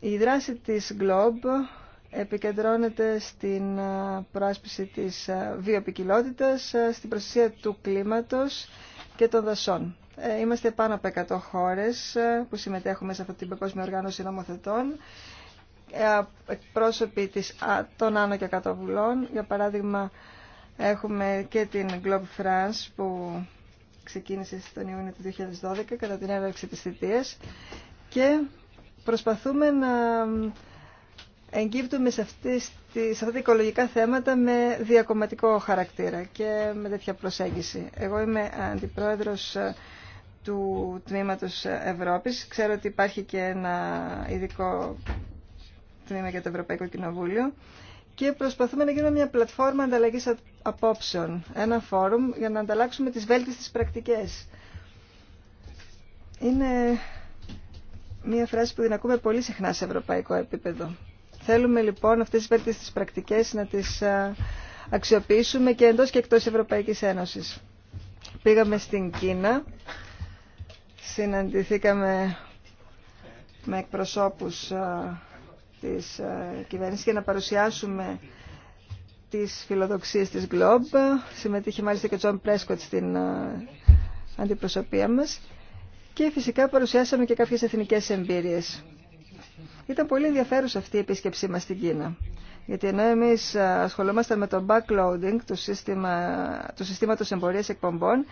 Η δράση της Globe επικεντρώνεται στην ε, προάσπιση της ε, βιοπικιλότητας, ε, στην προστασία του κλίματος και των δασών. Είμαστε πάνω από 100 χώρες που συμμετέχουμε σε αυτή την Παγκόσμια Οργάνωση Νομοθετών, εκπρόσωποι της, των Άνω και βουλών. Για παράδειγμα, έχουμε και την Globe France που ξεκίνησε στον Ιούνιο του 2012 κατά την έναρξη της θητείας και προσπαθούμε να εγκύπτουμε σε, αυτά τα οικολογικά θέματα με διακομματικό χαρακτήρα και με τέτοια προσέγγιση. Εγώ είμαι αντιπρόεδρος ε, του Τμήματος Ευρώπης. Ξέρω ότι υπάρχει και ένα ειδικό τμήμα για το Ευρωπαϊκό Κοινοβούλιο και προσπαθούμε να γίνουμε μια πλατφόρμα ανταλλαγής απόψεων, ένα φόρουμ για να ανταλλάξουμε τις βέλτιστες πρακτικές. Είναι μια φράση που την ακούμε πολύ συχνά σε ευρωπαϊκό επίπεδο. Θέλουμε λοιπόν αυτές τις πρακτικές να τις ε, αξιοποιήσουμε και εντός και εκτός Ευρωπαϊκής Ένωσης. Πήγαμε στην Κίνα, συναντηθήκαμε με εκπροσώπους ε, της ε, κυβέρνησης για να παρουσιάσουμε τις φιλοδοξίες της Globe. Συμμετείχε μάλιστα και ο Τζον Πρέσκοτ στην αντιπροσωπεία μας. Και φυσικά παρουσιάσαμε και κάποιες εθνικές εμπειρίες. Ήταν πολύ ενδιαφέρουσα αυτή η επίσκεψή μας στην Κίνα. Γιατί ενώ εμείς ε, ασχολούμαστε με το backloading του, σύστημα, του συστήματος εμπορίας εκπομπών,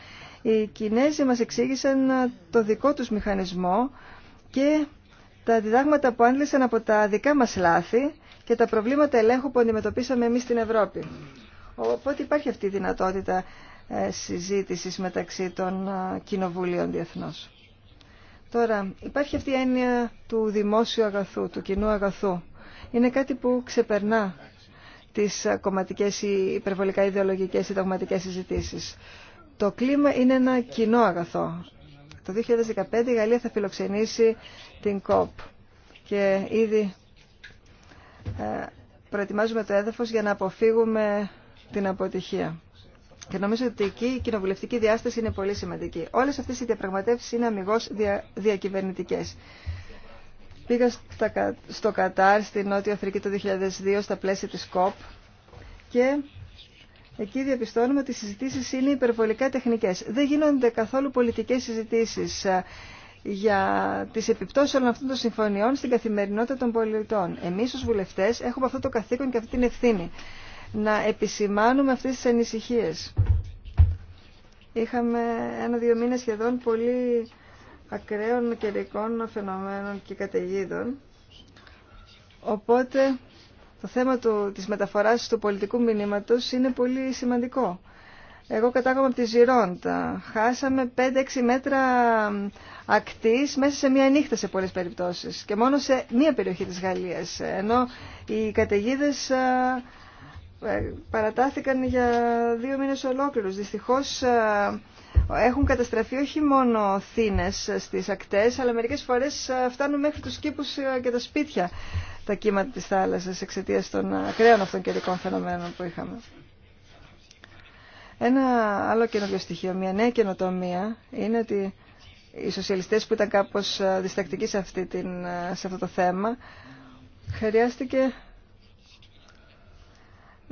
οι Κινέζοι μας εξήγησαν ε, το δικό τους μηχανισμό και τα διδάγματα που άντλησαν από τα δικά μας λάθη και τα προβλήματα ελέγχου που αντιμετωπίσαμε εμείς στην Ευρώπη. Οπότε υπάρχει αυτή η δυνατότητα ε, συζήτησης μεταξύ των κοινοβουλίων διεθνώς. Τώρα, υπάρχει αυτή η έννοια του δημόσιου αγαθού, του κοινού αγαθού. Είναι κάτι που ξεπερνά τις κομματικές ή υπερβολικά ιδεολογικές ή συζητήσεις. Το κλίμα είναι ένα κοινό αγαθό. Το 2015 η Γαλλία θα φιλοξενήσει την ΚΟΠ και ήδη ε, προετοιμάζουμε το έδαφος για να αποφύγουμε την αποτυχία. Και νομίζω ότι εκεί η κοινοβουλευτική διάσταση είναι πολύ σημαντική. Όλε αυτέ οι διαπραγματεύσει είναι αμυγό δια, διακυβερνητικές. Πήγα στα, στο Κατάρ, στη Νότια Αφρική το 2002, στα πλαίσια τη ΚΟΠ και εκεί διαπιστώνουμε ότι οι συζητήσει είναι υπερβολικά τεχνικέ. Δεν γίνονται καθόλου πολιτικέ συζητήσει ε, για τις επιπτώσεις όλων αυτών των συμφωνιών στην καθημερινότητα των πολιτών. Εμείς ως βουλευτές έχουμε αυτό το καθήκον και αυτή την ευθύνη να επισημάνουμε αυτές τις ανησυχίες. Είχαμε ένα-δύο μήνες σχεδόν πολύ ακραίων καιρικών φαινομένων και καταιγίδων. Οπότε το θέμα του, της μεταφοράς του πολιτικού μηνύματος είναι πολύ σημαντικό. Εγώ κατάγομαι από τη Ζηρόντα. Χάσαμε 5-6 μέτρα ακτής μέσα σε μία νύχτα σε πολλές περιπτώσεις και μόνο σε μία περιοχή της Γαλλίας. Ενώ οι καταιγίδε ε, παρατάθηκαν για δύο μήνες ολόκληρους. Δυστυχώς ε, έχουν καταστραφεί όχι μόνο θύνες στις ακτές, αλλά μερικές φορές ε, φτάνουν μέχρι τους κήπους και τα σπίτια τα κύματα της θάλασσας εξαιτίας των ακραίων αυτών καιρικών φαινομένων που είχαμε. Ένα άλλο καινούριο στοιχείο, μια νέα καινοτομία, είναι ότι οι σοσιαλιστές που ήταν κάπως διστακτικοί αυτή την, σε αυτό το θέμα, χρειάστηκε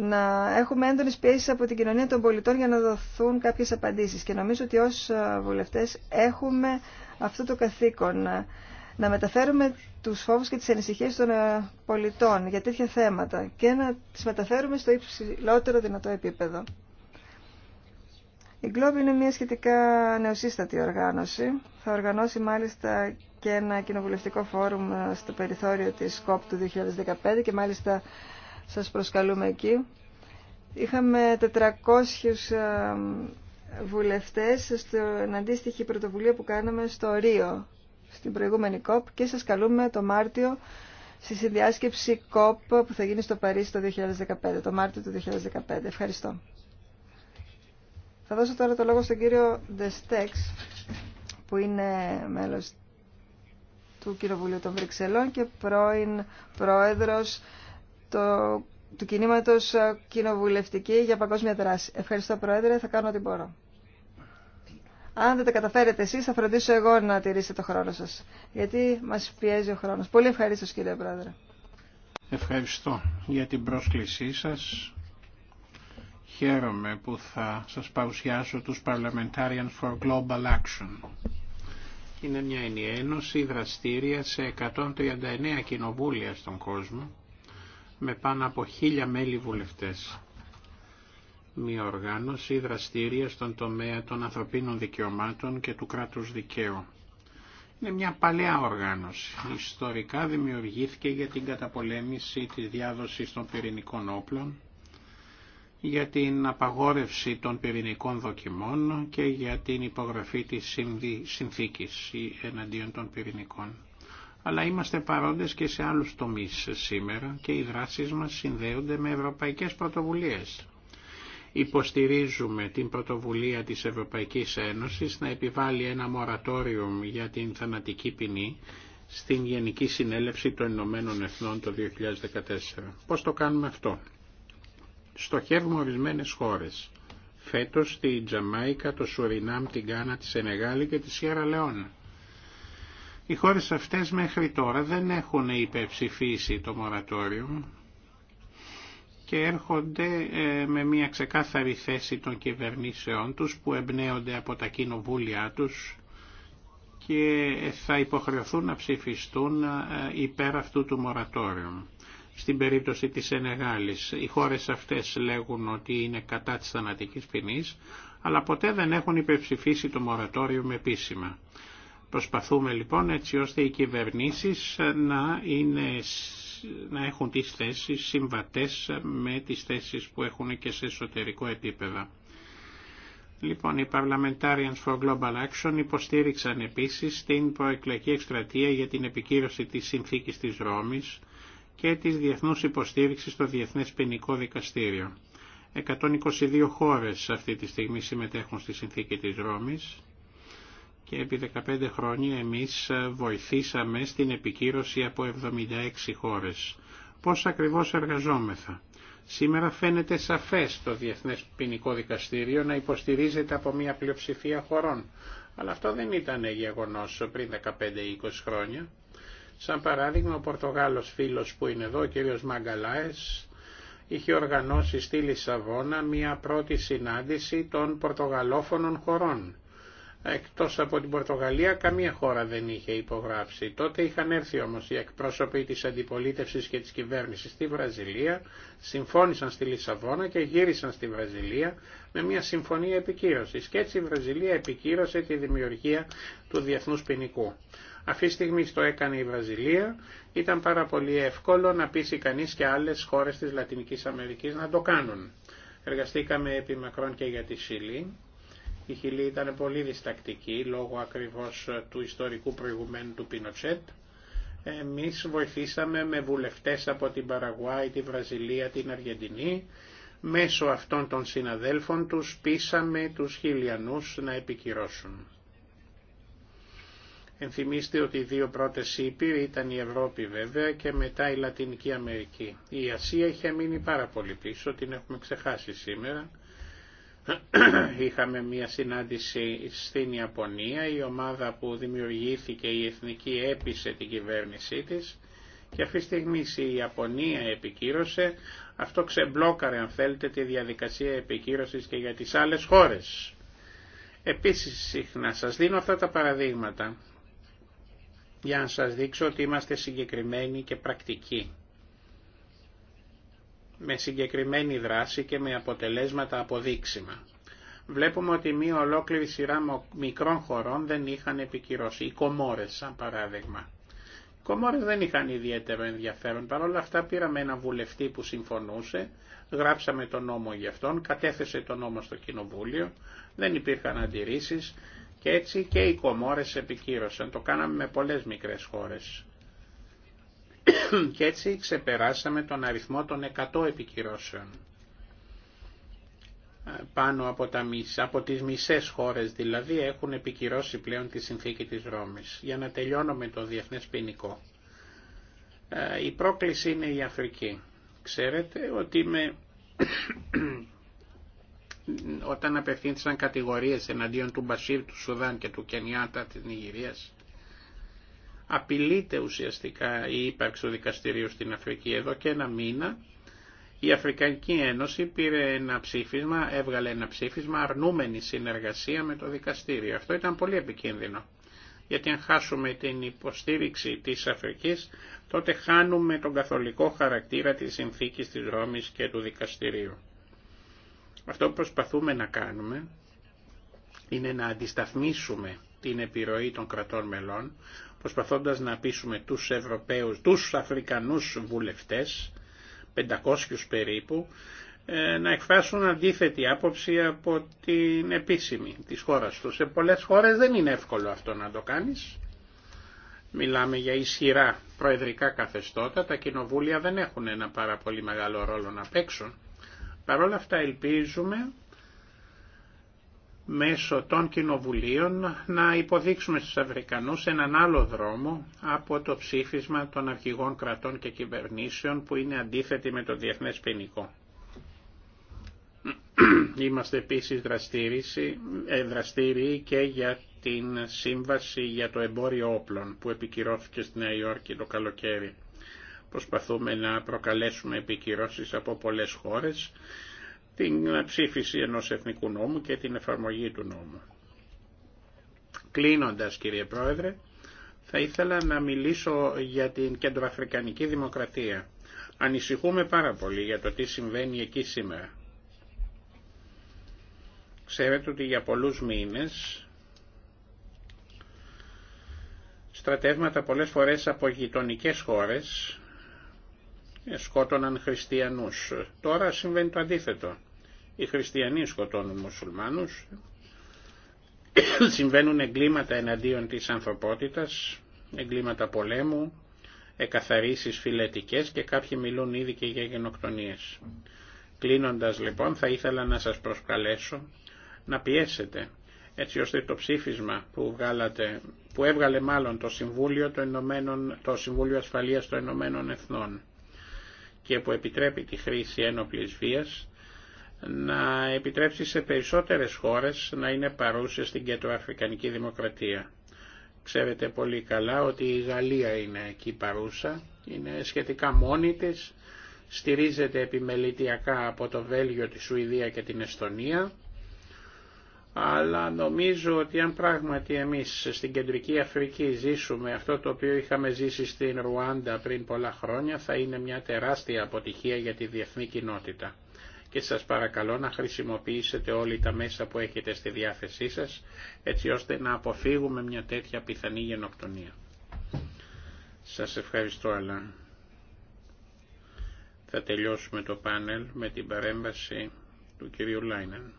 να έχουμε έντονες πιέσεις από την κοινωνία των πολιτών για να δοθούν κάποιες απαντήσεις. Και νομίζω ότι ως ε, βουλευτές έχουμε αυτό το καθήκον ε, να μεταφέρουμε τους φόβους και τις ανησυχίες των ε, πολιτών για τέτοια θέματα και να τις μεταφέρουμε στο υψηλότερο δυνατό επίπεδο. Η Globe είναι μια σχετικά νεοσύστατη οργάνωση. Θα οργανώσει μάλιστα και ένα κοινοβουλευτικό φόρουμ στο περιθώριο της COP του 2015 και μάλιστα σας προσκαλούμε εκεί. Είχαμε 400 ε, βουλευτές στην αντίστοιχη πρωτοβουλία που κάναμε στο Ρίο, στην προηγούμενη COP και σας καλούμε το Μάρτιο στη συνδιάσκεψη COP που θα γίνει στο Παρίσι το 2015, το Μάρτιο του 2015. Ευχαριστώ. Θα δώσω τώρα το λόγο στον κύριο Δεστέξ που είναι μέλος του Κοινοβουλίου των Βρυξελών και πρώην πρόεδρος το, του κινήματος ε, κοινοβουλευτική για παγκόσμια δράση. Ευχαριστώ Πρόεδρε, θα κάνω ό,τι μπορώ. Αν δεν τα καταφέρετε εσείς, θα φροντίσω εγώ να τηρήσετε το χρόνο σας. Γιατί μας πιέζει ο χρόνος. Πολύ ευχαριστώ κύριε Πρόεδρε. Ευχαριστώ για την πρόσκλησή σας. Χαίρομαι που θα σας παρουσιάσω τους Parliamentarians for Global Action. Είναι μια ενιαία ένωση δραστήρια σε 139 κοινοβούλια στον κόσμο με πάνω από χίλια μέλη βουλευτές. Μια οργάνωση δραστήρια στον τομέα των ανθρωπίνων δικαιωμάτων και του κράτους δικαίου. Είναι μια παλαιά οργάνωση. Ιστορικά δημιουργήθηκε για την καταπολέμηση της διάδοσης των πυρηνικών όπλων, για την απαγόρευση των πυρηνικών δοκιμών και για την υπογραφή της συνθήκης εναντίον των πυρηνικών αλλά είμαστε παρόντες και σε άλλους τομείς σήμερα και οι δράσεις μας συνδέονται με ευρωπαϊκές πρωτοβουλίες. Υποστηρίζουμε την πρωτοβουλία της Ευρωπαϊκής Ένωσης να επιβάλλει ένα μορατόριο για την θανατική ποινή στην Γενική Συνέλευση των Ηνωμένων Εθνών το 2014. Πώς το κάνουμε αυτό. Στοχεύουμε ορισμένες χώρες. Φέτος στη Τζαμάικα, το Σουρινάμ, την Κάνα, τη Σενεγάλη και τη Σιέρα Λεόνα. Οι χώρες αυτές μέχρι τώρα δεν έχουν υπερψηφίσει το μορατόριο και έρχονται ε, με μια ξεκάθαρη θέση των κυβερνήσεών τους που εμπνέονται από τα κοινοβούλια τους και θα υποχρεωθούν να ψηφιστούν ε, υπέρ αυτού του μορατόριου. Στην περίπτωση της Σενεγάλης, οι χώρες αυτές λέγουν ότι είναι κατά της θανατικής ποινής, αλλά ποτέ δεν έχουν υπερψηφίσει το μορατόριο με επίσημα. Προσπαθούμε λοιπόν έτσι ώστε οι κυβερνήσεις να, είναι, να έχουν τις θέσεις συμβατές με τις θέσεις που έχουν και σε εσωτερικό επίπεδο. Λοιπόν, οι Parliamentarians for Global Action υποστήριξαν επίσης την προεκλογική εκστρατεία για την επικύρωση της συνθήκης της Ρώμης και της διεθνούς υποστήριξης στο Διεθνές Ποινικό Δικαστήριο. 122 χώρες αυτή τη στιγμή συμμετέχουν στη συνθήκη της Ρώμης και επί 15 χρόνια εμείς βοηθήσαμε στην επικύρωση από 76 χώρες. Πώς ακριβώς εργαζόμεθα. Σήμερα φαίνεται σαφές το Διεθνές Ποινικό Δικαστήριο να υποστηρίζεται από μια πλειοψηφία χωρών. Αλλά αυτό δεν ήταν γεγονός πριν 15-20 χρόνια. Σαν παράδειγμα ο Πορτογάλος φίλος που είναι εδώ, ο κ. Μαγκαλάες, είχε οργανώσει στη Λισαβόνα μια πρώτη συνάντηση των Πορτογαλόφωνων χωρών Εκτός από την Πορτογαλία καμία χώρα δεν είχε υπογράψει. Τότε είχαν έρθει όμως οι εκπρόσωποι της αντιπολίτευσης και της κυβέρνησης στη Βραζιλία, συμφώνησαν στη Λισαβόνα και γύρισαν στη Βραζιλία με μια συμφωνία επικύρωσης. Και έτσι η Βραζιλία επικύρωσε τη δημιουργία του Διεθνούς Ποινικού. Αυτή τη στιγμή το έκανε η Βραζιλία, ήταν πάρα πολύ εύκολο να πείσει κανείς και άλλες χώρες της Λατινικής Αμερικής να το κάνουν. Εργαστήκαμε επί μακρόν και για τη Σιλή η Χιλή ήταν πολύ διστακτική λόγω ακριβώς του ιστορικού προηγουμένου του Πινοτσέτ. Εμείς βοηθήσαμε με βουλευτές από την Παραγουάη, τη Βραζιλία, την Αργεντινή. Μέσω αυτών των συναδέλφων τους πείσαμε τους χιλιανούς να επικυρώσουν. Ενθυμίστε ότι οι δύο πρώτες ήπειροι ήταν η Ευρώπη βέβαια και μετά η Λατινική Αμερική. Η Ασία είχε μείνει πάρα πολύ πίσω, την έχουμε ξεχάσει σήμερα Είχαμε μια συνάντηση στην Ιαπωνία, η ομάδα που δημιουργήθηκε η Εθνική έπεισε την κυβέρνησή της και αυτή τη στιγμή η Ιαπωνία επικύρωσε, αυτό ξεμπλόκαρε αν θέλετε τη διαδικασία επικύρωσης και για τις άλλες χώρες. Επίσης συχνά σας δίνω αυτά τα παραδείγματα για να σας δείξω ότι είμαστε συγκεκριμένοι και πρακτικοί με συγκεκριμένη δράση και με αποτελέσματα αποδείξιμα. Βλέπουμε ότι μία ολόκληρη σειρά μικρών χωρών δεν είχαν επικυρώσει. Οι Κομόρες, σαν παράδειγμα. Οι Κομόρες δεν είχαν ιδιαίτερο ενδιαφέρον. Παρ' όλα αυτά πήραμε ένα βουλευτή που συμφωνούσε, γράψαμε τον νόμο για αυτόν, κατέθεσε τον νόμο στο Κοινοβούλιο, δεν υπήρχαν αντιρρήσεις και έτσι και οι Κομόρες επικύρωσαν. Το κάναμε με πολλές μικρές χώρες. και έτσι ξεπεράσαμε τον αριθμό των 100 επικυρώσεων. Ε, πάνω από, τα, από τις μισές χώρες δηλαδή έχουν επικυρώσει πλέον τη συνθήκη της Ρώμης. Για να τελειώνω με το διεθνές ποινικό. Ε, η πρόκληση είναι η Αφρική. Ξέρετε ότι με... όταν απευθύνθησαν κατηγορίες εναντίον του Μπασίρ, του Σουδάν και του Κενιάτα της Νιγηρίας, απειλείται ουσιαστικά η ύπαρξη του δικαστηρίου στην Αφρική. Εδώ και ένα μήνα η Αφρικανική Ένωση πήρε ένα ψήφισμα, έβγαλε ένα ψήφισμα αρνούμενη συνεργασία με το δικαστήριο. Αυτό ήταν πολύ επικίνδυνο. Γιατί αν χάσουμε την υποστήριξη της Αφρικής, τότε χάνουμε τον καθολικό χαρακτήρα της συνθήκης της Ρώμης και του δικαστηρίου. Αυτό που προσπαθούμε να κάνουμε είναι να αντισταθμίσουμε την επιρροή των κρατών μελών, προσπαθώντας να πείσουμε τους Ευρωπαίους, τους Αφρικανούς βουλευτές, 500 περίπου, ε, να εκφράσουν αντίθετη άποψη από την επίσημη της χώρας τους. Σε πολλές χώρες δεν είναι εύκολο αυτό να το κάνεις. Μιλάμε για ισχυρά προεδρικά καθεστώτα, τα κοινοβούλια δεν έχουν ένα πάρα πολύ μεγάλο ρόλο να παίξουν. Παρ' όλα αυτά ελπίζουμε μέσω των κοινοβουλίων να υποδείξουμε στους Αφρικανούς έναν άλλο δρόμο από το ψήφισμα των αρχηγών κρατών και κυβερνήσεων που είναι αντίθετη με το διεθνές ποινικό. Είμαστε επίσης ε, δραστήριοι και για την σύμβαση για το εμπόριο όπλων που επικυρώθηκε στη Νέα Υόρκη το καλοκαίρι. Προσπαθούμε να προκαλέσουμε επικυρώσεις από πολλές χώρες την ψήφιση ενός εθνικού νόμου και την εφαρμογή του νόμου. Κλείνοντας κύριε Πρόεδρε, θα ήθελα να μιλήσω για την κεντροαφρικανική δημοκρατία. Ανησυχούμε πάρα πολύ για το τι συμβαίνει εκεί σήμερα. Ξέρετε ότι για πολλούς μήνες στρατεύματα πολλές φορές από γειτονικέ χώρες σκότωναν χριστιανούς. Τώρα συμβαίνει το αντίθετο. Οι χριστιανοί σκοτώνουν μουσουλμάνους, συμβαίνουν εγκλήματα εναντίον της ανθρωπότητας, εγκλήματα πολέμου, εκαθαρίσεις φυλετικές και κάποιοι μιλούν ήδη και για γενοκτονίες. Κλείνοντας λοιπόν θα ήθελα να σας προσκαλέσω να πιέσετε έτσι ώστε το ψήφισμα που, βγάλατε, που έβγαλε μάλλον το Συμβούλιο, το, το Ασφαλείας των Ηνωμένων Εθνών και που επιτρέπει τη χρήση ένοπλης βίας να επιτρέψει σε περισσότερες χώρες να είναι παρούσες στην κεντροαφρικανική δημοκρατία. Ξέρετε πολύ καλά ότι η Γαλλία είναι εκεί παρούσα, είναι σχετικά μόνη της, στηρίζεται επιμελητιακά από το Βέλγιο, τη Σουηδία και την Εστονία, αλλά νομίζω ότι αν πράγματι εμείς στην Κεντρική Αφρική ζήσουμε αυτό το οποίο είχαμε ζήσει στην Ρουάντα πριν πολλά χρόνια, θα είναι μια τεράστια αποτυχία για τη διεθνή κοινότητα και σας παρακαλώ να χρησιμοποιήσετε όλοι τα μέσα που έχετε στη διάθεσή σας έτσι ώστε να αποφύγουμε μια τέτοια πιθανή γενοκτονία. Σας ευχαριστώ αλλά θα τελειώσουμε το πάνελ με την παρέμβαση του κυρίου Λάινεν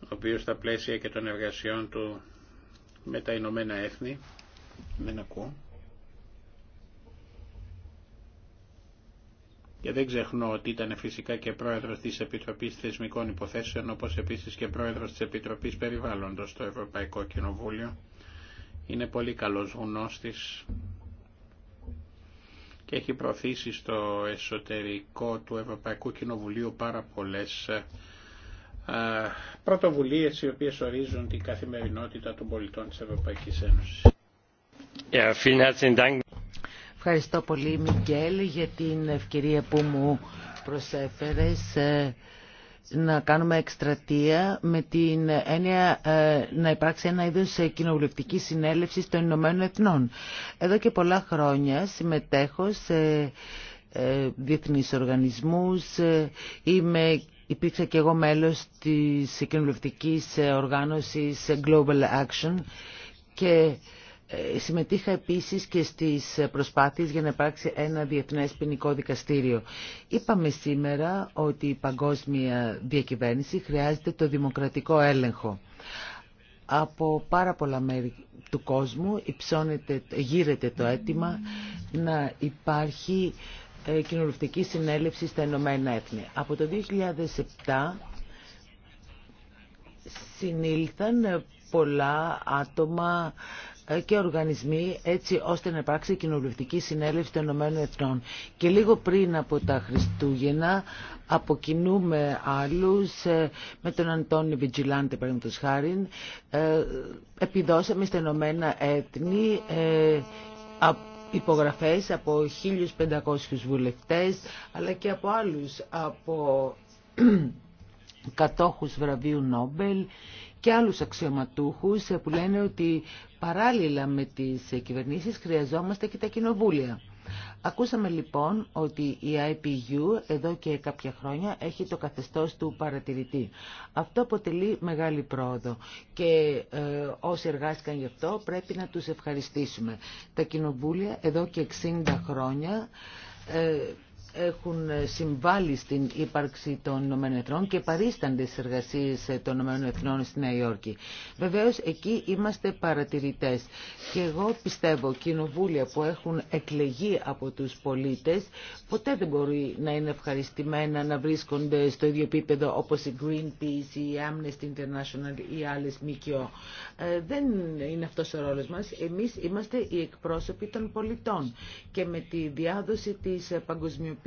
ο οποίος στα πλαίσια και των εργασιών του με τα Ηνωμένα Έθνη δεν ακούω και δεν ξεχνώ ότι ήταν φυσικά και πρόεδρος της Επιτροπής Θεσμικών Υποθέσεων όπως επίσης και πρόεδρος της Επιτροπής Περιβάλλοντος στο Ευρωπαϊκό Κοινοβούλιο. Είναι πολύ καλός γνώστης και έχει προωθήσει στο εσωτερικό του Ευρωπαϊκού Κοινοβουλίου πάρα πολλές ε, πρωτοβουλίες οι οποίες ορίζουν την καθημερινότητα των πολιτών της Ευρωπαϊκής Ένωσης. Yeah, Ευχαριστώ πολύ Μικέλ για την ευκαιρία που μου προσέφερες ε, να κάνουμε εκστρατεία με την έννοια ε, να υπάρξει ένα είδος κοινοβουλευτική συνέλευση των Ηνωμένων Εθνών. Εδώ και πολλά χρόνια συμμετέχω σε ε, διεθνείς οργανισμούς, είμαι Υπήρξα και εγώ μέλος της κοινοβουλευτικής οργάνωσης Global Action και ε, συμμετείχα επίσης και στις προσπάθειες για να υπάρξει ένα διεθνές ποινικό δικαστήριο. Είπαμε σήμερα ότι η παγκόσμια διακυβέρνηση χρειάζεται το δημοκρατικό έλεγχο. Από πάρα πολλά μέρη του κόσμου υψώνεται, γύρεται το αίτημα να υπάρχει ε, κοινοβουλευτική συνέλευση στα Ηνωμένα Έθνη. Από το 2007 συνήλθαν πολλά άτομα ε, και οργανισμοί έτσι ώστε να υπάρξει κοινοβουλευτική συνέλευση των Ηνωμένων Εθνών. Και λίγο πριν από τα Χριστούγεννα αποκινούμε άλλους ε, με τον Αντώνη Βιτζιλάντε παραδείγματος χάρη ε, επιδώσαμε στα Ηνωμένα Έθνη υπογραφές από 1.500 βουλευτές αλλά και από άλλους από κατόχους βραβείου Νόμπελ και άλλους αξιωματούχους που λένε ότι παράλληλα με τις κυβερνήσεις χρειαζόμαστε και τα κοινοβούλια. Ακούσαμε λοιπόν ότι η IPU εδώ και κάποια χρόνια έχει το καθεστώς του παρατηρητή. Αυτό αποτελεί μεγάλη πρόοδο και ε, όσοι εργάστηκαν γι' αυτό πρέπει να τους ευχαριστήσουμε. Τα κοινοβούλια εδώ και 60 χρόνια ε, έχουν συμβάλει στην ύπαρξη των ΗΕ και παρίστανται στις εργασίες των ΗΕ στη Νέα Υόρκη. Βεβαίως εκεί είμαστε παρατηρητές και εγώ πιστεύω κοινοβούλια που έχουν εκλεγεί από τους πολίτες ποτέ δεν μπορεί να είναι ευχαριστημένα να βρίσκονται στο ίδιο επίπεδο όπως η Greenpeace, η Amnesty International ή άλλες ΜΚΟ. Ε, δεν είναι αυτός ο ρόλος μας. Εμείς είμαστε οι εκπρόσωποι των πολιτών και με τη διάδοση της παγκοσμιοποίησης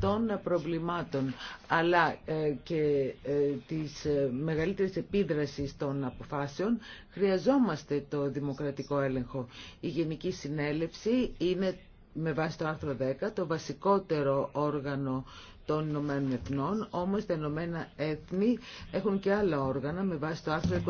των προβλημάτων αλλά ε, και ε, της ε, μεγαλύτερης επίδρασης των αποφάσεων χρειαζόμαστε το δημοκρατικό έλεγχο. Η Γενική Συνέλευση είναι με βάση το άρθρο 10 το βασικότερο όργανο των Ηνωμένων Εθνών, όμως τα Ηνωμένα Έθνη έχουν και άλλα όργανα με βάση το άρθρο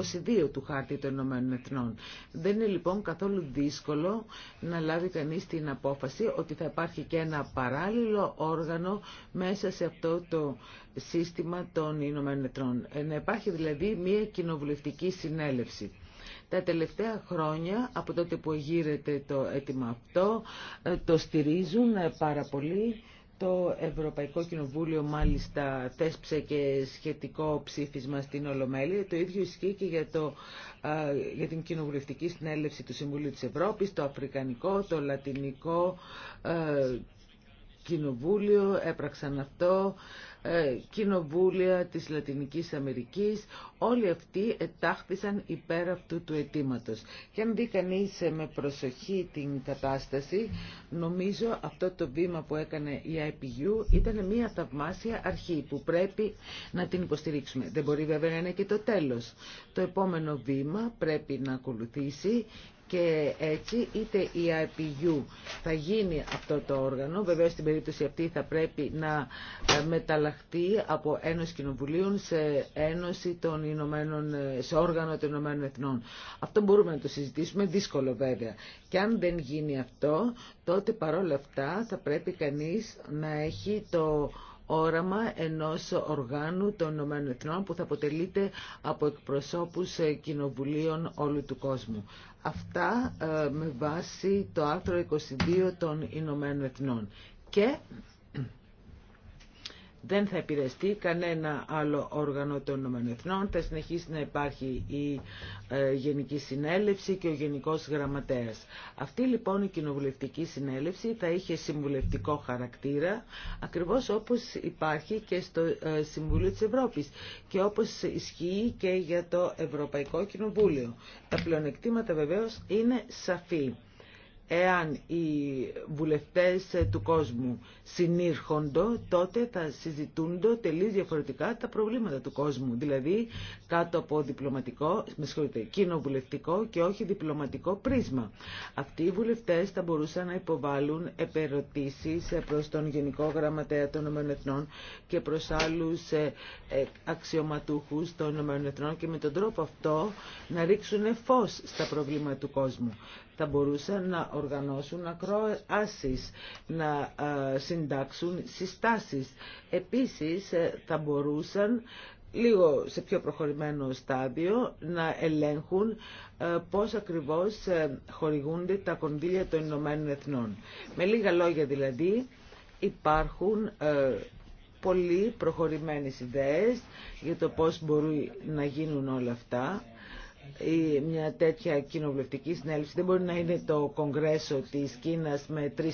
22 του χάρτη των Ηνωμένων Εθνών. Δεν είναι λοιπόν καθόλου δύσκολο να λάβει κανείς την απόφαση ότι θα υπάρχει και ένα παράλληλο όργανο μέσα σε αυτό το σύστημα των Ηνωμένων Εθνών. Ε, να υπάρχει δηλαδή μια κοινοβουλευτική συνέλευση. Τα τελευταία χρόνια, από τότε που γύρεται το αίτημα αυτό, ε, το στηρίζουν ε, πάρα πολύ το Ευρωπαϊκό Κοινοβούλιο μάλιστα θέσψε και σχετικό ψήφισμα στην Ολομέλεια. Το ίδιο ισχύει και για, το, για την κοινοβουλευτική συνέλευση του Συμβουλίου της Ευρώπης, το Αφρικανικό, το Λατινικό Κοινοβούλιο έπραξαν αυτό. Ε, κοινοβούλια της Λατινικής Αμερικής, όλοι αυτοί ετάχθησαν υπέρ αυτού του αιτήματο. Και αν δει κανεί ε, με προσοχή την κατάσταση, νομίζω αυτό το βήμα που έκανε η IPU ήταν μια θαυμάσια αρχή που πρέπει να την υποστηρίξουμε. Δεν μπορεί βέβαια να είναι και το τέλος. Το επόμενο βήμα πρέπει να ακολουθήσει και έτσι είτε η IPU θα γίνει αυτό το όργανο, βέβαια στην περίπτωση αυτή θα πρέπει να ε, μεταλλαχτεί από Ένωση Κοινοβουλίων σε Ένωση των Ηνωμένων, ε, σε όργανο των Ηνωμένων Εθνών. Αυτό μπορούμε να το συζητήσουμε, δύσκολο βέβαια. Και αν δεν γίνει αυτό, τότε παρόλα αυτά θα πρέπει κανείς να έχει το όραμα ενός οργάνου των Ηνωμένων Εθνών που θα αποτελείται από εκπροσώπους ε, κοινοβουλίων όλου του κόσμου. Αυτά ε, με βάση το άρθρο 22 των Ηνωμένων Εθνών. Και δεν θα επηρεαστεί κανένα άλλο όργανο των ΗΕ. Θα συνεχίσει να υπάρχει η ε, Γενική Συνέλευση και ο Γενικός Γραμματέας. Αυτή λοιπόν η Κοινοβουλευτική Συνέλευση θα είχε συμβουλευτικό χαρακτήρα, ακριβώς όπως υπάρχει και στο ε, Συμβουλίο της Ευρώπης και όπως ισχύει και για το Ευρωπαϊκό Κοινοβούλιο. Τα πλεονεκτήματα βεβαίως είναι σαφή. Εάν οι βουλευτές του κόσμου συνήρχονται, τότε θα συζητούντο τελείως διαφορετικά τα προβλήματα του κόσμου. Δηλαδή, κάτω από διπλωματικό, με κοινοβουλευτικό και όχι διπλωματικό πρίσμα. Αυτοί οι βουλευτές θα μπορούσαν να υποβάλουν επερωτήσεις προς τον Γενικό Γραμματέα των ΗΕ και προς άλλους ε, ε, αξιωματούχους των ΗΕ και με τον τρόπο αυτό να ρίξουν φως στα προβλήματα του κόσμου θα μπορούσαν να οργανώσουν ακροάσεις, να συντάξουν συστάσεις. Επίσης ε, θα μπορούσαν λίγο σε πιο προχωρημένο στάδιο να ελέγχουν ε, πώς ακριβώς ε, χορηγούνται τα κονδύλια των Ηνωμένων Εθνών. Με λίγα λόγια δηλαδή υπάρχουν πολύ προχωρημένες ιδέες για το πώς μπορούν να γίνουν όλα αυτά μια τέτοια κοινοβουλευτική συνέλευση δεν μπορεί να είναι το κογκρέσο της Κίνας με 3-4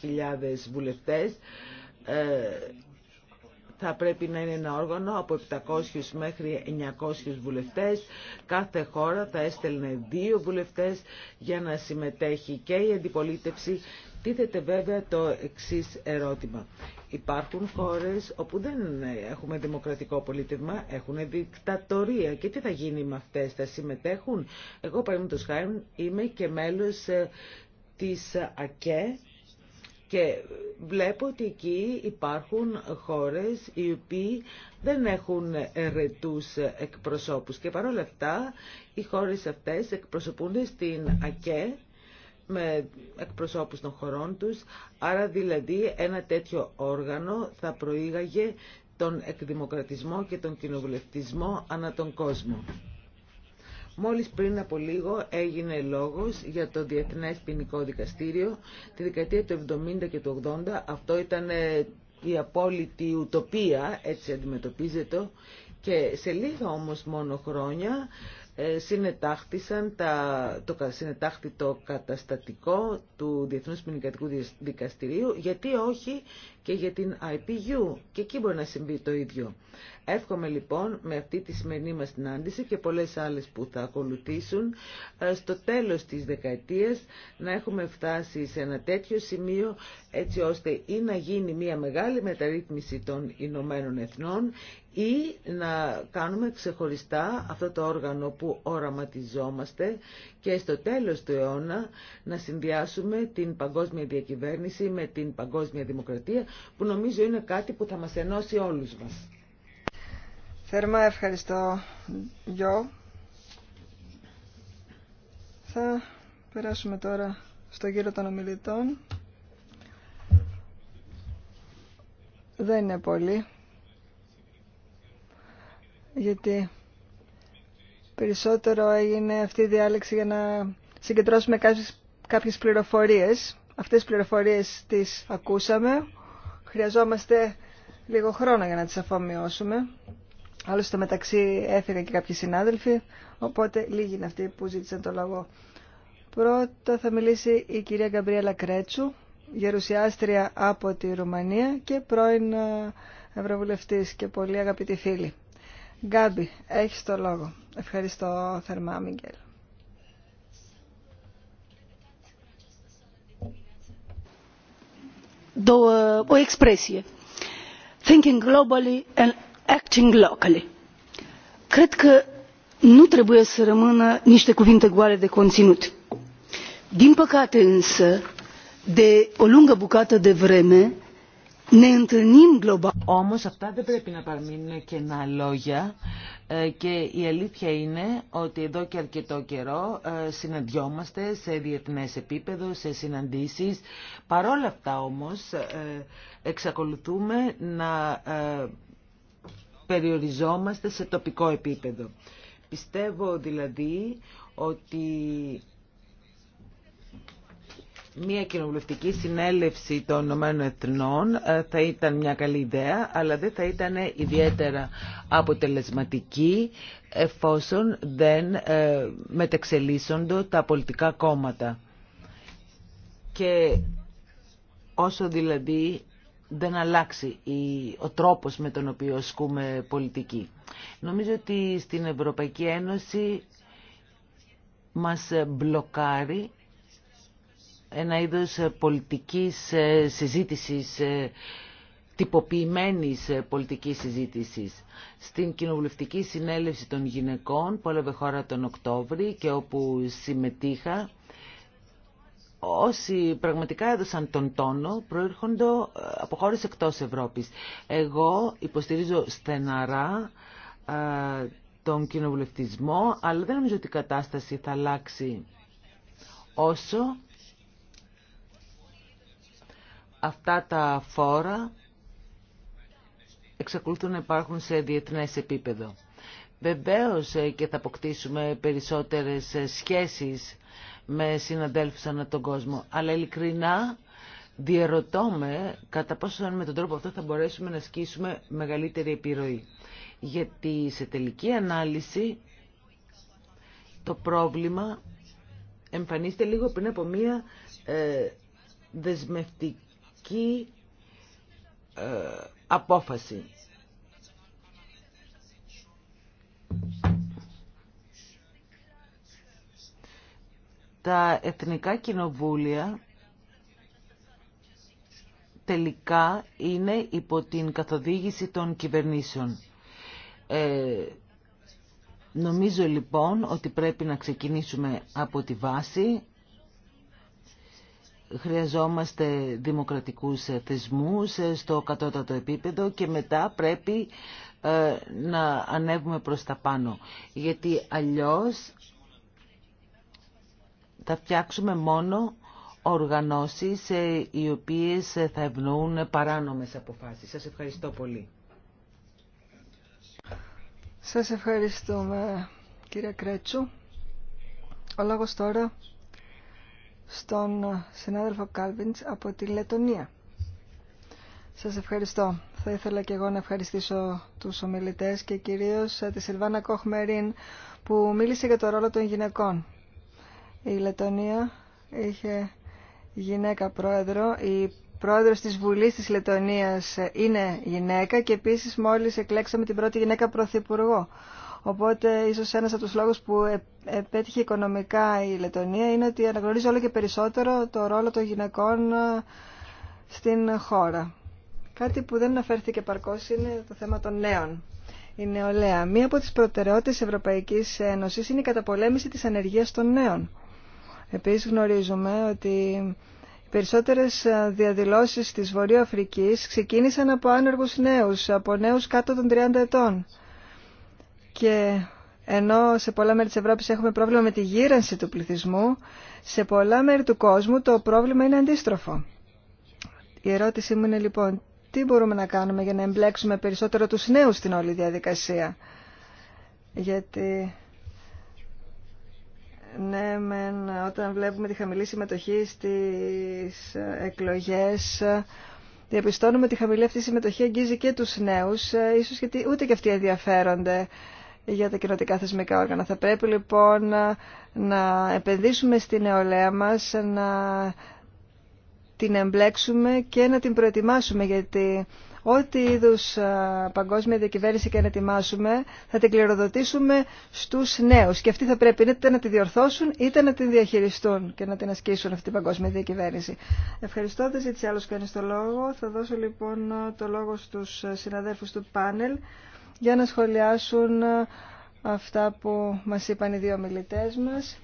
χιλιάδες βουλευτές. Ε, θα πρέπει να είναι ένα όργανο από 700 μέχρι 900 βουλευτές. Κάθε χώρα θα έστελνε δύο βουλευτές για να συμμετέχει και η αντιπολίτευση. Τίθεται βέβαια το εξής ερώτημα. Υπάρχουν χώρες όπου δεν έχουμε δημοκρατικό πολίτευμα, έχουν δικτατορία. Και τι θα γίνει με αυτές, θα συμμετέχουν. Εγώ, παραδείγματος χάρη, είμαι και μέλος ε, της ΑΚΕ, και βλέπω ότι εκεί υπάρχουν χώρες οι οποίοι δεν έχουν ρετούς εκπροσώπους. Και παρόλα αυτά οι χώρες αυτές εκπροσωπούνται στην ΑΚΕ με εκπροσώπους των χωρών τους, άρα δηλαδή ένα τέτοιο όργανο θα προήγαγε τον εκδημοκρατισμό και τον κοινοβουλευτισμό ανά τον κόσμο. Μόλις πριν από λίγο έγινε λόγος για το Διεθνές Ποινικό Δικαστήριο. Τη δεκαετία του 70 και του 80 αυτό ήταν ε, η απόλυτη ουτοπία, έτσι αντιμετωπίζεται, και σε λίγα όμως μόνο χρόνια ε, συνετάχθησαν τα, το, συνετάχθη το καταστατικό του Διεθνούς Ποινικατικού Δικαστηρίου, γιατί όχι και για την IPU και εκεί μπορεί να συμβεί το ίδιο. Εύχομαι λοιπόν με αυτή τη σημερινή μας συνάντηση και πολλές άλλες που θα ακολουθήσουν ε, στο τέλος της δεκαετίας να έχουμε φτάσει σε ένα τέτοιο σημείο έτσι ώστε ή να γίνει μια μεγάλη μεταρρύθμιση των Ηνωμένων Εθνών ή να κάνουμε ξεχωριστά αυτό το όργανο που οραματιζόμαστε και στο τέλος του αιώνα να συνδυάσουμε την παγκόσμια διακυβέρνηση με την παγκόσμια δημοκρατία που νομίζω είναι κάτι που θα μας ενώσει όλους μας. Θερμά ευχαριστώ, Γιώ. Θα περάσουμε τώρα στο γύρο των ομιλητών. Δεν είναι πολύ, γιατί περισσότερο έγινε αυτή η διάλεξη για να συγκεντρώσουμε κάποιες, κάποιες πληροφορίες. Αυτές τις πληροφορίες τις ακούσαμε χρειαζόμαστε λίγο χρόνο για να τις αφομοιώσουμε. Άλλωστε μεταξύ έφυγαν και κάποιοι συνάδελφοι, οπότε λίγοι είναι αυτοί που ζήτησαν το λόγο. Πρώτα θα μιλήσει η κυρία Γκαμπριέλα Κρέτσου, γερουσιάστρια από τη Ρουμανία και πρώην ε, Ευρωβουλευτής και πολύ αγαπητή φίλη. Γκάμπι, έχεις το λόγο. Ευχαριστώ θερμά, Μιγγέλ. o expresie thinking globally and acting locally. Cred că nu trebuie să rămână niște cuvinte goale de conținut. Din păcate însă, de o lungă bucată de vreme, ne întâlnim global. Όμως αυτά δεν πρέπει να ε, και η αλήθεια είναι ότι εδώ και αρκετό καιρό ε, συναντιόμαστε σε διεθνές επίπεδο, σε συναντήσεις. Παρόλα αυτά όμως ε, εξακολουθούμε να περιοριζόμαστε σε τοπικό επίπεδο. Πιστεύω δηλαδή ότι μια κοινοβουλευτική συνέλευση των Ηνωμένων Εθνών ε, θα ήταν μια καλή ιδέα, αλλά δεν θα ήταν ιδιαίτερα αποτελεσματική εφόσον δεν ε, μετεξελίσσονται τα πολιτικά κόμματα. Και όσο δηλαδή δεν αλλάξει ο τρόπος με τον οποίο ασκούμε πολιτική. Νομίζω ότι στην Ευρωπαϊκή Ένωση μας μπλοκάρει ένα είδος ε, πολιτικής ε, συζήτησης, ε, τυποποιημένης πολιτικής συζήτησης. Στην κοινοβουλευτική συνέλευση των γυναικών που έλαβε χώρα τον Οκτώβρη και όπου συμμετείχα, όσοι πραγματικά έδωσαν τον τόνο προήρχονται από χώρες εκτός Ευρώπης. Εγώ υποστηρίζω στεναρά τον κοινοβουλευτισμό, αλλά δεν νομίζω ότι η κατάσταση θα αλλάξει όσο αυτά τα φόρα εξακολουθούν να υπάρχουν σε διεθνές επίπεδο. Βεβαίως ε, και θα αποκτήσουμε περισσότερες ε, σχέσεις με συναντέλφους ανά τον κόσμο. Αλλά ειλικρινά διαρωτώμε κατά πόσο με τον τρόπο αυτό θα μπορέσουμε να ασκήσουμε μεγαλύτερη επιρροή. Γιατί σε τελική ανάλυση το πρόβλημα εμφανίζεται λίγο πριν από μία ε, δεσμευτική πολιτική ε, απόφαση. Τα εθνικά κοινοβούλια τελικά είναι υπό την καθοδήγηση των κυβερνήσεων. Ε, νομίζω λοιπόν ότι πρέπει να ξεκινήσουμε από τη βάση χρειαζόμαστε δημοκρατικούς θεσμούς στο κατώτατο επίπεδο και μετά πρέπει ε, να ανέβουμε προς τα πάνω. Γιατί αλλιώς θα φτιάξουμε μόνο οργανώσεις ε, οι οποίες θα ευνοούν παράνομες αποφάσεις. Σας ευχαριστώ πολύ. Σας ευχαριστώ, κύριε Κρέτσου. Ο τώρα στον συνάδελφο Κάλβιντς από τη Λετωνία. Σας ευχαριστώ. Θα ήθελα και εγώ να ευχαριστήσω τους ομιλητές και κυρίως ε, τη Σιλβάνα Κοχμερίν που μίλησε για το ρόλο των γυναικών. Η Λετωνία είχε γυναίκα πρόεδρο. Η πρόεδρος της Βουλής της Λετωνίας ε, είναι γυναίκα και επίσης μόλις εκλέξαμε την πρώτη γυναίκα πρωθυπουργό. Οπότε ίσως ένας από τους λόγους που ε, επέτυχε οικονομικά η Λετωνία είναι ότι αναγνωρίζει όλο και περισσότερο το ρόλο των γυναικών ε, στην χώρα. Κάτι που δεν αναφέρθηκε παρκώς είναι το θέμα των νέων. Η νεολαία. Μία από τις προτεραιότητες Ευρωπαϊκής Ένωσης είναι η καταπολέμηση της ανεργίας των νέων. Επίσης γνωρίζουμε ότι οι περισσότερες ε, διαδηλώσεις της Βορείου ξεκίνησαν από άνεργους νέους, από νέους κάτω των 30 ετών. Και ενώ σε πολλά μέρη της Ευρώπης έχουμε πρόβλημα με τη γύρανση του πληθυσμού, σε πολλά μέρη του κόσμου το πρόβλημα είναι αντίστροφο. Η ερώτησή μου είναι λοιπόν, τι μπορούμε να κάνουμε για να εμπλέξουμε περισσότερο τους νέους στην όλη διαδικασία. Γιατί ναι, μεν, όταν βλέπουμε τη χαμηλή συμμετοχή στις εκλογές, διαπιστώνουμε ότι η χαμηλή αυτή συμμετοχή αγγίζει και τους νέους, ε, ίσως γιατί ούτε και αυτοί ενδιαφέρονται για τα κοινοτικά θεσμικά όργανα. Θα πρέπει λοιπόν να επενδύσουμε στην νεολαία μας, να την εμπλέξουμε και να την προετοιμάσουμε γιατί ό,τι είδους παγκόσμια διακυβέρνηση και να ετοιμάσουμε θα την κληροδοτήσουμε στους νέους και αυτοί θα πρέπει είτε να τη διορθώσουν είτε να την διαχειριστούν και να την ασκήσουν αυτή την παγκόσμια διακυβέρνηση. Ευχαριστώ, δεν ζήτησε άλλος κανείς το λόγο. Θα δώσω λοιπόν το λόγο στους συναδέλφους του πάνελ για να σχολιάσουν ε, αυτά που μας είπαν οι δύο μιλητές μας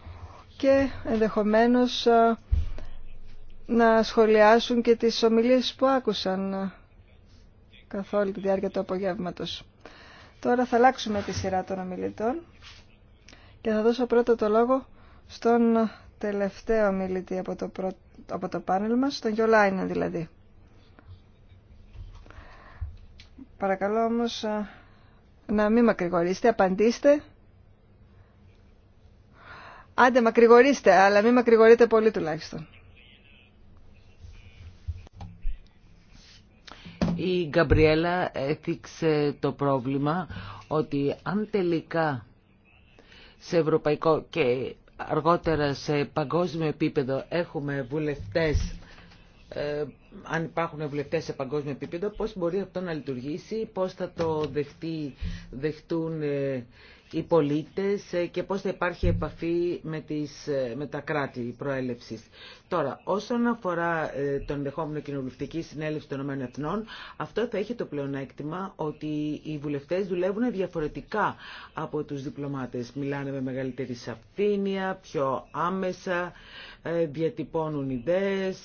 και ενδεχομένως ε, να σχολιάσουν και τις ομιλίες που άκουσαν ε, καθ' όλη τη διάρκεια του απογεύματος. Τώρα θα αλλάξουμε τη σειρά των ομιλητών και θα δώσω πρώτα το λόγο στον τελευταίο ομιλητή από το, από το πάνελ μας, τον Γιολάινα δηλαδή. Παρακαλώ όμως να μην μακρηγορήσετε, απαντήστε. Άντε μακρηγορήστε, αλλά μην μακρηγορείτε πολύ τουλάχιστον. Η Γκαμπριέλα έθιξε το πρόβλημα ότι αν τελικά σε ευρωπαϊκό και αργότερα σε παγκόσμιο επίπεδο έχουμε βουλευτές ε, αν υπάρχουν βουλευτέ σε παγκόσμιο επίπεδο, πώ μπορεί αυτό να λειτουργήσει, πώ θα το δεχτεί, δεχτούν ε, οι πολίτες ε, και πώ θα υπάρχει επαφή με, τις, ε, με τα κράτη προέλευση. Τώρα, όσον αφορά τον ενδεχόμενο κοινοβουλευτική συνέλευση των ΗΕ, αυτό θα έχει το πλεονέκτημα ότι οι βουλευτέ δουλεύουν διαφορετικά από του διπλωμάτε. Μιλάνε με μεγαλύτερη σαφήνεια, πιο άμεσα, διατυπώνουν ιδέες,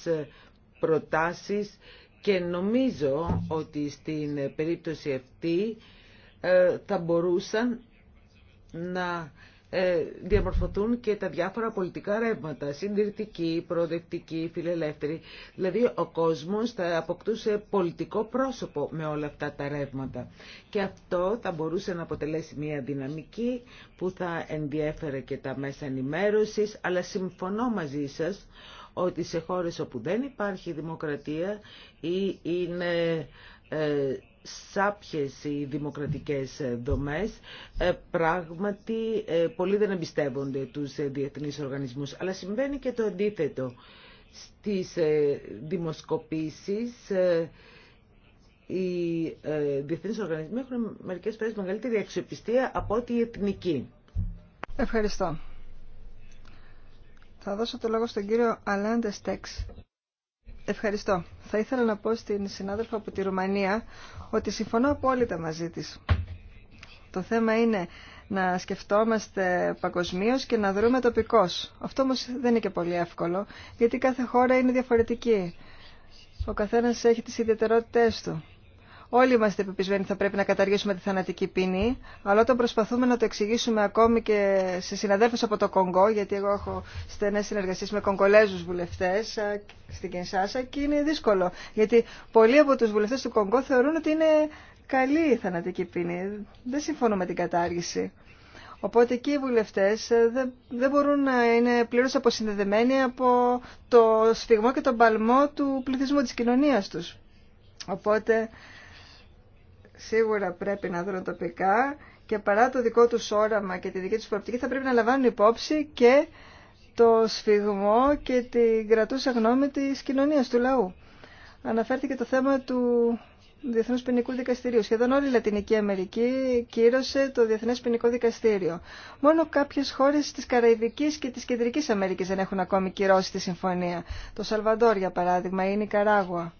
προτάσεις και νομίζω ότι στην περίπτωση αυτή ε, θα μπορούσαν να ε, διαμορφωθούν και τα διάφορα πολιτικά ρεύματα, συντηρητική, προοδευτική, φιλελεύθερη. Δηλαδή ο κόσμος θα αποκτούσε πολιτικό πρόσωπο με όλα αυτά τα ρεύματα. Και αυτό θα μπορούσε να αποτελέσει μια δυναμική που θα ενδιέφερε και τα μέσα ενημέρωσης, αλλά συμφωνώ μαζί σας ότι σε χώρες όπου δεν υπάρχει δημοκρατία ή είναι ε, σάπιες οι δημοκρατικές δομές, ε, πράγματι ε, πολλοί δεν εμπιστεύονται τους διεθνείς οργανισμούς. Αλλά συμβαίνει και το αντίθετο. Στις δημοσκοπήσεις οι διεθνείς οργανισμοί έχουν μερικές φορές μεγαλύτερη αξιοπιστία από ό,τι οι εθνικοί. Ευχαριστώ. Θα δώσω το λόγο στον κύριο Αλάντε Στέξ. Ευχαριστώ. Θα ήθελα να πω στην συνάδελφα από τη Ρουμανία ότι συμφωνώ απόλυτα μαζί της. Το θέμα είναι να σκεφτόμαστε παγκοσμίω και να δρούμε τοπικώς. Αυτό όμω δεν είναι και πολύ εύκολο, γιατί κάθε χώρα είναι διαφορετική. Ο καθένας έχει τις ιδιαιτερότητές του. Όλοι είμαστε επιπισμένοι ότι θα πρέπει να καταργήσουμε τη θανατική ποινή, αλλά όταν προσπαθούμε να το εξηγήσουμε ακόμη και σε συναδέλφους από το Κονγκό, γιατί εγώ έχω στενές συνεργασίες με Κονγκολέζους βουλευτές στην Κενσάσα και είναι δύσκολο, γιατί πολλοί από τους βουλευτές του Κονγκό θεωρούν ότι είναι καλή η θανατική ποινή. Δεν συμφωνώ με την κατάργηση. Οπότε και οι βουλευτέ ε, δεν μπορούν να είναι πλήρω αποσυνδεδεμένοι από το σφιγμό και τον παλμό του πληθυσμού τη κοινωνία του. Οπότε σίγουρα πρέπει να δρουν τοπικά και παρά το δικό του όραμα και τη δική του προοπτική θα πρέπει να λαμβάνουν υπόψη και το σφιγμό και την κρατούσα γνώμη της κοινωνίας του λαού. Αναφέρθηκε το θέμα του Διεθνούς Ποινικού Δικαστηρίου. Σχεδόν όλη η Λατινική Αμερική κύρωσε το Διεθνές Ποινικό Δικαστήριο. Μόνο κάποιες χώρες της Καραϊβικής και της Κεντρικής Αμερικής δεν έχουν ακόμη κυρώσει τη συμφωνία. Το Σαλβαντόρ, για παράδειγμα, ή η Νικαράγουα.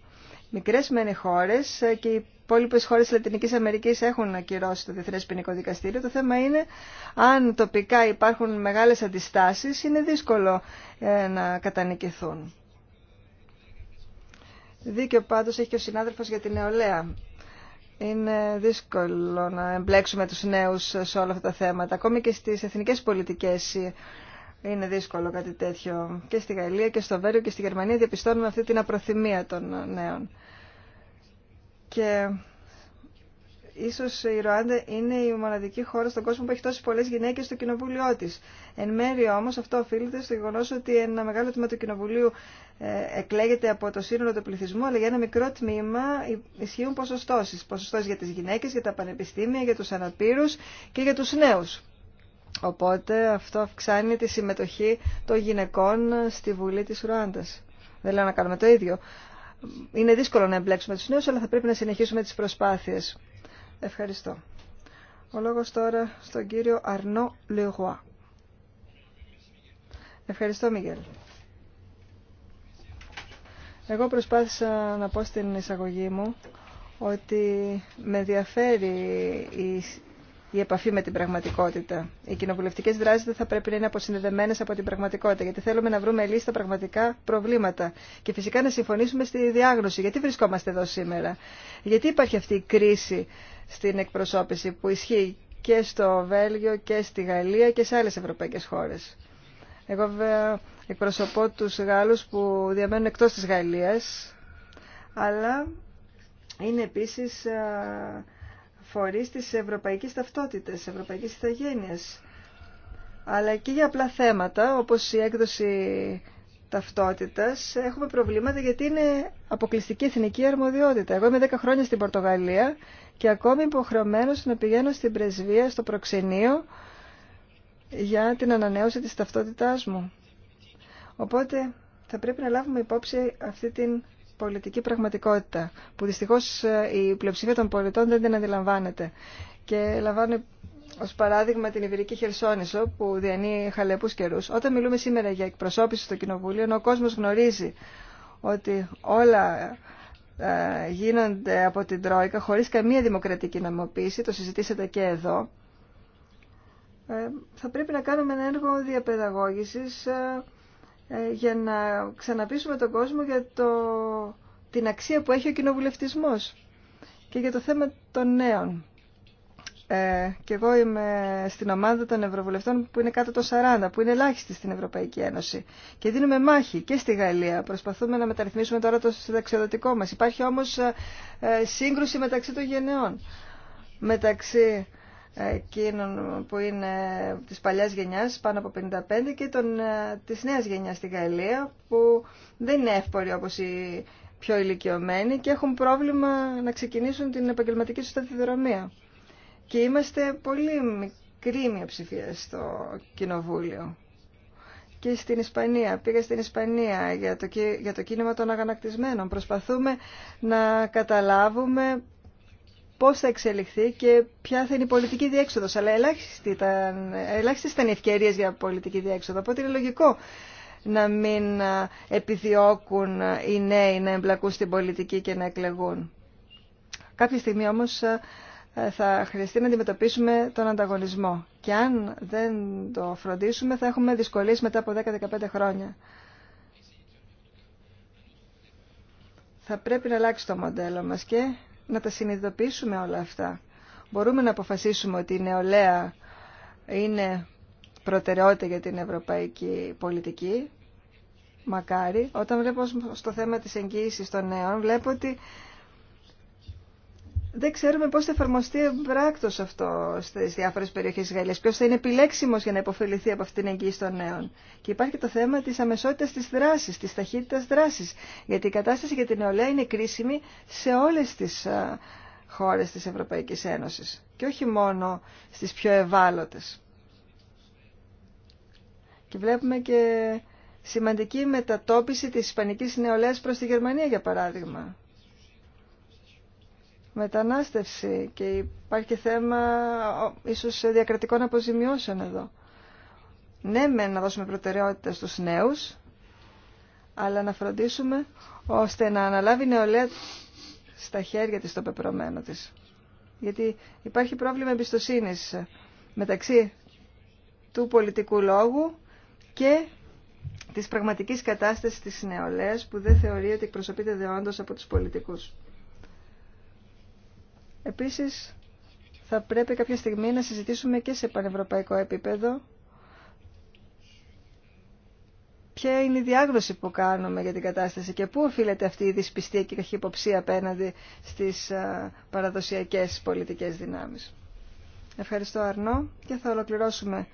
Μικρές μένει χώρες και υπόλοιπε χώρε τη Λατινική Αμερική έχουν ακυρώσει το Διεθνέ Ποινικό Δικαστήριο. Το θέμα είναι αν τοπικά υπάρχουν μεγάλε αντιστάσει, είναι δύσκολο ε, να κατανικηθούν. Δίκιο πάντω έχει και ο συνάδελφο για την νεολαία. Είναι δύσκολο να εμπλέξουμε τους νέους σε όλα αυτά τα θέματα. Ακόμη και στις εθνικές πολιτικές είναι δύσκολο κάτι τέτοιο. Και στη Γαλλία και στο Βέλγιο και στη Γερμανία διαπιστώνουμε αυτή την απροθυμία των νέων. Και ίσως η Ροάντα είναι η μοναδική χώρα στον κόσμο που έχει τόσες πολλές γυναίκες στο κοινοβούλιο της. Εν μέρει όμως αυτό οφείλεται στο γεγονό ότι ένα μεγάλο τμήμα του κοινοβουλίου ε, εκλέγεται από το σύνολο του πληθυσμού, αλλά για ένα μικρό τμήμα ισχύουν ποσοστώσεις. Ποσοστώσεις για τις γυναίκες, για τα πανεπιστήμια, για τους αναπήρους και για τους νέους. Οπότε αυτό αυξάνει τη συμμετοχή των γυναικών στη Βουλή της Ρουάντας. Δεν λέω να κάνουμε το ίδιο, είναι δύσκολο να εμπλέξουμε τους νέους, αλλά θα πρέπει να συνεχίσουμε τις προσπάθειες. Ευχαριστώ. Ο λόγος τώρα στον κύριο Αρνό Λεγουά. Ευχαριστώ, Μίγκελ Εγώ προσπάθησα να πω στην εισαγωγή μου ότι με ενδιαφέρει η η επαφή με την πραγματικότητα. Οι κοινοβουλευτικέ δράσει δεν θα πρέπει να είναι αποσυνδεδεμένε από την πραγματικότητα, γιατί θέλουμε να βρούμε λύσει στα πραγματικά προβλήματα. Και φυσικά να συμφωνήσουμε στη διάγνωση. Γιατί βρισκόμαστε εδώ σήμερα, Γιατί υπάρχει αυτή η κρίση στην εκπροσώπηση που ισχύει και στο Βέλγιο και στη Γαλλία και σε άλλε ευρωπαϊκέ χώρε. Εγώ βέβαια εκπροσωπώ του Γάλλου που διαμένουν εκτό τη Γαλλία, αλλά είναι επίση φορείς της ευρωπαϊκής ταυτότητας, ευρωπαϊκής ηθαγένειας, αλλά και για απλά θέματα, όπως η έκδοση ταυτότητας, έχουμε προβλήματα γιατί είναι αποκλειστική εθνική αρμοδιότητα. Εγώ είμαι 10 χρόνια στην Πορτογαλία και ακόμη υποχρεωμένο να πηγαίνω στην πρεσβεία, στο προξενείο, για την ανανέωση της ταυτότητάς μου. Οπότε θα πρέπει να λάβουμε υπόψη αυτή την πολιτική πραγματικότητα που δυστυχώς ε, η πλειοψηφία των πολιτών δεν την αντιλαμβάνεται. Και λαμβάνω ως παράδειγμα την Ιβυρική Χερσόνησο που διανύει χαλεπούς καιρούς. Όταν μιλούμε σήμερα για εκπροσώπηση στο Κοινοβούλιο, ενώ ο κόσμος γνωρίζει ότι όλα ε, γίνονται από την Τρόικα χωρίς καμία δημοκρατική νομοποίηση, το συζητήσατε και εδώ, ε, θα πρέπει να κάνουμε ένα έργο διαπαιδαγώγησης ε, για να ξαναπείσουμε τον κόσμο για το, την αξία που έχει ο κοινοβουλευτισμός και για το θέμα των νέων. Ε, και εγώ είμαι στην ομάδα των Ευρωβουλευτών που είναι κάτω των 40, που είναι ελάχιστη στην Ευρωπαϊκή Ένωση. Και δίνουμε μάχη και στη Γαλλία. Προσπαθούμε να μεταρρυθμίσουμε τώρα το συνταξιοδοτικό μας. Υπάρχει όμως ε, ε σύγκρουση μεταξύ των γενεών. Μεταξύ εκείνων που είναι της παλιάς γενιάς πάνω από 55 και τον ε, της νέας γενιάς στη Γαλλία που δεν είναι εύποροι όπως οι πιο ηλικιωμένοι και έχουν πρόβλημα να ξεκινήσουν την επαγγελματική τους σταδιοδρομία. Και είμαστε πολύ μικρή ψηφία στο κοινοβούλιο. Και στην Ισπανία, πήγα στην Ισπανία για το, για το κίνημα των αγανακτισμένων. Προσπαθούμε να καταλάβουμε πώς θα εξελιχθεί και ποια θα είναι η πολιτική διέξοδος. Αλλά ελάχιστη ήταν, ελάχιστες ήταν οι ευκαιρίες για πολιτική διέξοδο, οπότε είναι λογικό να μην επιδιώκουν οι νέοι να εμπλακούν στην πολιτική και να εκλεγούν. Κάποια στιγμή όμως θα χρειαστεί να αντιμετωπίσουμε τον ανταγωνισμό και αν δεν το φροντίσουμε θα έχουμε δυσκολίες μετά από 10-15 χρόνια. Θα πρέπει να αλλάξει το μοντέλο μας και να τα συνειδητοποιήσουμε όλα αυτά. Μπορούμε να αποφασίσουμε ότι η νεολαία είναι προτεραιότητα για την ευρωπαϊκή πολιτική, μακάρι. Όταν βλέπω στο θέμα της εγγύησης των νέων, βλέπω ότι δεν ξέρουμε πώς θα εφαρμοστεί εμπράκτος αυτό στις διάφορες περιοχές της Γαλλίας, ποιος θα είναι επιλέξιμος για να υποφεληθεί από αυτήν την εγγύηση των νέων. Και υπάρχει και το θέμα της αμεσότητας της δράσης, της ταχύτητας δράσης, γιατί η κατάσταση για την νεολαία είναι κρίσιμη σε όλες τις χώρες της Ευρωπαϊκής Ένωσης και όχι μόνο στις πιο ευάλωτες. Και βλέπουμε και σημαντική μετατόπιση της ισπανικής νεολαίας προς τη Γερμανία, για παράδειγμα μετανάστευση και υπάρχει θέμα ίσως διακρατικών αποζημιώσεων εδώ. Ναι, με να δώσουμε προτεραιότητα στους νέους, αλλά να φροντίσουμε ώστε να αναλάβει νεολαία στα χέρια της το πεπρωμένο της. Γιατί υπάρχει πρόβλημα εμπιστοσύνης μεταξύ του πολιτικού λόγου και της πραγματικής κατάστασης της νεολαίας που δεν θεωρεί ότι εκπροσωπείται δεόντως από τους πολιτικούς. Επίσης, θα πρέπει κάποια στιγμή να συζητήσουμε και σε πανευρωπαϊκό επίπεδο ποια είναι η διάγνωση που κάνουμε για την κατάσταση και πού οφείλεται αυτή η δυσπιστία και η καχυποψία απέναντι στις παραδοσιακές πολιτικές δυνάμεις. Ευχαριστώ Αρνό και θα ολοκληρώσουμε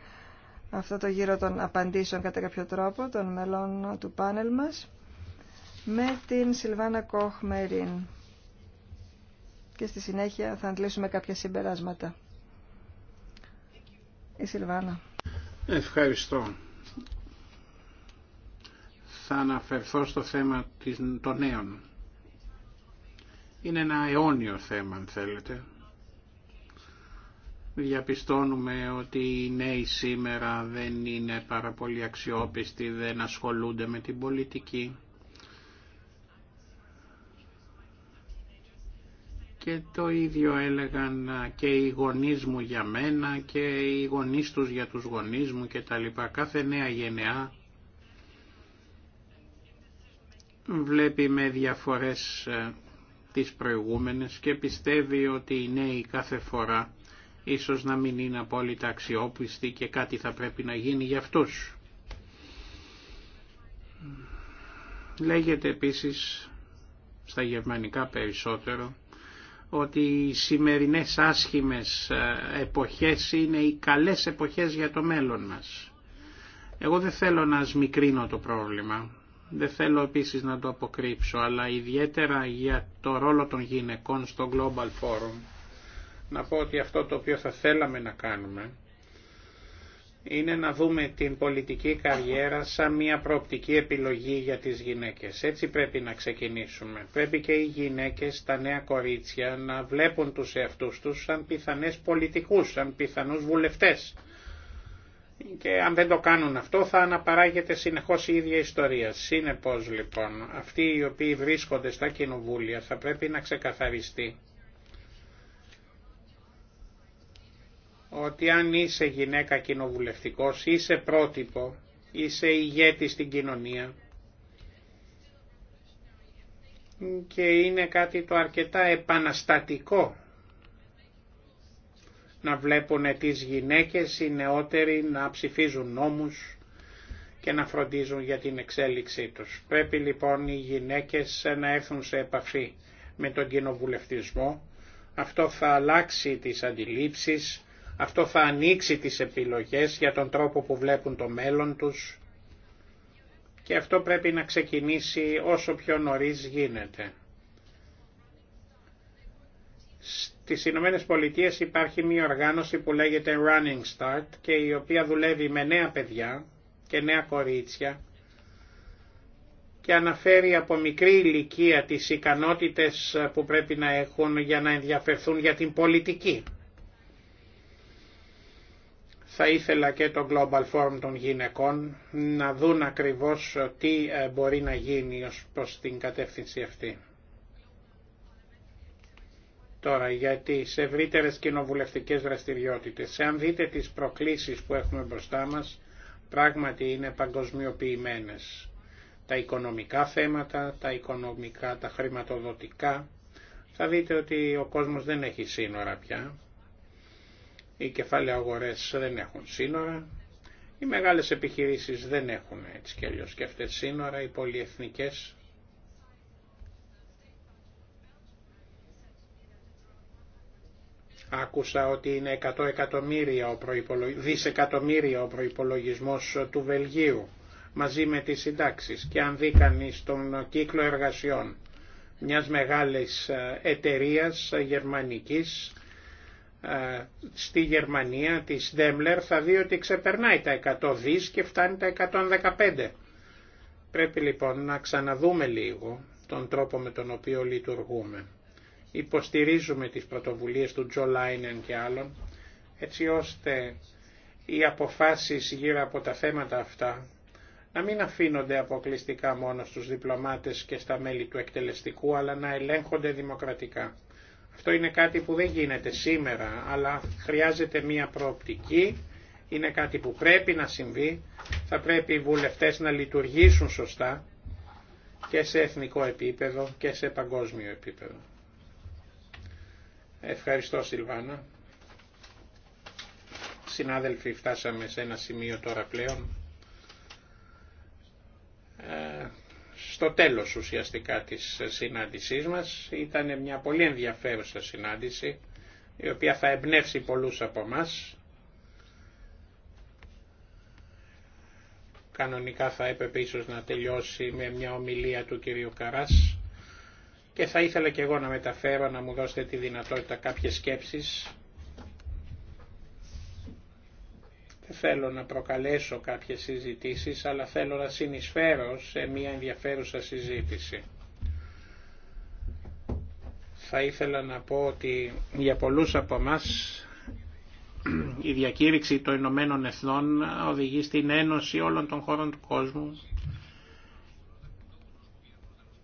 αυτό το γύρο των απαντήσεων κατά κάποιο τρόπο των μελών του πάνελ μας με την Σιλβάνα Κοχμερίν και στη συνέχεια θα αντλήσουμε κάποια συμπεράσματα. Η Σιλβάνα. Ευχαριστώ. Θα αναφερθώ στο θέμα των νέων. Είναι ένα αιώνιο θέμα, αν θέλετε. Διαπιστώνουμε ότι οι νέοι σήμερα δεν είναι πάρα πολύ αξιόπιστοι, δεν ασχολούνται με την πολιτική. και το ίδιο έλεγαν και οι γονείς μου για μένα και οι γονείς τους για τους γονείς μου και τα λοιπά. Κάθε νέα γενεά βλέπει με διαφορές ε, τις προηγούμενες και πιστεύει ότι οι νέοι κάθε φορά ίσως να μην είναι απόλυτα αξιόπιστοι και κάτι θα πρέπει να γίνει για αυτούς. Λέγεται επίσης στα γερμανικά περισσότερο ότι οι σημερινές άσχημες ε, εποχές είναι οι καλές εποχές για το μέλλον μας. Εγώ δεν θέλω να σμικρίνω το πρόβλημα, δεν θέλω επίσης να το αποκρύψω, αλλά ιδιαίτερα για το ρόλο των γυναικών στο Global Forum, να πω ότι αυτό το οποίο θα θέλαμε να κάνουμε είναι να δούμε την πολιτική καριέρα σαν μια προοπτική επιλογή για τις γυναίκες. Έτσι πρέπει να ξεκινήσουμε. Πρέπει και οι γυναίκες, τα νέα κορίτσια να βλέπουν τους εαυτούς τους σαν πιθανές πολιτικούς, σαν πιθανούς βουλευτές. Και αν δεν το κάνουν αυτό θα αναπαράγεται συνεχώς η ίδια ιστορία. Σύνεπώς λοιπόν, αυτοί οι οποίοι βρίσκονται στα κοινοβούλια θα πρέπει να ξεκαθαριστεί ότι αν είσαι γυναίκα κοινοβουλευτικός, είσαι πρότυπο, είσαι ηγέτη στην κοινωνία και είναι κάτι το αρκετά επαναστατικό να βλέπουν τις γυναίκες οι νεότεροι να ψηφίζουν νόμους και να φροντίζουν για την εξέλιξή τους. Πρέπει λοιπόν οι γυναίκες να έρθουν σε επαφή με τον κοινοβουλευτισμό. Αυτό θα αλλάξει τις αντιλήψεις, αυτό θα ανοίξει τις επιλογές για τον τρόπο που βλέπουν το μέλλον τους και αυτό πρέπει να ξεκινήσει όσο πιο νωρίς γίνεται. Στις Ηνωμένε Πολιτείε υπάρχει μια οργάνωση που λέγεται Running Start και η οποία δουλεύει με νέα παιδιά και νέα κορίτσια και αναφέρει από μικρή ηλικία τις ικανότητες που πρέπει να έχουν για να ενδιαφερθούν για την πολιτική. Θα ήθελα και το Global Forum των γυναικών να δουν ακριβώς τι ε, μπορεί να γίνει ως προς την κατεύθυνση αυτή. Τώρα γιατί σε ευρύτερε κοινοβουλευτικές δραστηριότητες. εάν δείτε τις προκλήσεις που έχουμε μπροστά μας, πράγματι είναι παγκοσμιοποιημένες. Τα οικονομικά θέματα, τα οικονομικά, τα χρηματοδοτικά. Θα δείτε ότι ο κόσμος δεν έχει σύνορα πια. Οι κεφάλαια αγορές δεν έχουν σύνορα. Οι μεγάλες επιχειρήσεις δεν έχουν έτσι και αλλιώς και αυτές σύνορα. Οι πολυεθνικές Άκουσα ότι είναι εκατομμύρια ο δισεκατομμύρια ο προϋπολογισμός του Βελγίου μαζί με τις συντάξεις και αν δει κανεί τον κύκλο εργασιών μιας μεγάλης ε, εταιρείας ε, γερμανικής ε, στη Γερμανία της Daimler θα δει ότι ξεπερνάει τα 100 δις και φτάνει τα 115. Πρέπει λοιπόν να ξαναδούμε λίγο τον τρόπο με τον οποίο λειτουργούμε. Υποστηρίζουμε τις πρωτοβουλίες του Τζο Λάινεν και άλλων έτσι ώστε οι αποφάσεις γύρω από τα θέματα αυτά να μην αφήνονται αποκλειστικά μόνο στους διπλωμάτες και στα μέλη του εκτελεστικού αλλά να ελέγχονται δημοκρατικά. Αυτό είναι κάτι που δεν γίνεται σήμερα, αλλά χρειάζεται μία προοπτική, είναι κάτι που πρέπει να συμβεί, θα πρέπει οι βουλευτές να λειτουργήσουν σωστά και σε εθνικό επίπεδο και σε παγκόσμιο επίπεδο. Ευχαριστώ Σιλβάνα. Συνάδελφοι, φτάσαμε σε ένα σημείο τώρα πλέον ε, στο τέλος ουσιαστικά της συνάντησής μας. Ήταν μια πολύ ενδιαφέρουσα συνάντηση, η οποία θα εμπνεύσει πολλούς από μας. Κανονικά θα έπρεπε ίσως να τελειώσει με μια ομιλία του κυρίου Καράς και θα ήθελα και εγώ να μεταφέρω να μου δώσετε τη δυνατότητα κάποιες σκέψεις θέλω να προκαλέσω κάποιες συζητήσεις, αλλά θέλω να συνεισφέρω σε μια ενδιαφέρουσα συζήτηση. Θα ήθελα να πω ότι για πολλούς από μας η διακήρυξη των Ηνωμένων Εθνών οδηγεί στην ένωση όλων των χώρων του κόσμου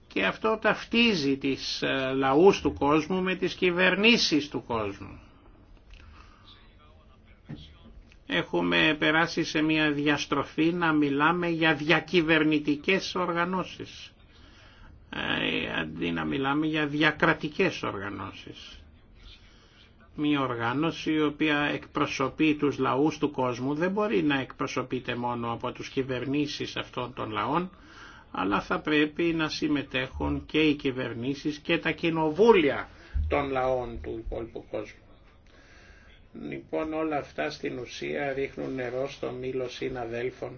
και αυτό ταυτίζει τις ε, λαούς του κόσμου με τις κυβερνήσεις του κόσμου έχουμε περάσει σε μια διαστροφή να μιλάμε για διακυβερνητικές οργανώσεις ε, αντί να μιλάμε για διακρατικές οργανώσεις. Μια οργάνωση η οποία εκπροσωπεί τους λαούς του κόσμου δεν μπορεί να εκπροσωπείται μόνο από τους κυβερνήσεις αυτών των λαών, αλλά θα πρέπει να συμμετέχουν και οι κυβερνήσεις και τα κοινοβούλια των λαών του υπόλοιπου κόσμου. Λοιπόν όλα αυτά στην ουσία ρίχνουν νερό στο μήλο συναδέλφων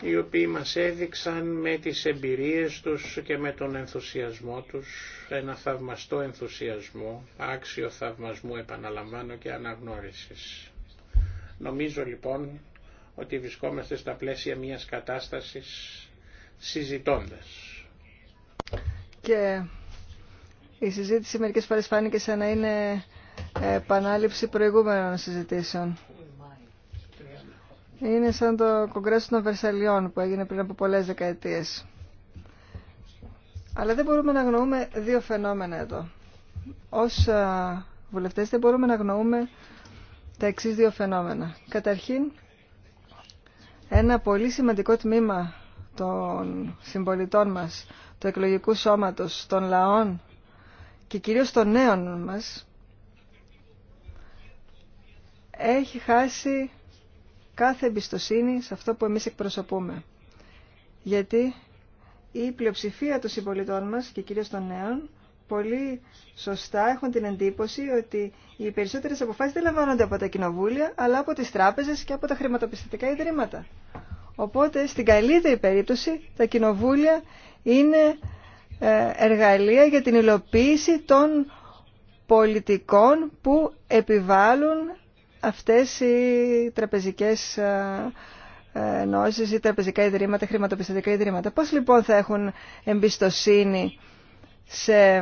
οι οποίοι μας έδειξαν με τις εμπειρίες τους και με τον ενθουσιασμό τους, ένα θαυμαστό ενθουσιασμό, άξιο θαυμασμού επαναλαμβάνω και αναγνώρισης. Νομίζω λοιπόν ότι βρισκόμαστε στα πλαίσια μιας κατάστασης συζητώντας. Και η συζήτηση μερικές φορές φάνηκε να είναι επανάληψη προηγούμενων συζητήσεων. Είναι σαν το κογκρέσο των Βερσαλιών που έγινε πριν από πολλές δεκαετίες. Αλλά δεν μπορούμε να γνωρούμε δύο φαινόμενα εδώ. Ως βουλευτές δεν μπορούμε να γνωρούμε τα εξής δύο φαινόμενα. Καταρχήν, ένα πολύ σημαντικό τμήμα των συμπολιτών μας, του εκλογικού σώματος, των λαών και κυρίως των νέων μας, έχει χάσει κάθε εμπιστοσύνη σε αυτό που εμείς εκπροσωπούμε. Γιατί η πλειοψηφία των συμπολιτών μας και κυρίως των νέων πολύ σωστά έχουν την εντύπωση ότι οι περισσότερες αποφάσεις δεν λαμβάνονται από τα κοινοβούλια αλλά από τις τράπεζες και από τα χρηματοπιστωτικά ιδρύματα. Οπότε στην καλύτερη περίπτωση τα κοινοβούλια είναι ε, εργαλεία για την υλοποίηση των πολιτικών που επιβάλλουν αυτές οι τραπεζικές ε, ε, ενώσεις ή τραπεζικά ιδρύματα, χρηματοπιστωτικά ιδρύματα. Πώς λοιπόν θα έχουν εμπιστοσύνη σε,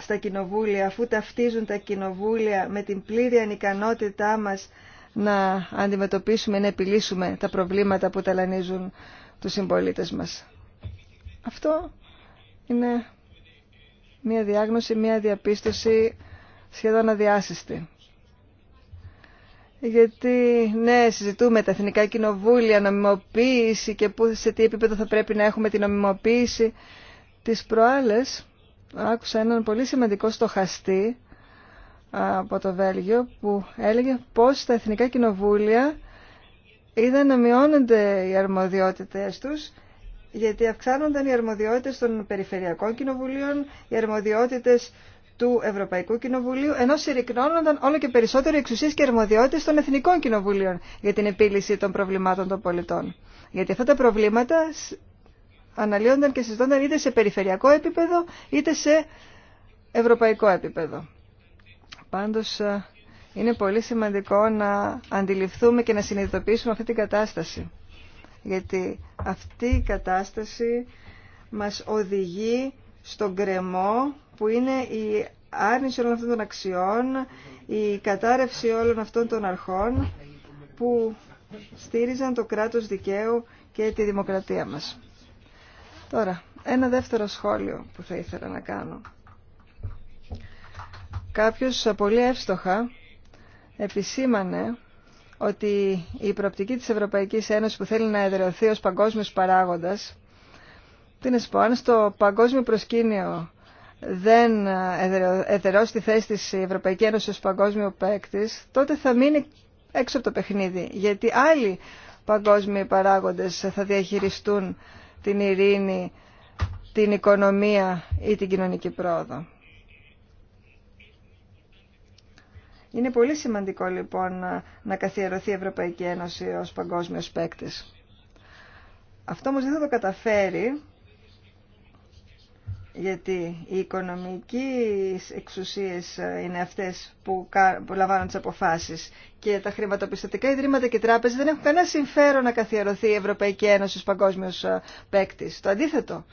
στα κοινοβούλια αφού ταυτίζουν τα κοινοβούλια με την πλήρη ανικανότητά μας να αντιμετωπίσουμε, να επιλύσουμε τα προβλήματα που ταλανίζουν τους συμπολίτες μας. Αυτό είναι μια διάγνωση, μια διαπίστωση σχεδόν αδιάσυστη γιατί ναι, συζητούμε τα εθνικά κοινοβούλια, νομιμοποίηση και που, σε τι επίπεδο θα πρέπει να έχουμε την νομιμοποίηση. Τις προάλλες άκουσα έναν πολύ σημαντικό στοχαστή από το Βέλγιο που έλεγε πώς τα εθνικά κοινοβούλια είδαν να μειώνονται οι αρμοδιότητες τους γιατί αυξάνονταν οι αρμοδιότητες των περιφερειακών κοινοβουλίων, οι αρμοδιότητες του Ευρωπαϊκού Κοινοβουλίου, ενώ συρρυκνώνονταν όλο και περισσότερο οι εξουσίε και αρμοδιότητε των Εθνικών Κοινοβουλίων για την επίλυση των προβλημάτων των πολιτών. Γιατί αυτά τα προβλήματα αναλύονταν και συζητώνταν είτε σε περιφερειακό επίπεδο είτε σε ευρωπαϊκό επίπεδο. Πάντω ε, είναι πολύ σημαντικό να αντιληφθούμε και να συνειδητοποιήσουμε αυτή την κατάσταση. Γιατί αυτή η κατάσταση μας οδηγεί στον κρεμό που είναι η άρνηση όλων αυτών των αξιών, η κατάρρευση όλων αυτών των αρχών που στήριζαν το κράτος δικαίου και τη δημοκρατία μας. Τώρα, ένα δεύτερο σχόλιο που θα ήθελα να κάνω. Κάποιος πολύ εύστοχα επισήμανε ότι η προοπτική της Ευρωπαϊκής Ένωσης που θέλει να εδραιωθεί ως παγκόσμιος παράγοντας, τι να σου πω, στο παγκόσμιο προσκήνιο δεν εδερώσει τη θέση της η Ευρωπαϊκή Ένωση ως παγκόσμιο παίκτη, τότε θα μείνει έξω από το παιχνίδι. Γιατί άλλοι παγκόσμιοι παράγοντες θα διαχειριστούν την ειρήνη, την οικονομία ή την κοινωνική πρόοδο. Είναι πολύ σημαντικό λοιπόν να καθιερωθεί η Ευρωπαϊκή Ένωση ως παγκόσμιος παίκτη. Αυτό όμως δεν θα το καταφέρει γιατί οι οικονομικές εξουσίες είναι αυτές που, λαμβάνουν τις αποφάσεις και τα χρηματοπιστωτικά ιδρύματα και τράπεζες δεν έχουν κανένα συμφέρον να καθιερωθεί η Ευρωπαϊκή Ένωση ως παγκόσμιος ε, παίκτη. Το αντίθετο.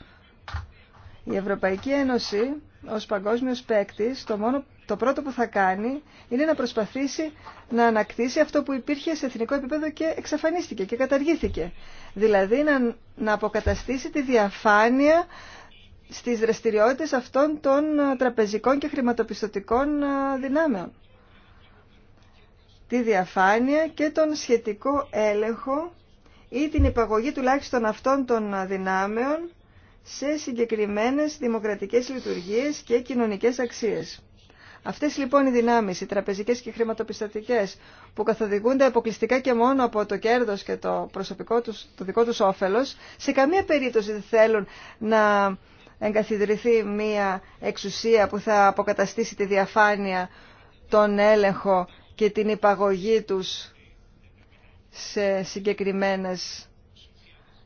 Η Ευρωπαϊκή Ένωση ως παγκόσμιος παίκτη, το, μόνο, το πρώτο που θα κάνει είναι να προσπαθήσει να ανακτήσει αυτό που υπήρχε σε εθνικό επίπεδο και εξαφανίστηκε και καταργήθηκε. Δηλαδή να, να αποκαταστήσει τη διαφάνεια στις δραστηριότητες αυτών των ε, τραπεζικών και χρηματοπιστωτικών ε, δυνάμεων. Τη διαφάνεια και τον σχετικό έλεγχο ή την υπαγωγή τουλάχιστον αυτών των ε, δυνάμεων σε συγκεκριμένες δημοκρατικές λειτουργίες και κοινωνικές αξίες. Αυτές λοιπόν οι δυνάμεις, οι τραπεζικές και χρηματοπιστωτικές, που καθοδηγούνται αποκλειστικά και μόνο από το κέρδος και το προσωπικό τους, δικό τους όφελος, σε καμία περίπτωση δεν θέλουν να εγκαθιδρυθεί μία εξουσία που θα αποκαταστήσει τη διαφάνεια, τον έλεγχο και την υπαγωγή τους σε συγκεκριμένες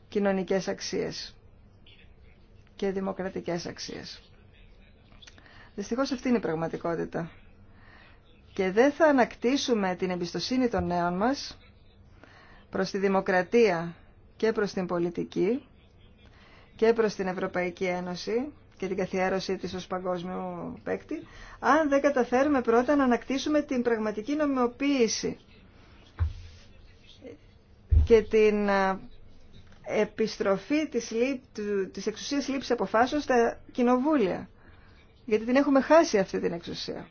κοινωνικές αξίες και δημοκρατικές αξίες. Δυστυχώς αυτή είναι η πραγματικότητα. Και δεν θα ανακτήσουμε την εμπιστοσύνη των νέων μας προς τη δημοκρατία και προς την πολιτική και προς την Ευρωπαϊκή Ένωση και την καθιέρωσή της ως παγκόσμιο παίκτη, αν δεν καταφέρουμε πρώτα να ανακτήσουμε την πραγματική νομιμοποίηση και την επιστροφή της, της εξουσίας λήψης αποφάσεων στα κοινοβούλια. Γιατί την έχουμε χάσει αυτή την εξουσία.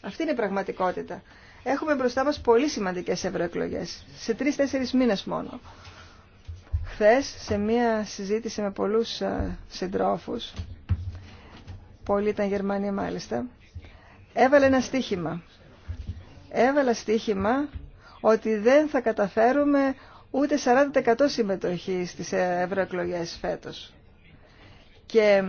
Αυτή είναι η πραγματικότητα. Έχουμε μπροστά μας πολύ σημαντικές ευρωεκλογέ σε τρεις-τέσσερις μήνες μόνο. Χθες σε μία συζήτηση με πολλούς ε, συντρόφους, πολλοί ήταν Γερμανοί μάλιστα, έβαλε ένα στίχημα. Έβαλα στίχημα ότι δεν θα καταφέρουμε ούτε 40% συμμετοχή στις ε, ευρωεκλογέ φέτος. Και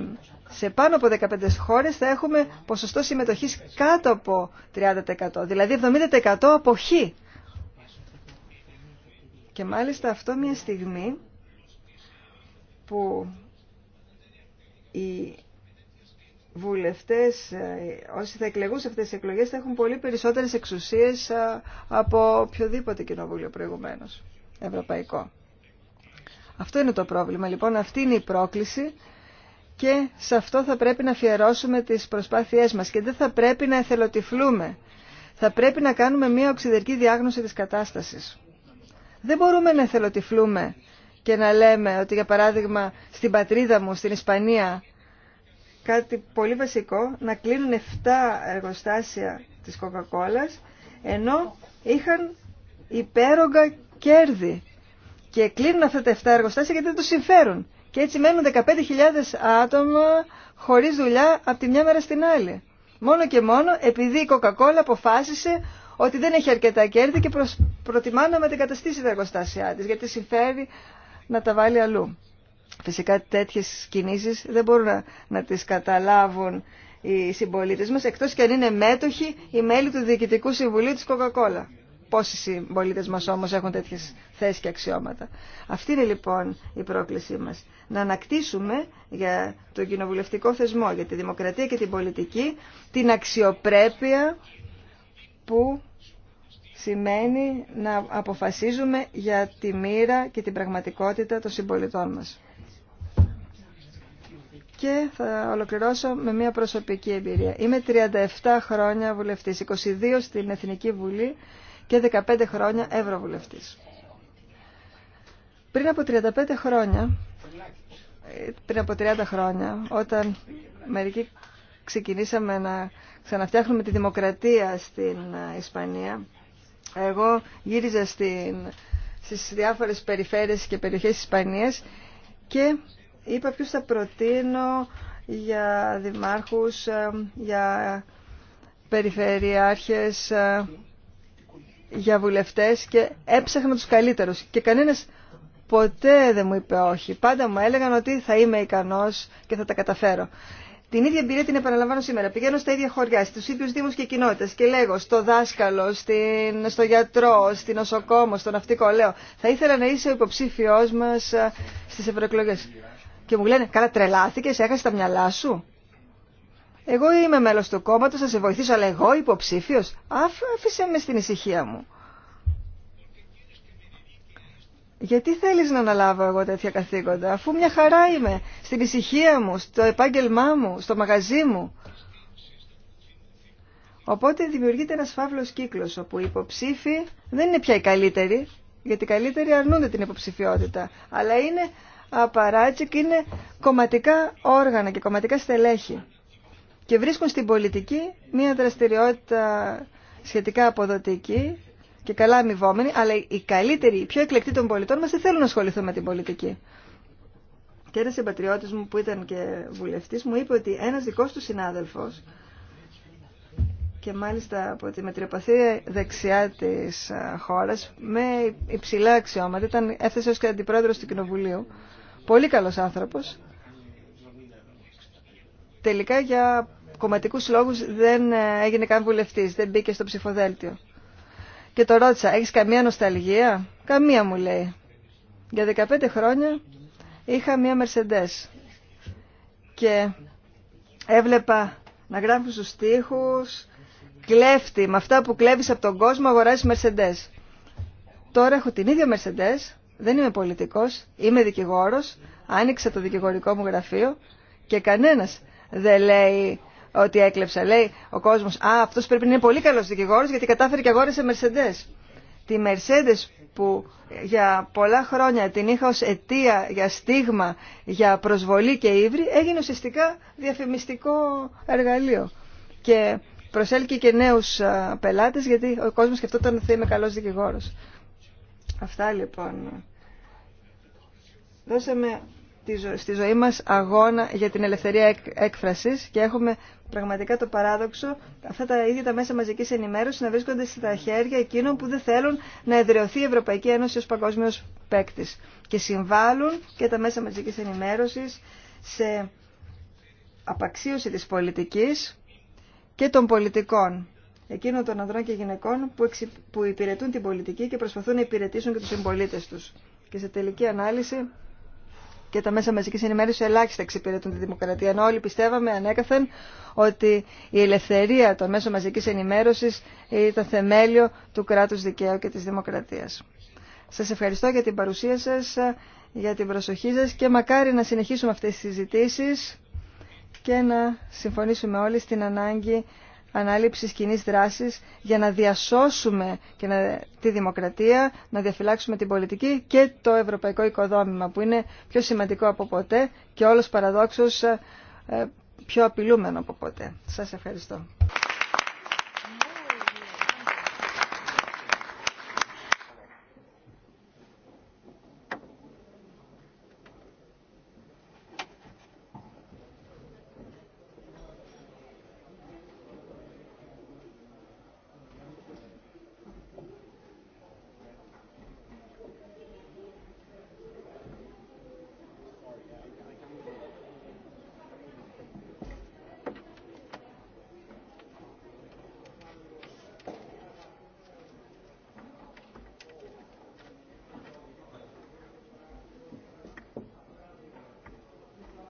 σε πάνω από 15 χώρες θα έχουμε ποσοστό συμμετοχής κάτω από 30%, δηλαδή 70% αποχή. Και μάλιστα αυτό μια στιγμή που οι βουλευτές, όσοι θα εκλεγούν σε αυτές τις εκλογές, θα έχουν πολύ περισσότερες εξουσίες ε, από οποιοδήποτε κοινοβούλιο προηγουμένως, ευρωπαϊκό. Αυτό είναι το πρόβλημα. Λοιπόν, αυτή είναι η πρόκληση και σε αυτό θα πρέπει να αφιερώσουμε τις προσπάθειές μας και δεν θα πρέπει να εθελοτυφλούμε. Θα πρέπει να κάνουμε μια οξυδερκή διάγνωση της κατάστασης. Δεν μπορούμε να εθελοτυφλούμε και να λέμε ότι για παράδειγμα στην πατρίδα μου, στην Ισπανία, κάτι πολύ βασικό, να κλείνουν 7 εργοστάσια της coca ενώ είχαν υπέρογκα κέρδη. Και κλείνουν αυτά τα 7 εργοστάσια γιατί δεν τους συμφέρουν. Και έτσι μένουν 15.000 άτομα χωρίς δουλειά από τη μια μέρα στην άλλη. Μόνο και μόνο επειδή η Coca-Cola αποφάσισε ότι δεν έχει αρκετά κέρδη και προτιμά να μετεγκαταστήσει τα εργοστάσια της, γιατί συμφέρει να τα βάλει αλλού. Φυσικά τέτοιες κινήσεις δεν μπορούν να, να τις καταλάβουν οι συμπολίτε μας, εκτός και αν είναι μέτοχοι οι μέλη του Διοικητικού Συμβουλίου της Coca-Cola. Πόσοι συμπολίτε μας όμως έχουν τέτοιες θέσεις και αξιώματα. Αυτή είναι λοιπόν η πρόκλησή μας. Να ανακτήσουμε για τον κοινοβουλευτικό θεσμό, για τη δημοκρατία και την πολιτική, την αξιοπρέπεια που σημαίνει να αποφασίζουμε για τη μοίρα και την πραγματικότητα των συμπολιτών μας. Και θα ολοκληρώσω με μια προσωπική εμπειρία. Είμαι 37 χρόνια βουλευτής, 22 στην Εθνική Βουλή και 15 χρόνια ευρωβουλευτής. Πριν από 35 χρόνια, πριν από 30 χρόνια, όταν μερικοί ξεκινήσαμε να ξαναφτιάχνουμε τη δημοκρατία στην ε, Ισπανία, εγώ γύριζα στην, στις διάφορες περιφέρειες και περιοχές της Ισπανίας και είπα ποιους θα προτείνω για δημάρχους, ε, για περιφερειάρχες, ε, για βουλευτές και έψαχνα τους καλύτερους και κανένας ποτέ δεν μου είπε όχι. Πάντα μου έλεγαν ότι θα είμαι ικανός και θα τα καταφέρω. Την ίδια εμπειρία την επαναλαμβάνω σήμερα. Πηγαίνω στα ίδια χωριά, στου ίδιου Δήμου και κοινότητε και λέγω στο δάσκαλο, στην, στο γιατρό, στην νοσοκόμο, στον ναυτικό. Λέω, θα ήθελα να είσαι ο υποψήφιό μα ε, στι ευρωεκλογέ. Και μου λένε, καλά τρελάθηκε, έχασε τα μυαλά σου. Εγώ είμαι μέλο του κόμματο, θα σε βοηθήσω, αλλά εγώ υποψήφιο. Άφησε με στην ησυχία μου γιατί θέλεις να αναλάβω εγώ τέτοια καθήκοντα, αφού μια χαρά είμαι, στην ησυχία μου, στο επάγγελμά μου, στο μαγαζί μου. Οπότε δημιουργείται ένας φαύλος κύκλος, όπου οι υποψήφοι δεν είναι πια οι καλύτεροι, γιατί οι καλύτεροι αρνούνται την υποψηφιότητα, αλλά είναι απαράτσι και είναι κομματικά όργανα και κομματικά στελέχη. Και βρίσκουν στην πολιτική μια δραστηριότητα σχετικά αποδοτική και καλά αμοιβόμενοι, αλλά οι καλύτεροι, οι πιο εκλεκτοί των πολιτών μας δεν θέλουν να ασχοληθούν με την πολιτική. Και ένας συμπατριώτης μου που ήταν και βουλευτής μου είπε ότι ένας δικός του συνάδελφος και μάλιστα από τη μετριοπαθή δεξιά της χώρας με υψηλά αξιώματα, ήταν, έφτασε ως και αντιπρόεδρος του Κοινοβουλίου, πολύ καλός άνθρωπος, τελικά για κομματικούς λόγους δεν ε, έγινε καν βουλευτής, δεν μπήκε στο ψηφοδέλτιο και το ρώτησα, έχεις καμία νοσταλγία? Καμία μου λέει. Για 15 χρόνια είχα μία Mercedes και έβλεπα να γράφουν στους στίχους, κλέφτη, με αυτά που κλέβεις από τον κόσμο αγοράζεις Mercedes. Τώρα έχω την ίδια Mercedes, δεν είμαι πολιτικός, είμαι δικηγόρος, άνοιξα το δικηγορικό μου γραφείο και κανένας δεν λέει ότι έκλεψα. Λέει ο κόσμος, α, αυτός πρέπει να είναι πολύ καλός δικηγόρο, γιατί κατάφερε και αγόρασε Mercedes. Τη Mercedes που για πολλά χρόνια την είχα ω αιτία για στίγμα, για προσβολή και ύβρι, έγινε ουσιαστικά διαφημιστικό εργαλείο. Και προσέλκυε και νέους πελάτες γιατί ο κόσμος σκεφτόταν ότι θα είμαι καλός δικηγόρο. Αυτά λοιπόν στη ζωή μας αγώνα για την ελευθερία έκφρασης και έχουμε πραγματικά το παράδοξο αυτά τα ίδια τα μέσα μαζικής ενημέρωσης να βρίσκονται στα χέρια εκείνων που δεν θέλουν να εδραιωθεί η Ευρωπαϊκή Ένωση ως παγκόσμιος παίκτη. και συμβάλλουν και τα μέσα μαζικής ενημέρωσης σε απαξίωση της πολιτικής και των πολιτικών εκείνων των ανδρών και γυναικών που υπηρετούν την πολιτική και προσπαθούν να υπηρετήσουν και τους συμπολίτε τους. Και σε τελική ανάλυση και τα μέσα μαζικής ενημέρωσης ελάχιστα εξυπηρετούν τη δημοκρατία. Ενώ όλοι πιστεύαμε ανέκαθεν ότι η ελευθερία των μέσων μαζικής ενημέρωσης ήταν θεμέλιο του κράτους δικαίου και της δημοκρατίας. Σας ευχαριστώ για την παρουσία σας, για την προσοχή σας και μακάρι να συνεχίσουμε αυτές τις συζητήσεις και να συμφωνήσουμε όλοι στην ανάγκη ανάληψης κοινή δράσης για να διασώσουμε και να, τη δημοκρατία, να διαφυλάξουμε την πολιτική και το ευρωπαϊκό οικοδόμημα που είναι πιο σημαντικό από ποτέ και όλος παραδόξως ε, ε, πιο απειλούμενο από ποτέ. Σας ευχαριστώ.